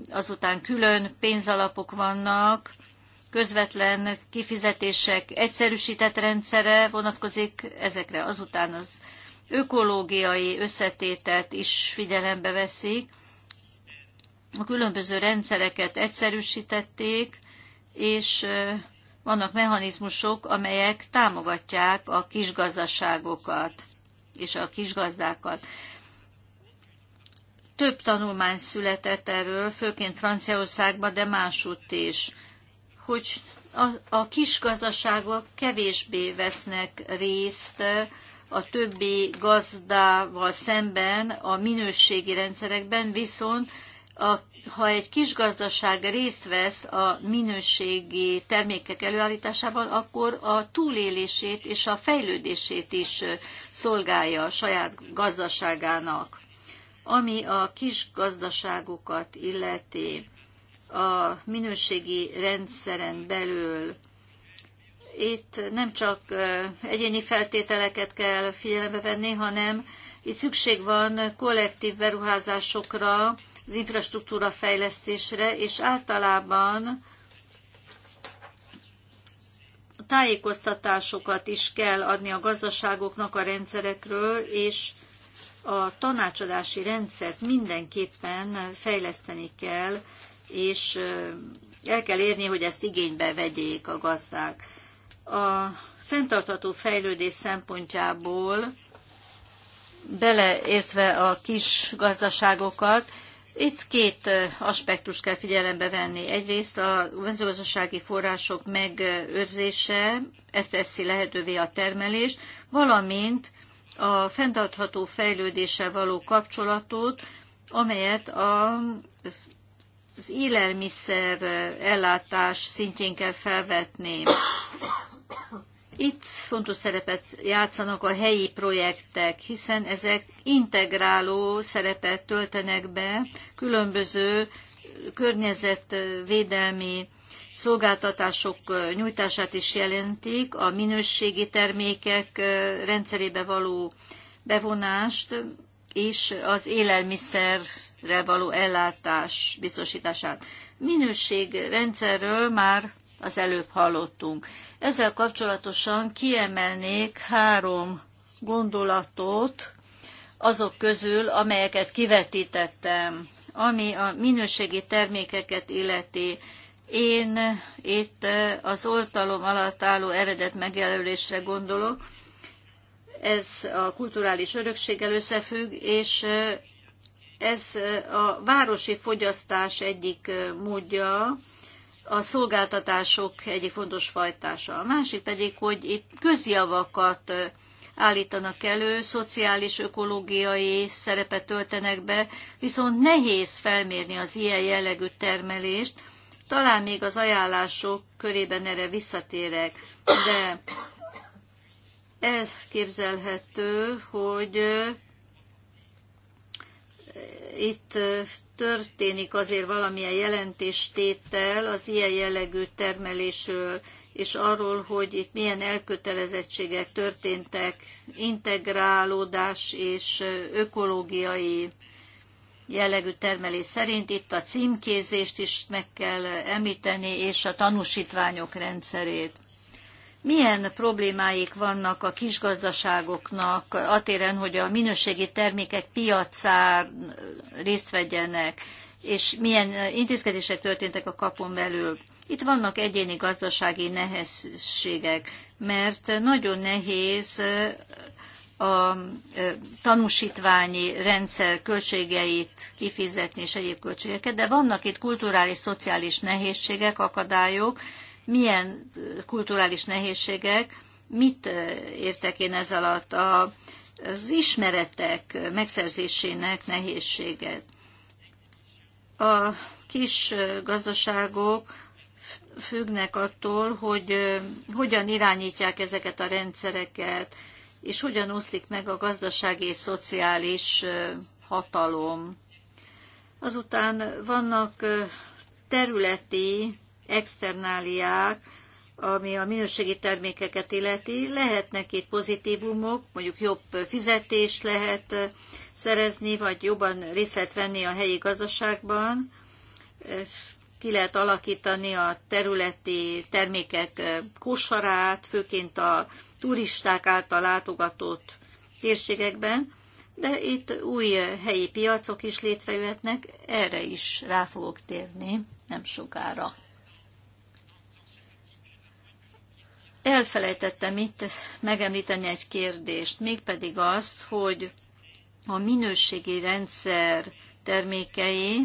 azután külön pénzalapok vannak, közvetlen kifizetések egyszerűsített rendszere vonatkozik ezekre, azután az ökológiai összetételt is figyelembe veszik. A különböző rendszereket egyszerűsítették, és vannak mechanizmusok, amelyek támogatják a kisgazdaságokat és a kisgazdákat. Több tanulmány született erről, főként Franciaországban, de másutt is, hogy a, a kisgazdaságok kevésbé vesznek részt a többi gazdával szemben a minőségi rendszerekben, viszont a ha egy kis gazdaság részt vesz a minőségi termékek előállításában, akkor a túlélését és a fejlődését is szolgálja a saját gazdaságának. Ami a kis gazdaságokat illeti, a minőségi rendszeren belül itt nem csak egyéni feltételeket kell figyelembe venni, hanem itt szükség van kollektív beruházásokra, az infrastruktúra fejlesztésre, és általában tájékoztatásokat is kell adni a gazdaságoknak a rendszerekről, és a tanácsadási rendszert mindenképpen fejleszteni kell, és el kell érni, hogy ezt igénybe vegyék a gazdák. A fenntartható fejlődés szempontjából beleértve a kis gazdaságokat, itt két aspektust kell figyelembe venni. Egyrészt a mezőgazdasági források megőrzése, ezt teszi lehetővé a termelés, valamint a fenntartható fejlődéssel való kapcsolatot, amelyet a, az élelmiszer ellátás szintjén kell felvetni. Itt fontos szerepet játszanak a helyi projektek, hiszen ezek integráló szerepet töltenek be különböző környezetvédelmi szolgáltatások nyújtását is jelentik, a minőségi termékek rendszerébe való bevonást és az élelmiszerre való ellátás biztosítását. Minőségrendszerről már az előbb hallottunk. Ezzel kapcsolatosan kiemelnék három gondolatot azok közül, amelyeket kivetítettem, ami a minőségi termékeket illeti. Én itt az oltalom alatt álló eredet megjelölésre gondolok. Ez a kulturális örökséggel összefügg, és ez a városi fogyasztás egyik módja, a szolgáltatások egyik fontos fajtása. A másik pedig, hogy itt közjavakat állítanak elő, szociális, ökológiai szerepet töltenek be, viszont nehéz felmérni az ilyen jellegű termelést, talán még az ajánlások körében erre visszatérek, de elképzelhető, hogy itt történik azért valamilyen jelentéstétel az ilyen jellegű termelésről, és arról, hogy itt milyen elkötelezettségek történtek, integrálódás és ökológiai jellegű termelés szerint. Itt a címkézést is meg kell említeni, és a tanúsítványok rendszerét milyen problémáik vannak a kisgazdaságoknak a téren, hogy a minőségi termékek piacán részt vegyenek, és milyen intézkedések történtek a kapon belül. Itt vannak egyéni gazdasági nehézségek, mert nagyon nehéz a tanúsítványi rendszer költségeit kifizetni és egyéb költségeket, de vannak itt kulturális, szociális nehézségek, akadályok, milyen kulturális nehézségek, mit értek én ez alatt a, az ismeretek megszerzésének nehézséget. A kis gazdaságok függnek attól, hogy hogyan irányítják ezeket a rendszereket, és hogyan oszlik meg a gazdasági és szociális hatalom. Azután vannak területi externáliák, ami a minőségi termékeket illeti, lehetnek itt pozitívumok, mondjuk jobb fizetés lehet szerezni, vagy jobban részt lehet venni a helyi gazdaságban, ki lehet alakítani a területi termékek kosarát, főként a turisták által látogatott térségekben, de itt új helyi piacok is létrejöhetnek, erre is rá fogok térni nem sokára. Elfelejtettem itt megemlíteni egy kérdést, mégpedig azt, hogy a minőségi rendszer termékei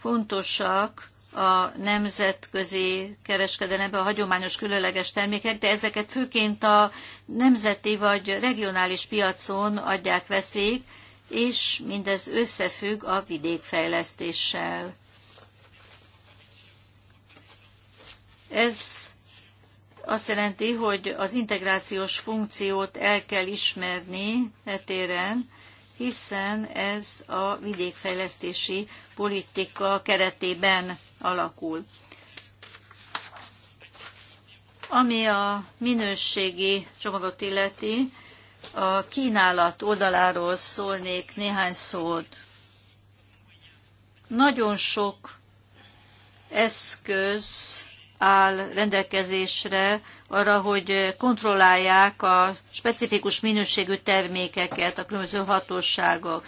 fontosak a nemzetközi kereskedelemben a hagyományos különleges termékek, de ezeket főként a nemzeti vagy regionális piacon adják veszélyt, és mindez összefügg a vidékfejlesztéssel. Ez azt jelenti, hogy az integrációs funkciót el kell ismerni etéren, hiszen ez a vidékfejlesztési politika keretében alakul. Ami a minőségi csomagot illeti, a kínálat oldaláról szólnék néhány szót. Nagyon sok eszköz áll rendelkezésre arra, hogy kontrollálják a specifikus minőségű termékeket a különböző hatóságok.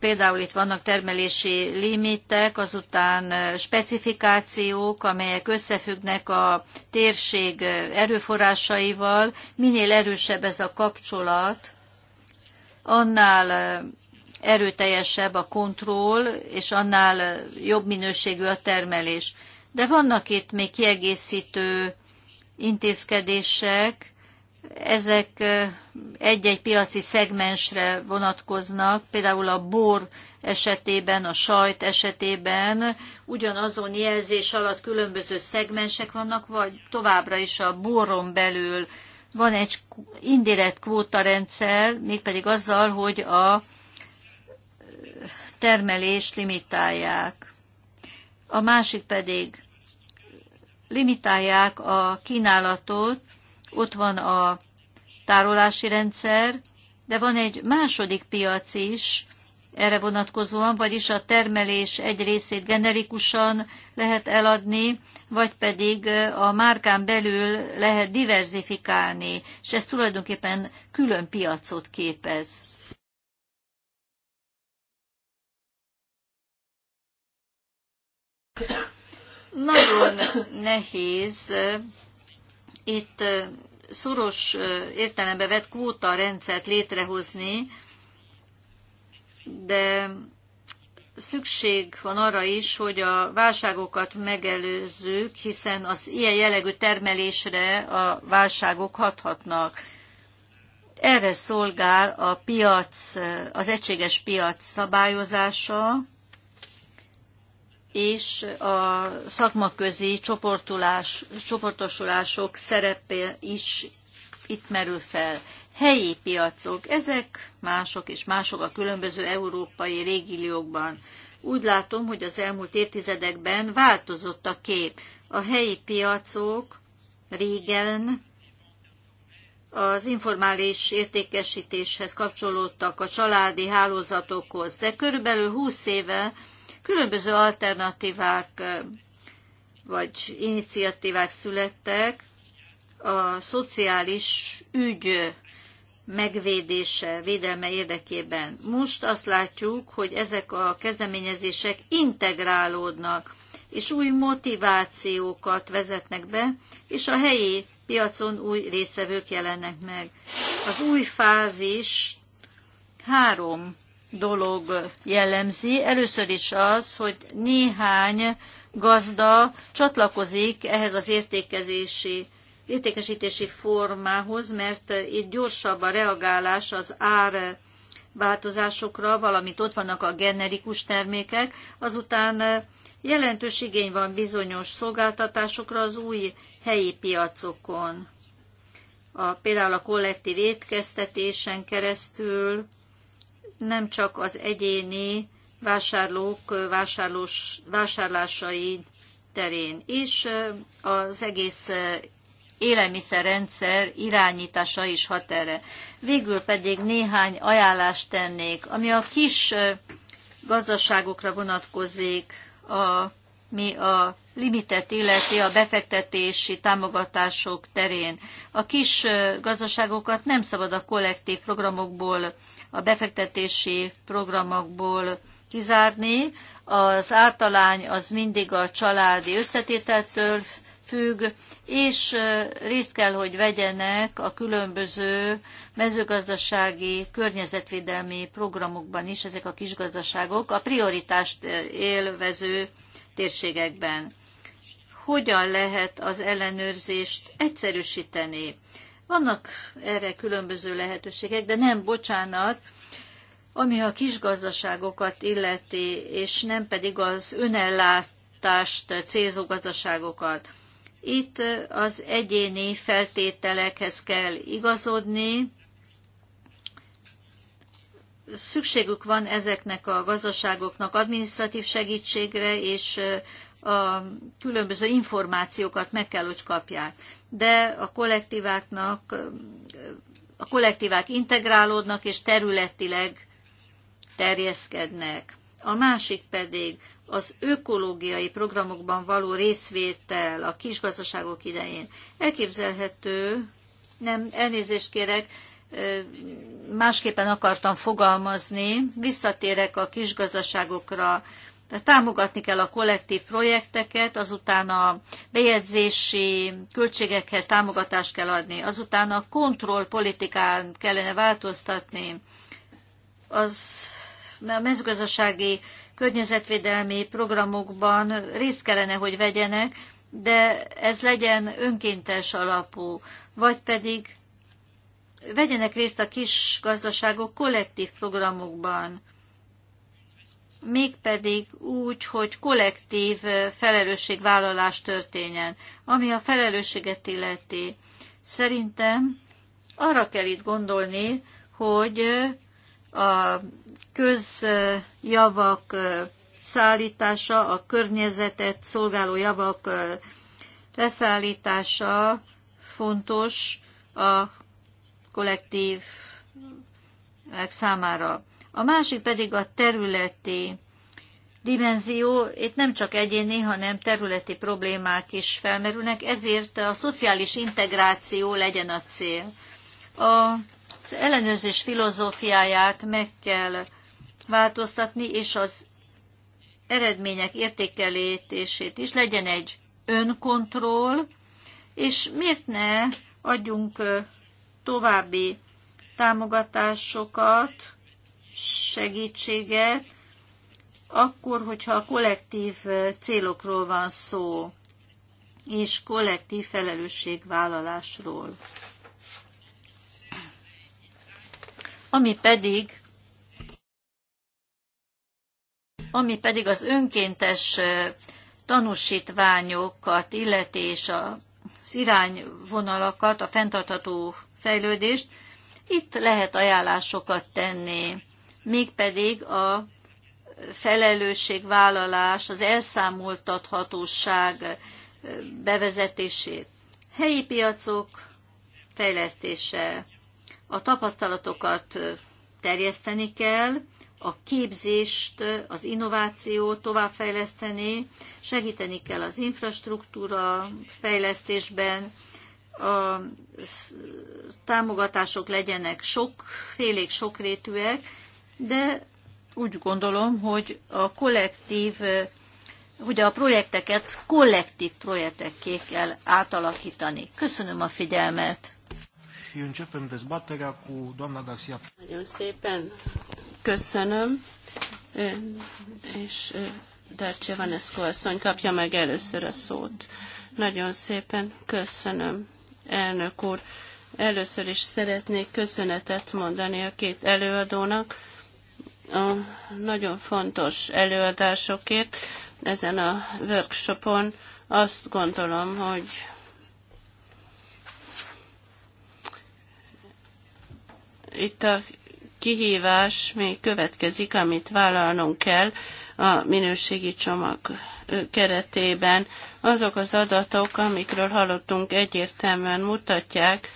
Például itt vannak termelési limitek, azután specifikációk, amelyek összefüggnek a térség erőforrásaival. Minél erősebb ez a kapcsolat, annál erőteljesebb a kontroll, és annál jobb minőségű a termelés. De vannak itt még kiegészítő intézkedések, ezek egy-egy piaci szegmensre vonatkoznak, például a bor esetében, a sajt esetében ugyanazon jelzés alatt különböző szegmensek vannak, vagy továbbra is a boron belül van egy indirekt kvótarendszer, mégpedig azzal, hogy a termelést limitálják. A másik pedig limitálják a kínálatot, ott van a tárolási rendszer, de van egy második piac is erre vonatkozóan, vagyis a termelés egy részét generikusan lehet eladni, vagy pedig a márkán belül lehet diverzifikálni, és ez tulajdonképpen külön piacot képez. Yeah. Nagyon nehéz itt szoros értelembe vett kvóta rendszert létrehozni, de szükség van arra is, hogy a válságokat megelőzzük, hiszen az ilyen jellegű termelésre a válságok hathatnak. Erre szolgál a piac, az egységes piac szabályozása, és a szakmaközi csoportosulások szerepe is itt merül fel. Helyi piacok, ezek mások és mások a különböző európai régiókban. Úgy látom, hogy az elmúlt évtizedekben változott a kép. A helyi piacok régen az informális értékesítéshez kapcsolódtak a családi hálózatokhoz, de körülbelül 20 éve Különböző alternatívák vagy iniciatívák születtek a szociális ügy megvédése, védelme érdekében. Most azt látjuk, hogy ezek a kezdeményezések integrálódnak, és új motivációkat vezetnek be, és a helyi piacon új résztvevők jelennek meg. Az új fázis három dolog jellemzi. Először is az, hogy néhány gazda csatlakozik ehhez az értékezési értékesítési formához, mert itt gyorsabb a reagálás az ár változásokra, valamint ott vannak a generikus termékek, azután jelentős igény van bizonyos szolgáltatásokra az új helyi piacokon. A, például a kollektív étkeztetésen keresztül, nem csak az egyéni vásárlók vásárlós, vásárlásai terén is, az egész élelmiszerrendszer irányítása is hat erre. Végül pedig néhány ajánlást tennék, ami a kis gazdaságokra vonatkozik, a, mi a limitet illeti a befektetési támogatások terén. A kis gazdaságokat nem szabad a kollektív programokból a befektetési programokból kizárni. Az általány az mindig a családi összetételtől függ, és részt kell, hogy vegyenek a különböző mezőgazdasági, környezetvédelmi programokban is ezek a kisgazdaságok a prioritást élvező térségekben. Hogyan lehet az ellenőrzést egyszerűsíteni? Vannak erre különböző lehetőségek, de nem bocsánat, ami a kisgazdaságokat illeti, és nem pedig az önellátást célzó gazdaságokat. Itt az egyéni feltételekhez kell igazodni, szükségük van ezeknek a gazdaságoknak adminisztratív segítségre és a különböző információkat meg kell, hogy kapják. De a kollektíváknak, a kollektívák integrálódnak és területileg terjeszkednek. A másik pedig az ökológiai programokban való részvétel a kisgazdaságok idején. Elképzelhető, nem, elnézést kérek, másképpen akartam fogalmazni, visszatérek a kisgazdaságokra, tehát támogatni kell a kollektív projekteket, azután a bejegyzési költségekhez támogatást kell adni, azután a kontrollpolitikán kellene változtatni, az a mezőgazdasági környezetvédelmi programokban részt kellene, hogy vegyenek, de ez legyen önkéntes alapú, vagy pedig vegyenek részt a kis gazdaságok kollektív programokban mégpedig úgy, hogy kollektív felelősségvállalás történjen. Ami a felelősséget illeti, szerintem arra kell itt gondolni, hogy a közjavak szállítása, a környezetet szolgáló javak leszállítása fontos a kollektív számára. A másik pedig a területi dimenzió, itt nem csak egyéni, hanem területi problémák is felmerülnek, ezért a szociális integráció legyen a cél. Az ellenőrzés filozófiáját meg kell változtatni, és az eredmények értékelését is legyen egy önkontroll, és miért ne adjunk további támogatásokat, segítséget, akkor, hogyha a kollektív célokról van szó, és kollektív felelősségvállalásról. Ami pedig ami pedig az önkéntes tanúsítványokat illeti és az irányvonalakat, a fenntartható fejlődést, itt lehet ajánlásokat tenni mégpedig a felelősségvállalás, az elszámoltathatóság bevezetését, helyi piacok fejlesztése, a tapasztalatokat terjeszteni kell, a képzést, az innovációt továbbfejleszteni, segíteni kell az infrastruktúra fejlesztésben, a támogatások legyenek sokfélék, sokrétűek, de úgy gondolom, hogy a kollektív, hogy a projekteket kollektív projektekké kell átalakítani. Köszönöm a figyelmet! Nagyon szépen köszönöm, és Darcsia Vanesco asszony kapja meg először a szót. Nagyon szépen köszönöm, elnök úr. Először is szeretnék köszönetet mondani a két előadónak, a nagyon fontos előadásokért ezen a workshopon. Azt gondolom, hogy itt a kihívás még következik, amit vállalnunk kell a minőségi csomag keretében. Azok az adatok, amikről hallottunk, egyértelműen mutatják,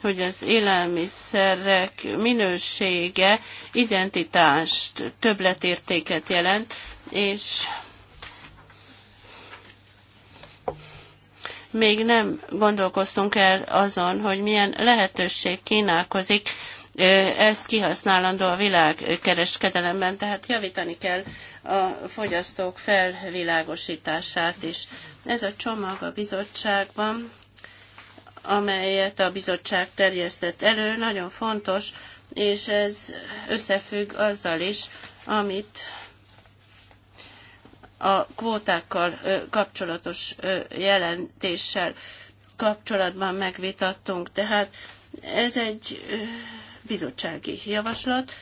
hogy az élelmiszerek minősége identitást, többletértéket jelent, és még nem gondolkoztunk el azon, hogy milyen lehetőség kínálkozik, ezt kihasználandó a világkereskedelemben, tehát javítani kell a fogyasztók felvilágosítását is. Ez a csomag a bizottságban amelyet a bizottság terjesztett elő, nagyon fontos, és ez összefügg azzal is, amit a kvótákkal kapcsolatos jelentéssel kapcsolatban megvitattunk. Tehát ez egy bizottsági javaslat,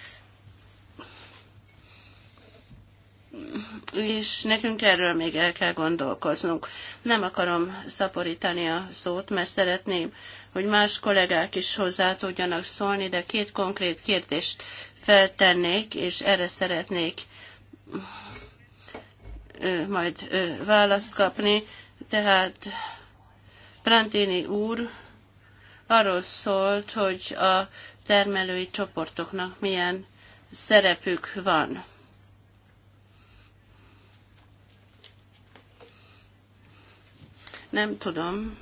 és nekünk erről még el kell gondolkoznunk. Nem akarom szaporítani a szót, mert szeretném, hogy más kollégák is hozzá tudjanak szólni, de két konkrét kérdést feltennék, és erre szeretnék majd választ kapni. Tehát Prantini úr arról szólt, hogy a termelői csoportoknak milyen szerepük van Nem tudom,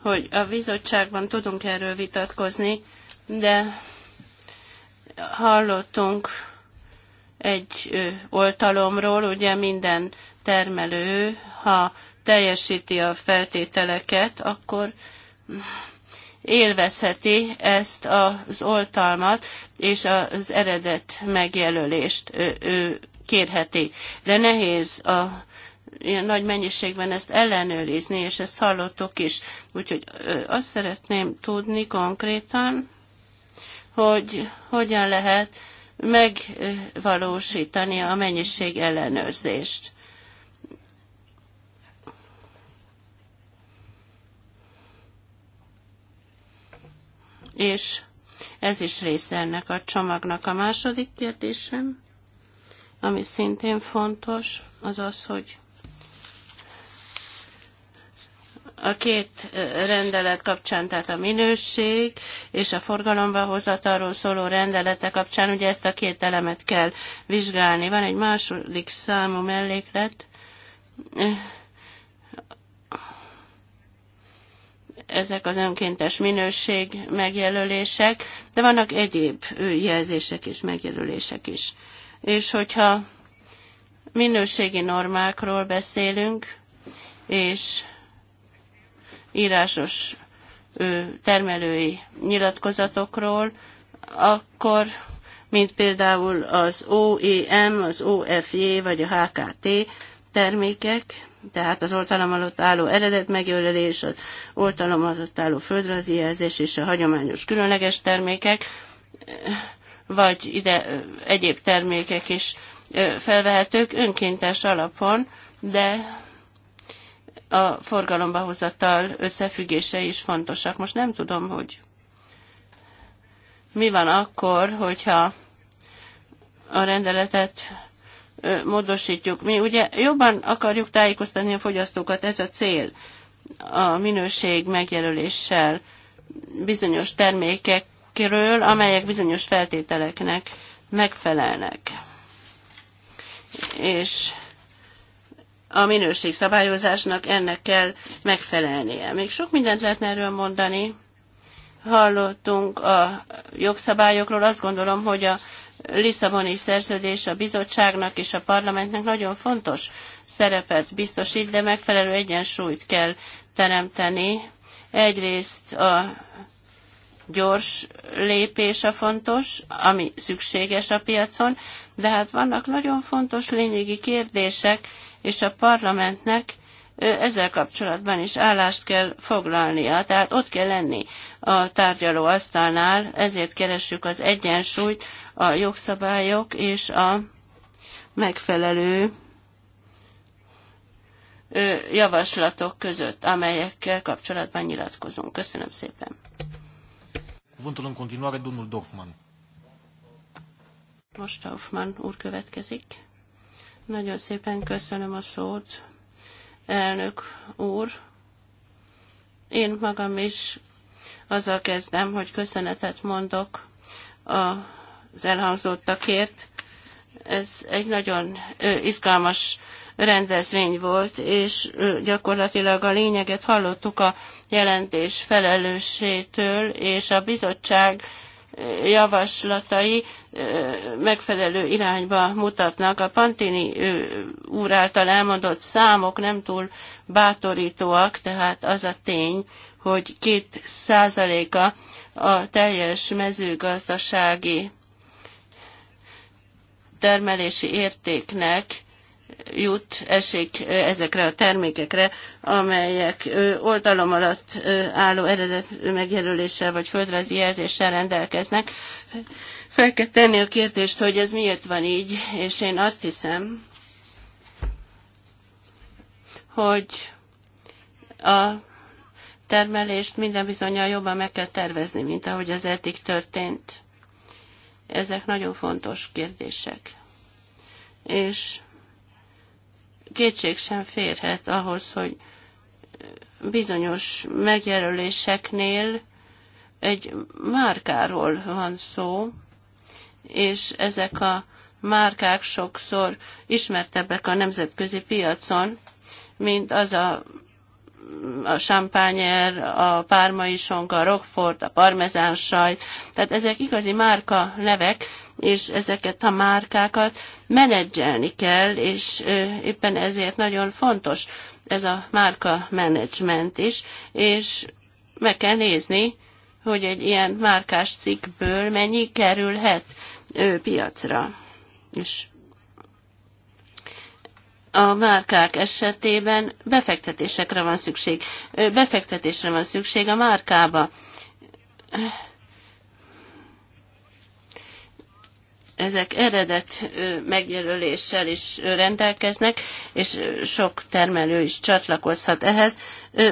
hogy a bizottságban tudunk erről vitatkozni, de hallottunk egy oltalomról, ugye minden termelő, ha teljesíti a feltételeket, akkor élvezheti ezt az oltalmat, és az eredet megjelölést ő, ő kérheti. De nehéz a ilyen nagy mennyiségben ezt ellenőrizni, és ezt hallottuk is. Úgyhogy azt szeretném tudni konkrétan, hogy hogyan lehet megvalósítani a mennyiség ellenőrzést. És ez is része ennek a csomagnak. A második kérdésem, ami szintén fontos, az az, hogy A két rendelet kapcsán, tehát a minőség és a forgalomba hozatalról szóló rendelete kapcsán, ugye ezt a két elemet kell vizsgálni. Van egy második számú melléklet. Ezek az önkéntes minőség megjelölések, de vannak egyéb jelzések és megjelölések is. És hogyha minőségi normákról beszélünk, és írásos termelői nyilatkozatokról, akkor, mint például az OEM, az OFJ vagy a HKT termékek, tehát az oltalom alatt álló eredet megjelölés, az oltalom alatt álló földrajzi jelzés és a hagyományos különleges termékek, vagy ide egyéb termékek is felvehetők önkéntes alapon, de a forgalomba hozatal összefüggései is fontosak. Most nem tudom, hogy mi van akkor, hogyha a rendeletet módosítjuk. Mi ugye jobban akarjuk tájékoztatni a fogyasztókat, ez a cél a minőség megjelöléssel bizonyos termékekről, amelyek bizonyos feltételeknek megfelelnek. És a minőségszabályozásnak ennek kell megfelelnie. Még sok mindent lehetne erről mondani. Hallottunk a jogszabályokról, azt gondolom, hogy a Lisszaboni szerződés a bizottságnak és a parlamentnek nagyon fontos szerepet biztosít, de megfelelő egyensúlyt kell teremteni. Egyrészt a gyors lépés a fontos, ami szükséges a piacon, de hát vannak nagyon fontos lényegi kérdések, és a parlamentnek ezzel kapcsolatban is állást kell foglalnia, tehát ott kell lenni a tárgyaló asztalnál, ezért keressük az egyensúlyt a jogszabályok és a megfelelő javaslatok között, amelyekkel kapcsolatban nyilatkozunk. Köszönöm szépen. Cuvântul în continuare, Dorfman. Most Dorfman úr következik. Nagyon szépen köszönöm a szót, elnök úr. Én magam is azzal kezdem, hogy köszönetet mondok az elhangzottakért. Ez egy nagyon izgalmas rendezvény volt, és gyakorlatilag a lényeget hallottuk a jelentés felelőssétől, és a bizottság javaslatai megfelelő irányba mutatnak. A Pantini úr által elmondott számok nem túl bátorítóak, tehát az a tény, hogy két százaléka a teljes mezőgazdasági termelési értéknek jut, esik ezekre a termékekre, amelyek oltalom alatt álló eredet megjelöléssel vagy földrajzi jelzéssel rendelkeznek. Fel kell tenni a kérdést, hogy ez miért van így, és én azt hiszem, hogy a termelést minden bizonyal jobban meg kell tervezni, mint ahogy az eddig történt. Ezek nagyon fontos kérdések. És kétség sem férhet ahhoz, hogy bizonyos megjelöléseknél egy márkáról van szó, és ezek a márkák sokszor ismertebbek a nemzetközi piacon, mint az a a champagner, a pármai sonka, a rockford, a parmezán sajt. Tehát ezek igazi márka nevek, és ezeket a márkákat menedzselni kell, és éppen ezért nagyon fontos ez a márka menedzsment is, és meg kell nézni, hogy egy ilyen márkás cikkből mennyi kerülhet piacra, és a márkák esetében befektetésekre van szükség. Befektetésre van szükség a márkába. Ezek eredet megjelöléssel is rendelkeznek, és sok termelő is csatlakozhat ehhez.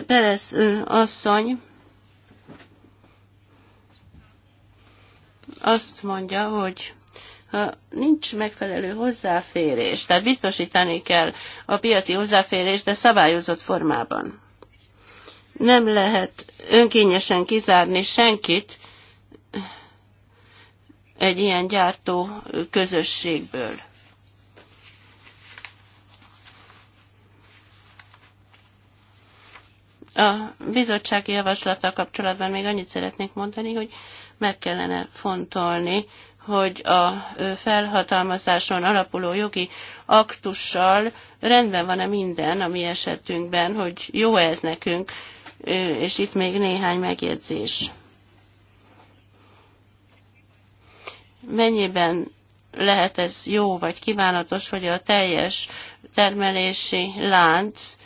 Perez asszony azt mondja, hogy nincs megfelelő hozzáférés, tehát biztosítani kell a piaci hozzáférést, de szabályozott formában. Nem lehet önkényesen kizárni senkit egy ilyen gyártó közösségből. A bizottsági javaslattal kapcsolatban még annyit szeretnék mondani, hogy meg kellene fontolni, hogy a felhatalmazáson alapuló jogi aktussal rendben van-e minden a mi esetünkben, hogy jó -e ez nekünk, és itt még néhány megjegyzés. Mennyiben lehet ez jó vagy kívánatos, hogy a teljes termelési lánc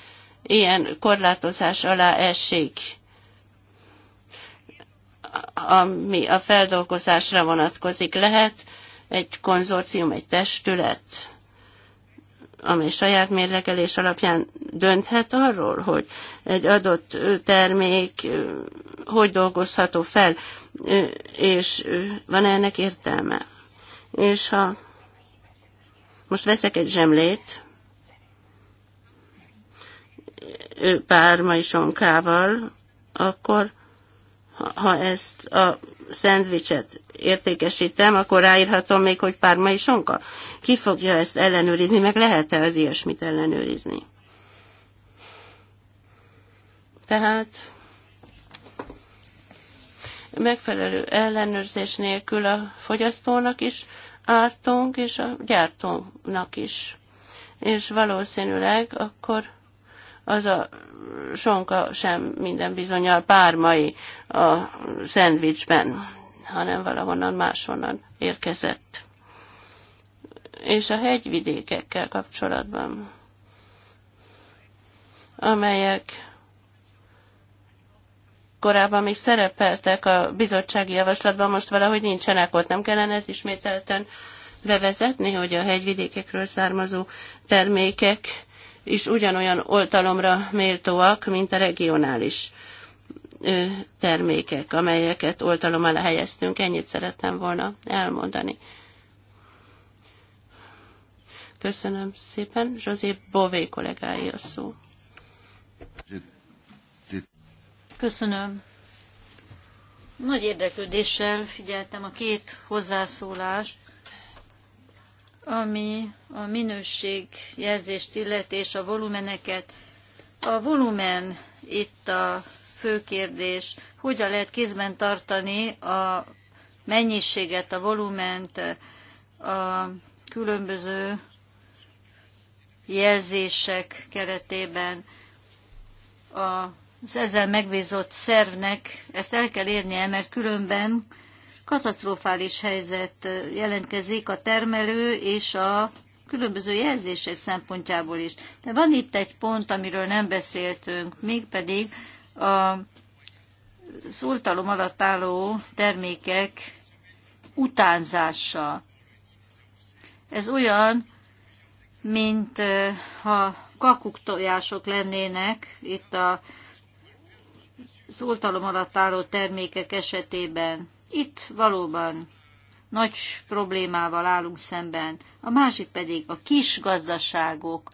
ilyen korlátozás alá esik? ami a feldolgozásra vonatkozik. Lehet egy konzorcium, egy testület, amely saját mérlegelés alapján dönthet arról, hogy egy adott termék hogy dolgozható fel, és van -e ennek értelme. És ha most veszek egy zsemlét, pármai sonkával, akkor ha ezt a szendvicset értékesítem, akkor ráírhatom még, hogy pármai sonka. Ki fogja ezt ellenőrizni, meg lehet-e az ilyesmit ellenőrizni? Tehát megfelelő ellenőrzés nélkül a fogyasztónak is ártunk, és a gyártónak is. És valószínűleg akkor az a sonka sem minden bizonyal pármai a szendvicsben, hanem valahonnan máshonnan érkezett. És a hegyvidékekkel kapcsolatban, amelyek korábban még szerepeltek a bizottsági javaslatban, most valahogy nincsenek ott. Nem kellene ezt ismételten bevezetni, hogy a hegyvidékekről származó termékek is ugyanolyan oltalomra méltóak, mint a regionális termékek, amelyeket oltalom alá helyeztünk. Ennyit szerettem volna elmondani. Köszönöm szépen. José Bové kollégái a szó. Köszönöm. Nagy érdeklődéssel figyeltem a két hozzászólást, ami a minőségjelzést illeti és a volumeneket. A volumen itt a fő kérdés, hogyan lehet kézben tartani a mennyiséget, a volument, a különböző jelzések keretében az ezzel megbízott szervnek ezt el kell érnie, mert különben katasztrofális helyzet jelentkezik a termelő és a különböző jelzések szempontjából is. De van itt egy pont, amiről nem beszéltünk, mégpedig a, az alatt álló termékek utánzása. Ez olyan, mint ha tojások lennének itt a, az alatt álló termékek esetében. Itt valóban nagy problémával állunk szemben. A másik pedig a kis gazdaságok.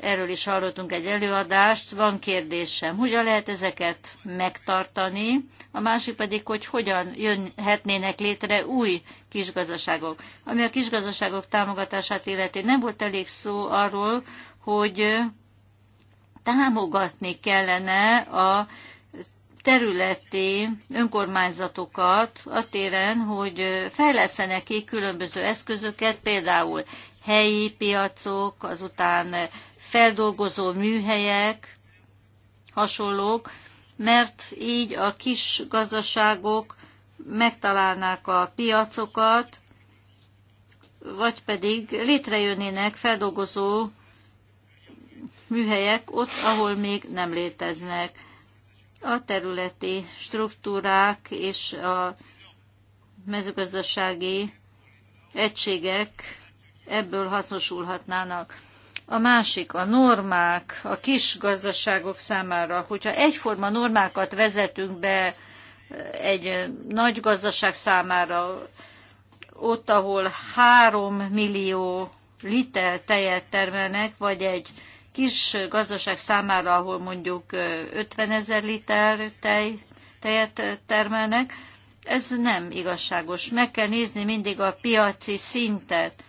Erről is hallottunk egy előadást. Van kérdésem, hogyan lehet ezeket megtartani? A másik pedig, hogy hogyan jönhetnének létre új kisgazdaságok. Ami a kisgazdaságok támogatását illeti, nem volt elég szó arról, hogy támogatni kellene a területi önkormányzatokat a téren, hogy fejlesztenek ki különböző eszközöket, például helyi piacok, azután feldolgozó műhelyek, hasonlók, mert így a kis gazdaságok megtalálnák a piacokat, vagy pedig létrejönnének feldolgozó műhelyek ott, ahol még nem léteznek a területi struktúrák és a mezőgazdasági egységek ebből hasznosulhatnának. A másik a normák a kis gazdaságok számára. Hogyha egyforma normákat vezetünk be eh, egy nagy gazdaság számára, ott, ahol három millió liter tejet termelnek, vagy egy kis gazdaság számára, ahol mondjuk 50 ezer liter tej, tejet termelnek, ez nem igazságos. Meg kell nézni mindig a piaci szintet.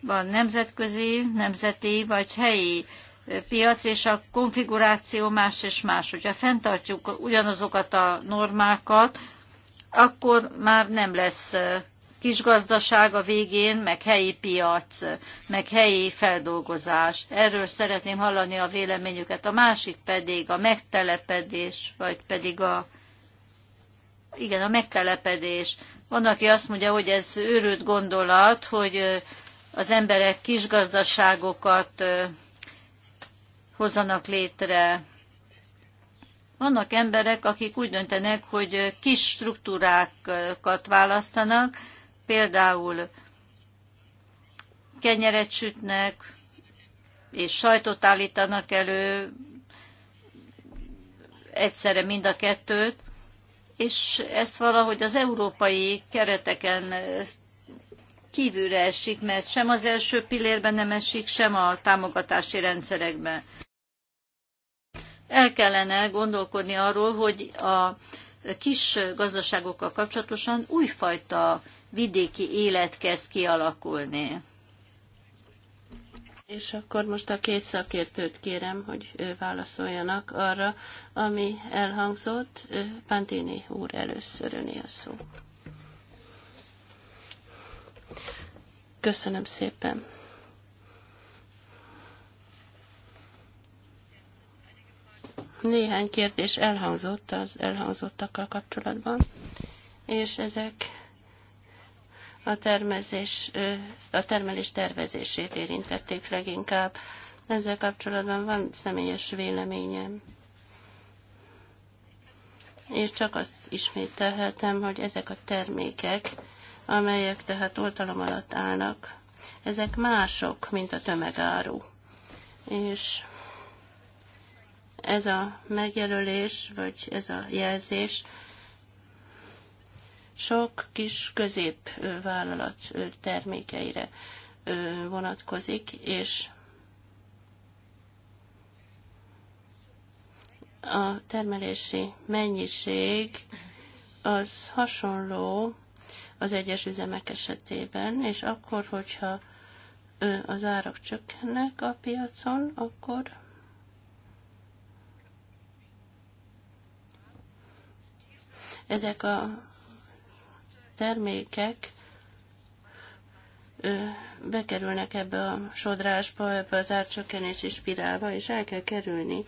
Van nemzetközi, nemzeti vagy helyi piac, és a konfiguráció más és más. Hogyha fenntartjuk ugyanazokat a normákat, akkor már nem lesz kisgazdaság a végén, meg helyi piac, meg helyi feldolgozás. Erről szeretném hallani a véleményüket. A másik pedig a megtelepedés, vagy pedig a igen, a megtelepedés. Van, aki azt mondja, hogy ez őrült gondolat, hogy az emberek kisgazdaságokat hozzanak létre. Vannak emberek, akik úgy döntenek, hogy kis struktúrákat választanak, például kenyeret sütnek, és sajtot állítanak elő, egyszerre mind a kettőt, és ezt valahogy az európai kereteken kívülre esik, mert sem az első pillérben nem esik, sem a támogatási rendszerekben. El kellene gondolkodni arról, hogy a kis gazdaságokkal kapcsolatosan újfajta vidéki élet kezd kialakulni. És akkor most a két szakértőt kérem, hogy válaszoljanak arra, ami elhangzott. Pantini úr először öné a szó. Köszönöm szépen. Néhány kérdés elhangzott az elhangzottakkal kapcsolatban, és ezek a, termezés, a termelés tervezését érintették leginkább. Ezzel kapcsolatban van személyes véleményem. És csak azt ismételhetem, hogy ezek a termékek, amelyek tehát oltalom alatt állnak, ezek mások, mint a tömegáru. És ez a megjelölés, vagy ez a jelzés sok kis középvállalat termékeire vonatkozik, és a termelési mennyiség az hasonló az egyes üzemek esetében, és akkor, hogyha az árak csökkennek a piacon, akkor ezek a termékek bekerülnek ebbe a sodrásba, ebbe az árcsökkenési spirálba, és el kell kerülni,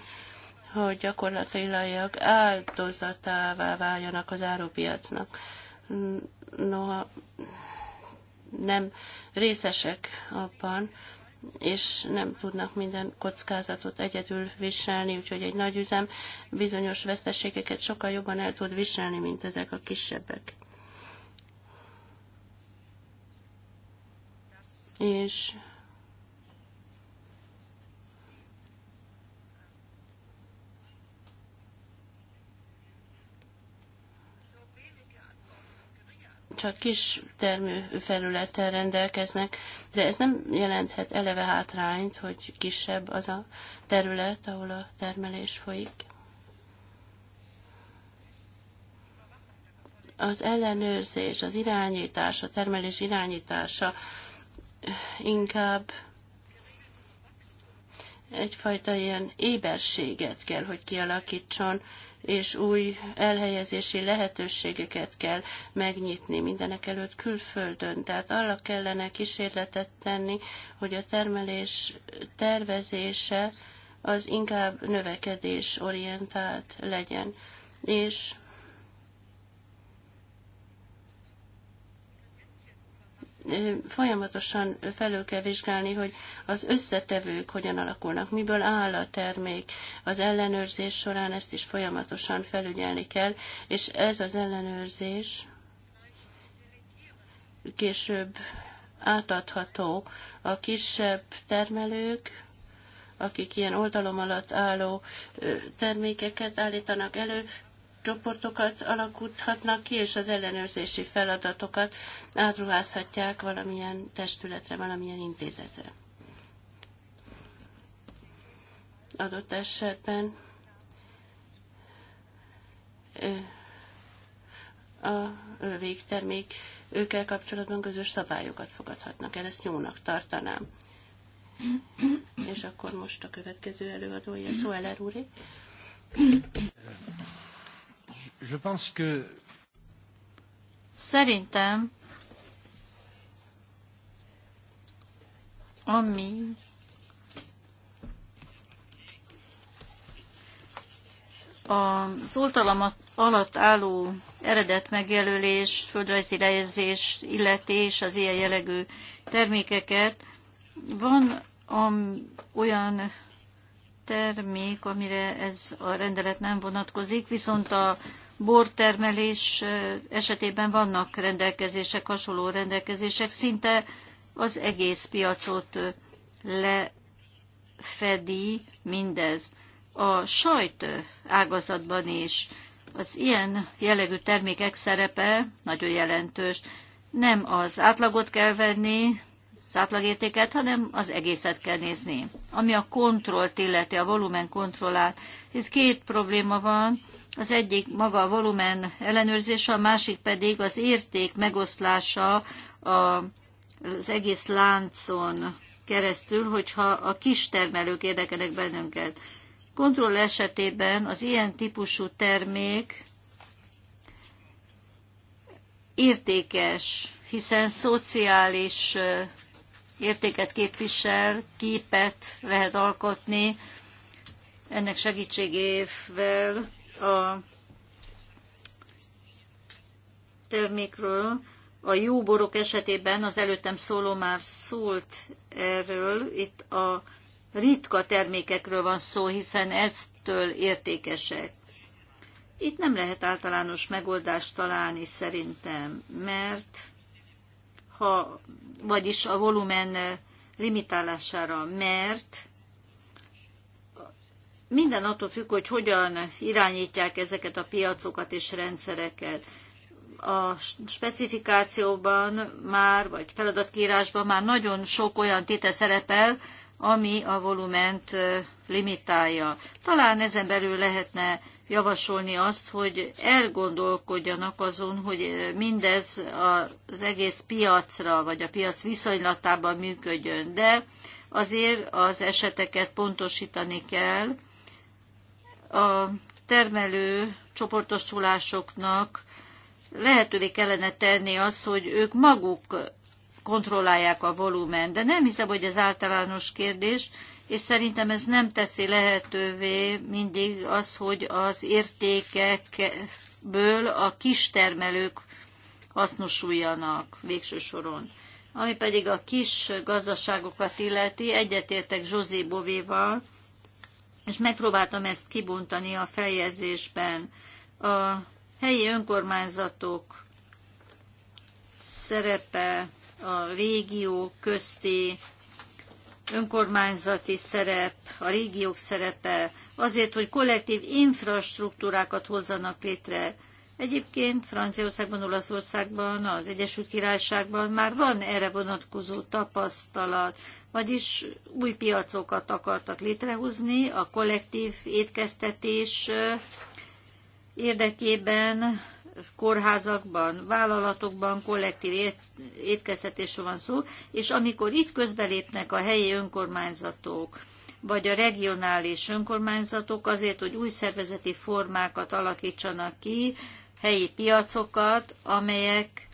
hogy gyakorlatilag áldozatává váljanak az árupiacnak. Noha nem részesek abban, és nem tudnak minden kockázatot egyedül viselni, úgyhogy egy nagy üzem bizonyos veszteségeket sokkal jobban el tud viselni, mint ezek a kisebbek. és csak kis termő felülettel rendelkeznek, de ez nem jelenthet eleve hátrányt, hogy kisebb az a terület, ahol a termelés folyik. Az ellenőrzés, az irányítás, a termelés irányítása inkább egyfajta ilyen éberséget kell, hogy kialakítson, és új elhelyezési lehetőségeket kell megnyitni mindenek előtt külföldön. Tehát arra kellene kísérletet tenni, hogy a termelés tervezése az inkább növekedés orientált legyen. És folyamatosan felül kell vizsgálni, hogy az összetevők hogyan alakulnak, miből áll a termék. Az ellenőrzés során ezt is folyamatosan felügyelni kell, és ez az ellenőrzés később átadható a kisebb termelők, akik ilyen oldalom alatt álló termékeket állítanak elő, csoportokat alakíthatnak ki, és az ellenőrzési feladatokat átruházhatják valamilyen testületre, valamilyen intézetre. Adott esetben a végtermék őkkel kapcsolatban közös szabályokat fogadhatnak el, ezt jónak tartanám. És akkor most a következő előadója, szó úré. Je pense que... Szerintem, ami az oltalam alatt álló eredet megjelölés, földrajzi lejegyzés, illetés, az ilyen jellegű termékeket. Van olyan termék, amire ez a rendelet nem vonatkozik, viszont a bortermelés esetében vannak rendelkezések, hasonló rendelkezések, szinte az egész piacot lefedi mindez. A sajt ágazatban is az ilyen jellegű termékek szerepe nagyon jelentős. Nem az átlagot kell venni, az átlagértéket, hanem az egészet kell nézni. Ami a kontrollt illeti, a volumen kontrollát, itt két probléma van. Az egyik maga a volumen ellenőrzése, a másik pedig az érték megoszlása az egész láncon keresztül, hogyha a kis termelők érdekelnek bennünket. Kontroll esetében az ilyen típusú termék értékes, hiszen szociális értéket képvisel, képet lehet alkotni, ennek segítségével a termékről. A jó borok esetében az előttem szóló már szólt erről, itt a ritka termékekről van szó, hiszen eztől értékesek. Itt nem lehet általános megoldást találni szerintem, mert ha, vagyis a volumen limitálására, mert minden attól függ, hogy hogyan irányítják ezeket a piacokat és rendszereket. A specifikációban már, vagy feladatkírásban már nagyon sok olyan tétel szerepel, ami a volument limitálja. Talán ezen belül lehetne javasolni azt, hogy elgondolkodjanak azon, hogy mindez az egész piacra, vagy a piac viszonylatában működjön, de azért az eseteket pontosítani kell, a termelő csoportosulásoknak lehetővé kellene tenni az, hogy ők maguk kontrollálják a volumen, de nem hiszem, hogy ez általános kérdés, és szerintem ez nem teszi lehetővé mindig az, hogy az értékekből a kistermelők hasznosuljanak végső soron. Ami pedig a kis gazdaságokat illeti, egyetértek Zsózé Bovéval, és megpróbáltam ezt kibontani a feljegyzésben. A helyi önkormányzatok szerepe, a régió közti önkormányzati szerep, a régiók szerepe, azért, hogy kollektív infrastruktúrákat hozzanak létre, Egyébként Franciaországban, Olaszországban, az Egyesült Királyságban már van erre vonatkozó tapasztalat, vagyis új piacokat akartak létrehozni a kollektív étkeztetés eh, érdekében, kórházakban, vállalatokban kollektív étkeztetésről van szó, és amikor itt közbelépnek a helyi önkormányzatok, vagy a regionális önkormányzatok azért, hogy új szervezeti formákat alakítsanak ki, helyi piacokat, amelyek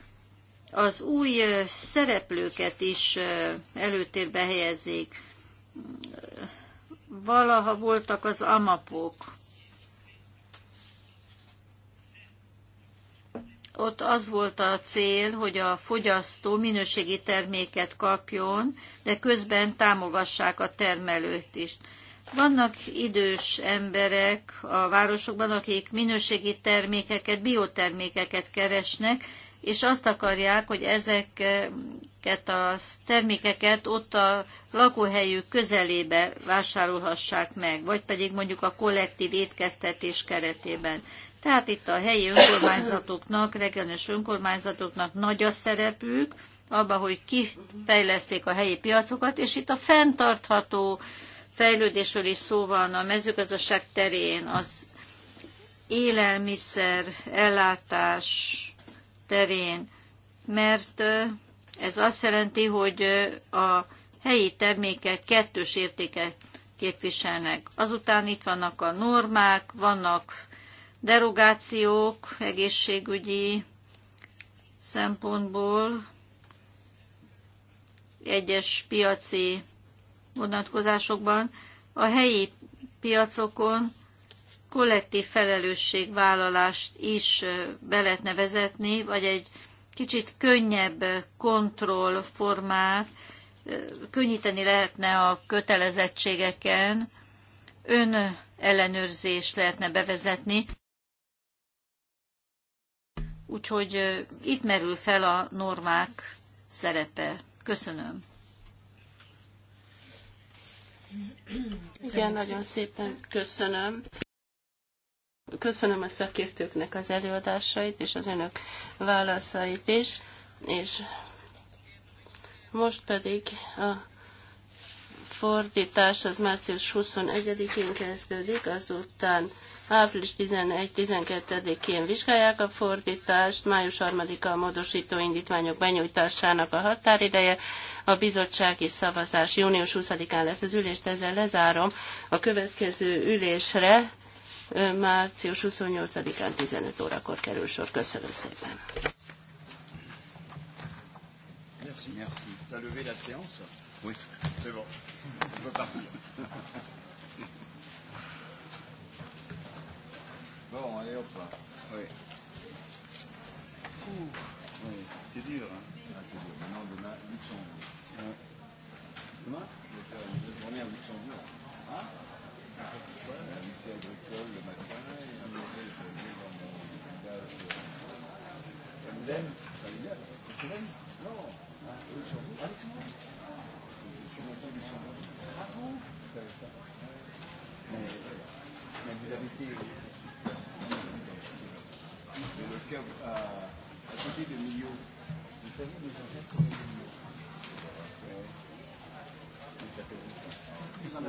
az új szereplőket is előtérbe helyezik. Valaha voltak az amapok. Ott az volt a cél, hogy a fogyasztó minőségi terméket kapjon, de közben támogassák a termelőt is. Vannak idős emberek a városokban, akik minőségi termékeket, biotermékeket keresnek, és azt akarják, hogy ezeket a termékeket ott a lakóhelyük közelébe vásárolhassák meg, vagy pedig mondjuk a kollektív étkeztetés keretében. Tehát itt a helyi önkormányzatoknak, regionális önkormányzatoknak nagy a szerepük abban, hogy kifejleszték a helyi piacokat, és itt a fenntartható fejlődésről is szó van a mezőgazdaság terén, az élelmiszer ellátás terén, mert ez azt jelenti, hogy a helyi termékek kettős értéket képviselnek. Azután itt vannak a normák, vannak derogációk egészségügyi szempontból, egyes piaci vonatkozásokban a helyi piacokon kollektív felelősségvállalást is be lehetne vezetni, vagy egy kicsit könnyebb kontrollformát, könnyíteni lehetne a kötelezettségeken, ön ellenőrzés lehetne bevezetni. Úgyhogy itt merül fel a normák szerepe. Köszönöm. Igen, nagyon szépen köszönöm. Köszönöm a szakértőknek az előadásait és az önök válaszait is, és most pedig a fordítás az március 21-én kezdődik, azután április 11-12-én vizsgálják a fordítást, május 3-a a módosító indítványok benyújtásának a határideje, a bizottsági szavazás június 20-án lesz az ülést, ezzel lezárom a következő ülésre március 28-án 15 órakor kerül sor. Köszönöm szépen. Merci, merci. T'as levé la séance Oui. C'est bon. Je peux partir. bon, allez, hop là. Oui. Oui, c'est dur, hein ah, C'est dur. Maintenant, demain, Luxembourg demain, je vais faire une bonne journée à Luxembourg. Hein Un lycée agricole le matin, et un lycée je vais dans mon village. Ça vous aime Non hein, Au Luxembourg À Luxembourg Je suis monté au Luxembourg. Ah bon Je savais pas. Mais, mais vous habitez le cave à, à côté de Millau. Vous savez, mes ancêtres,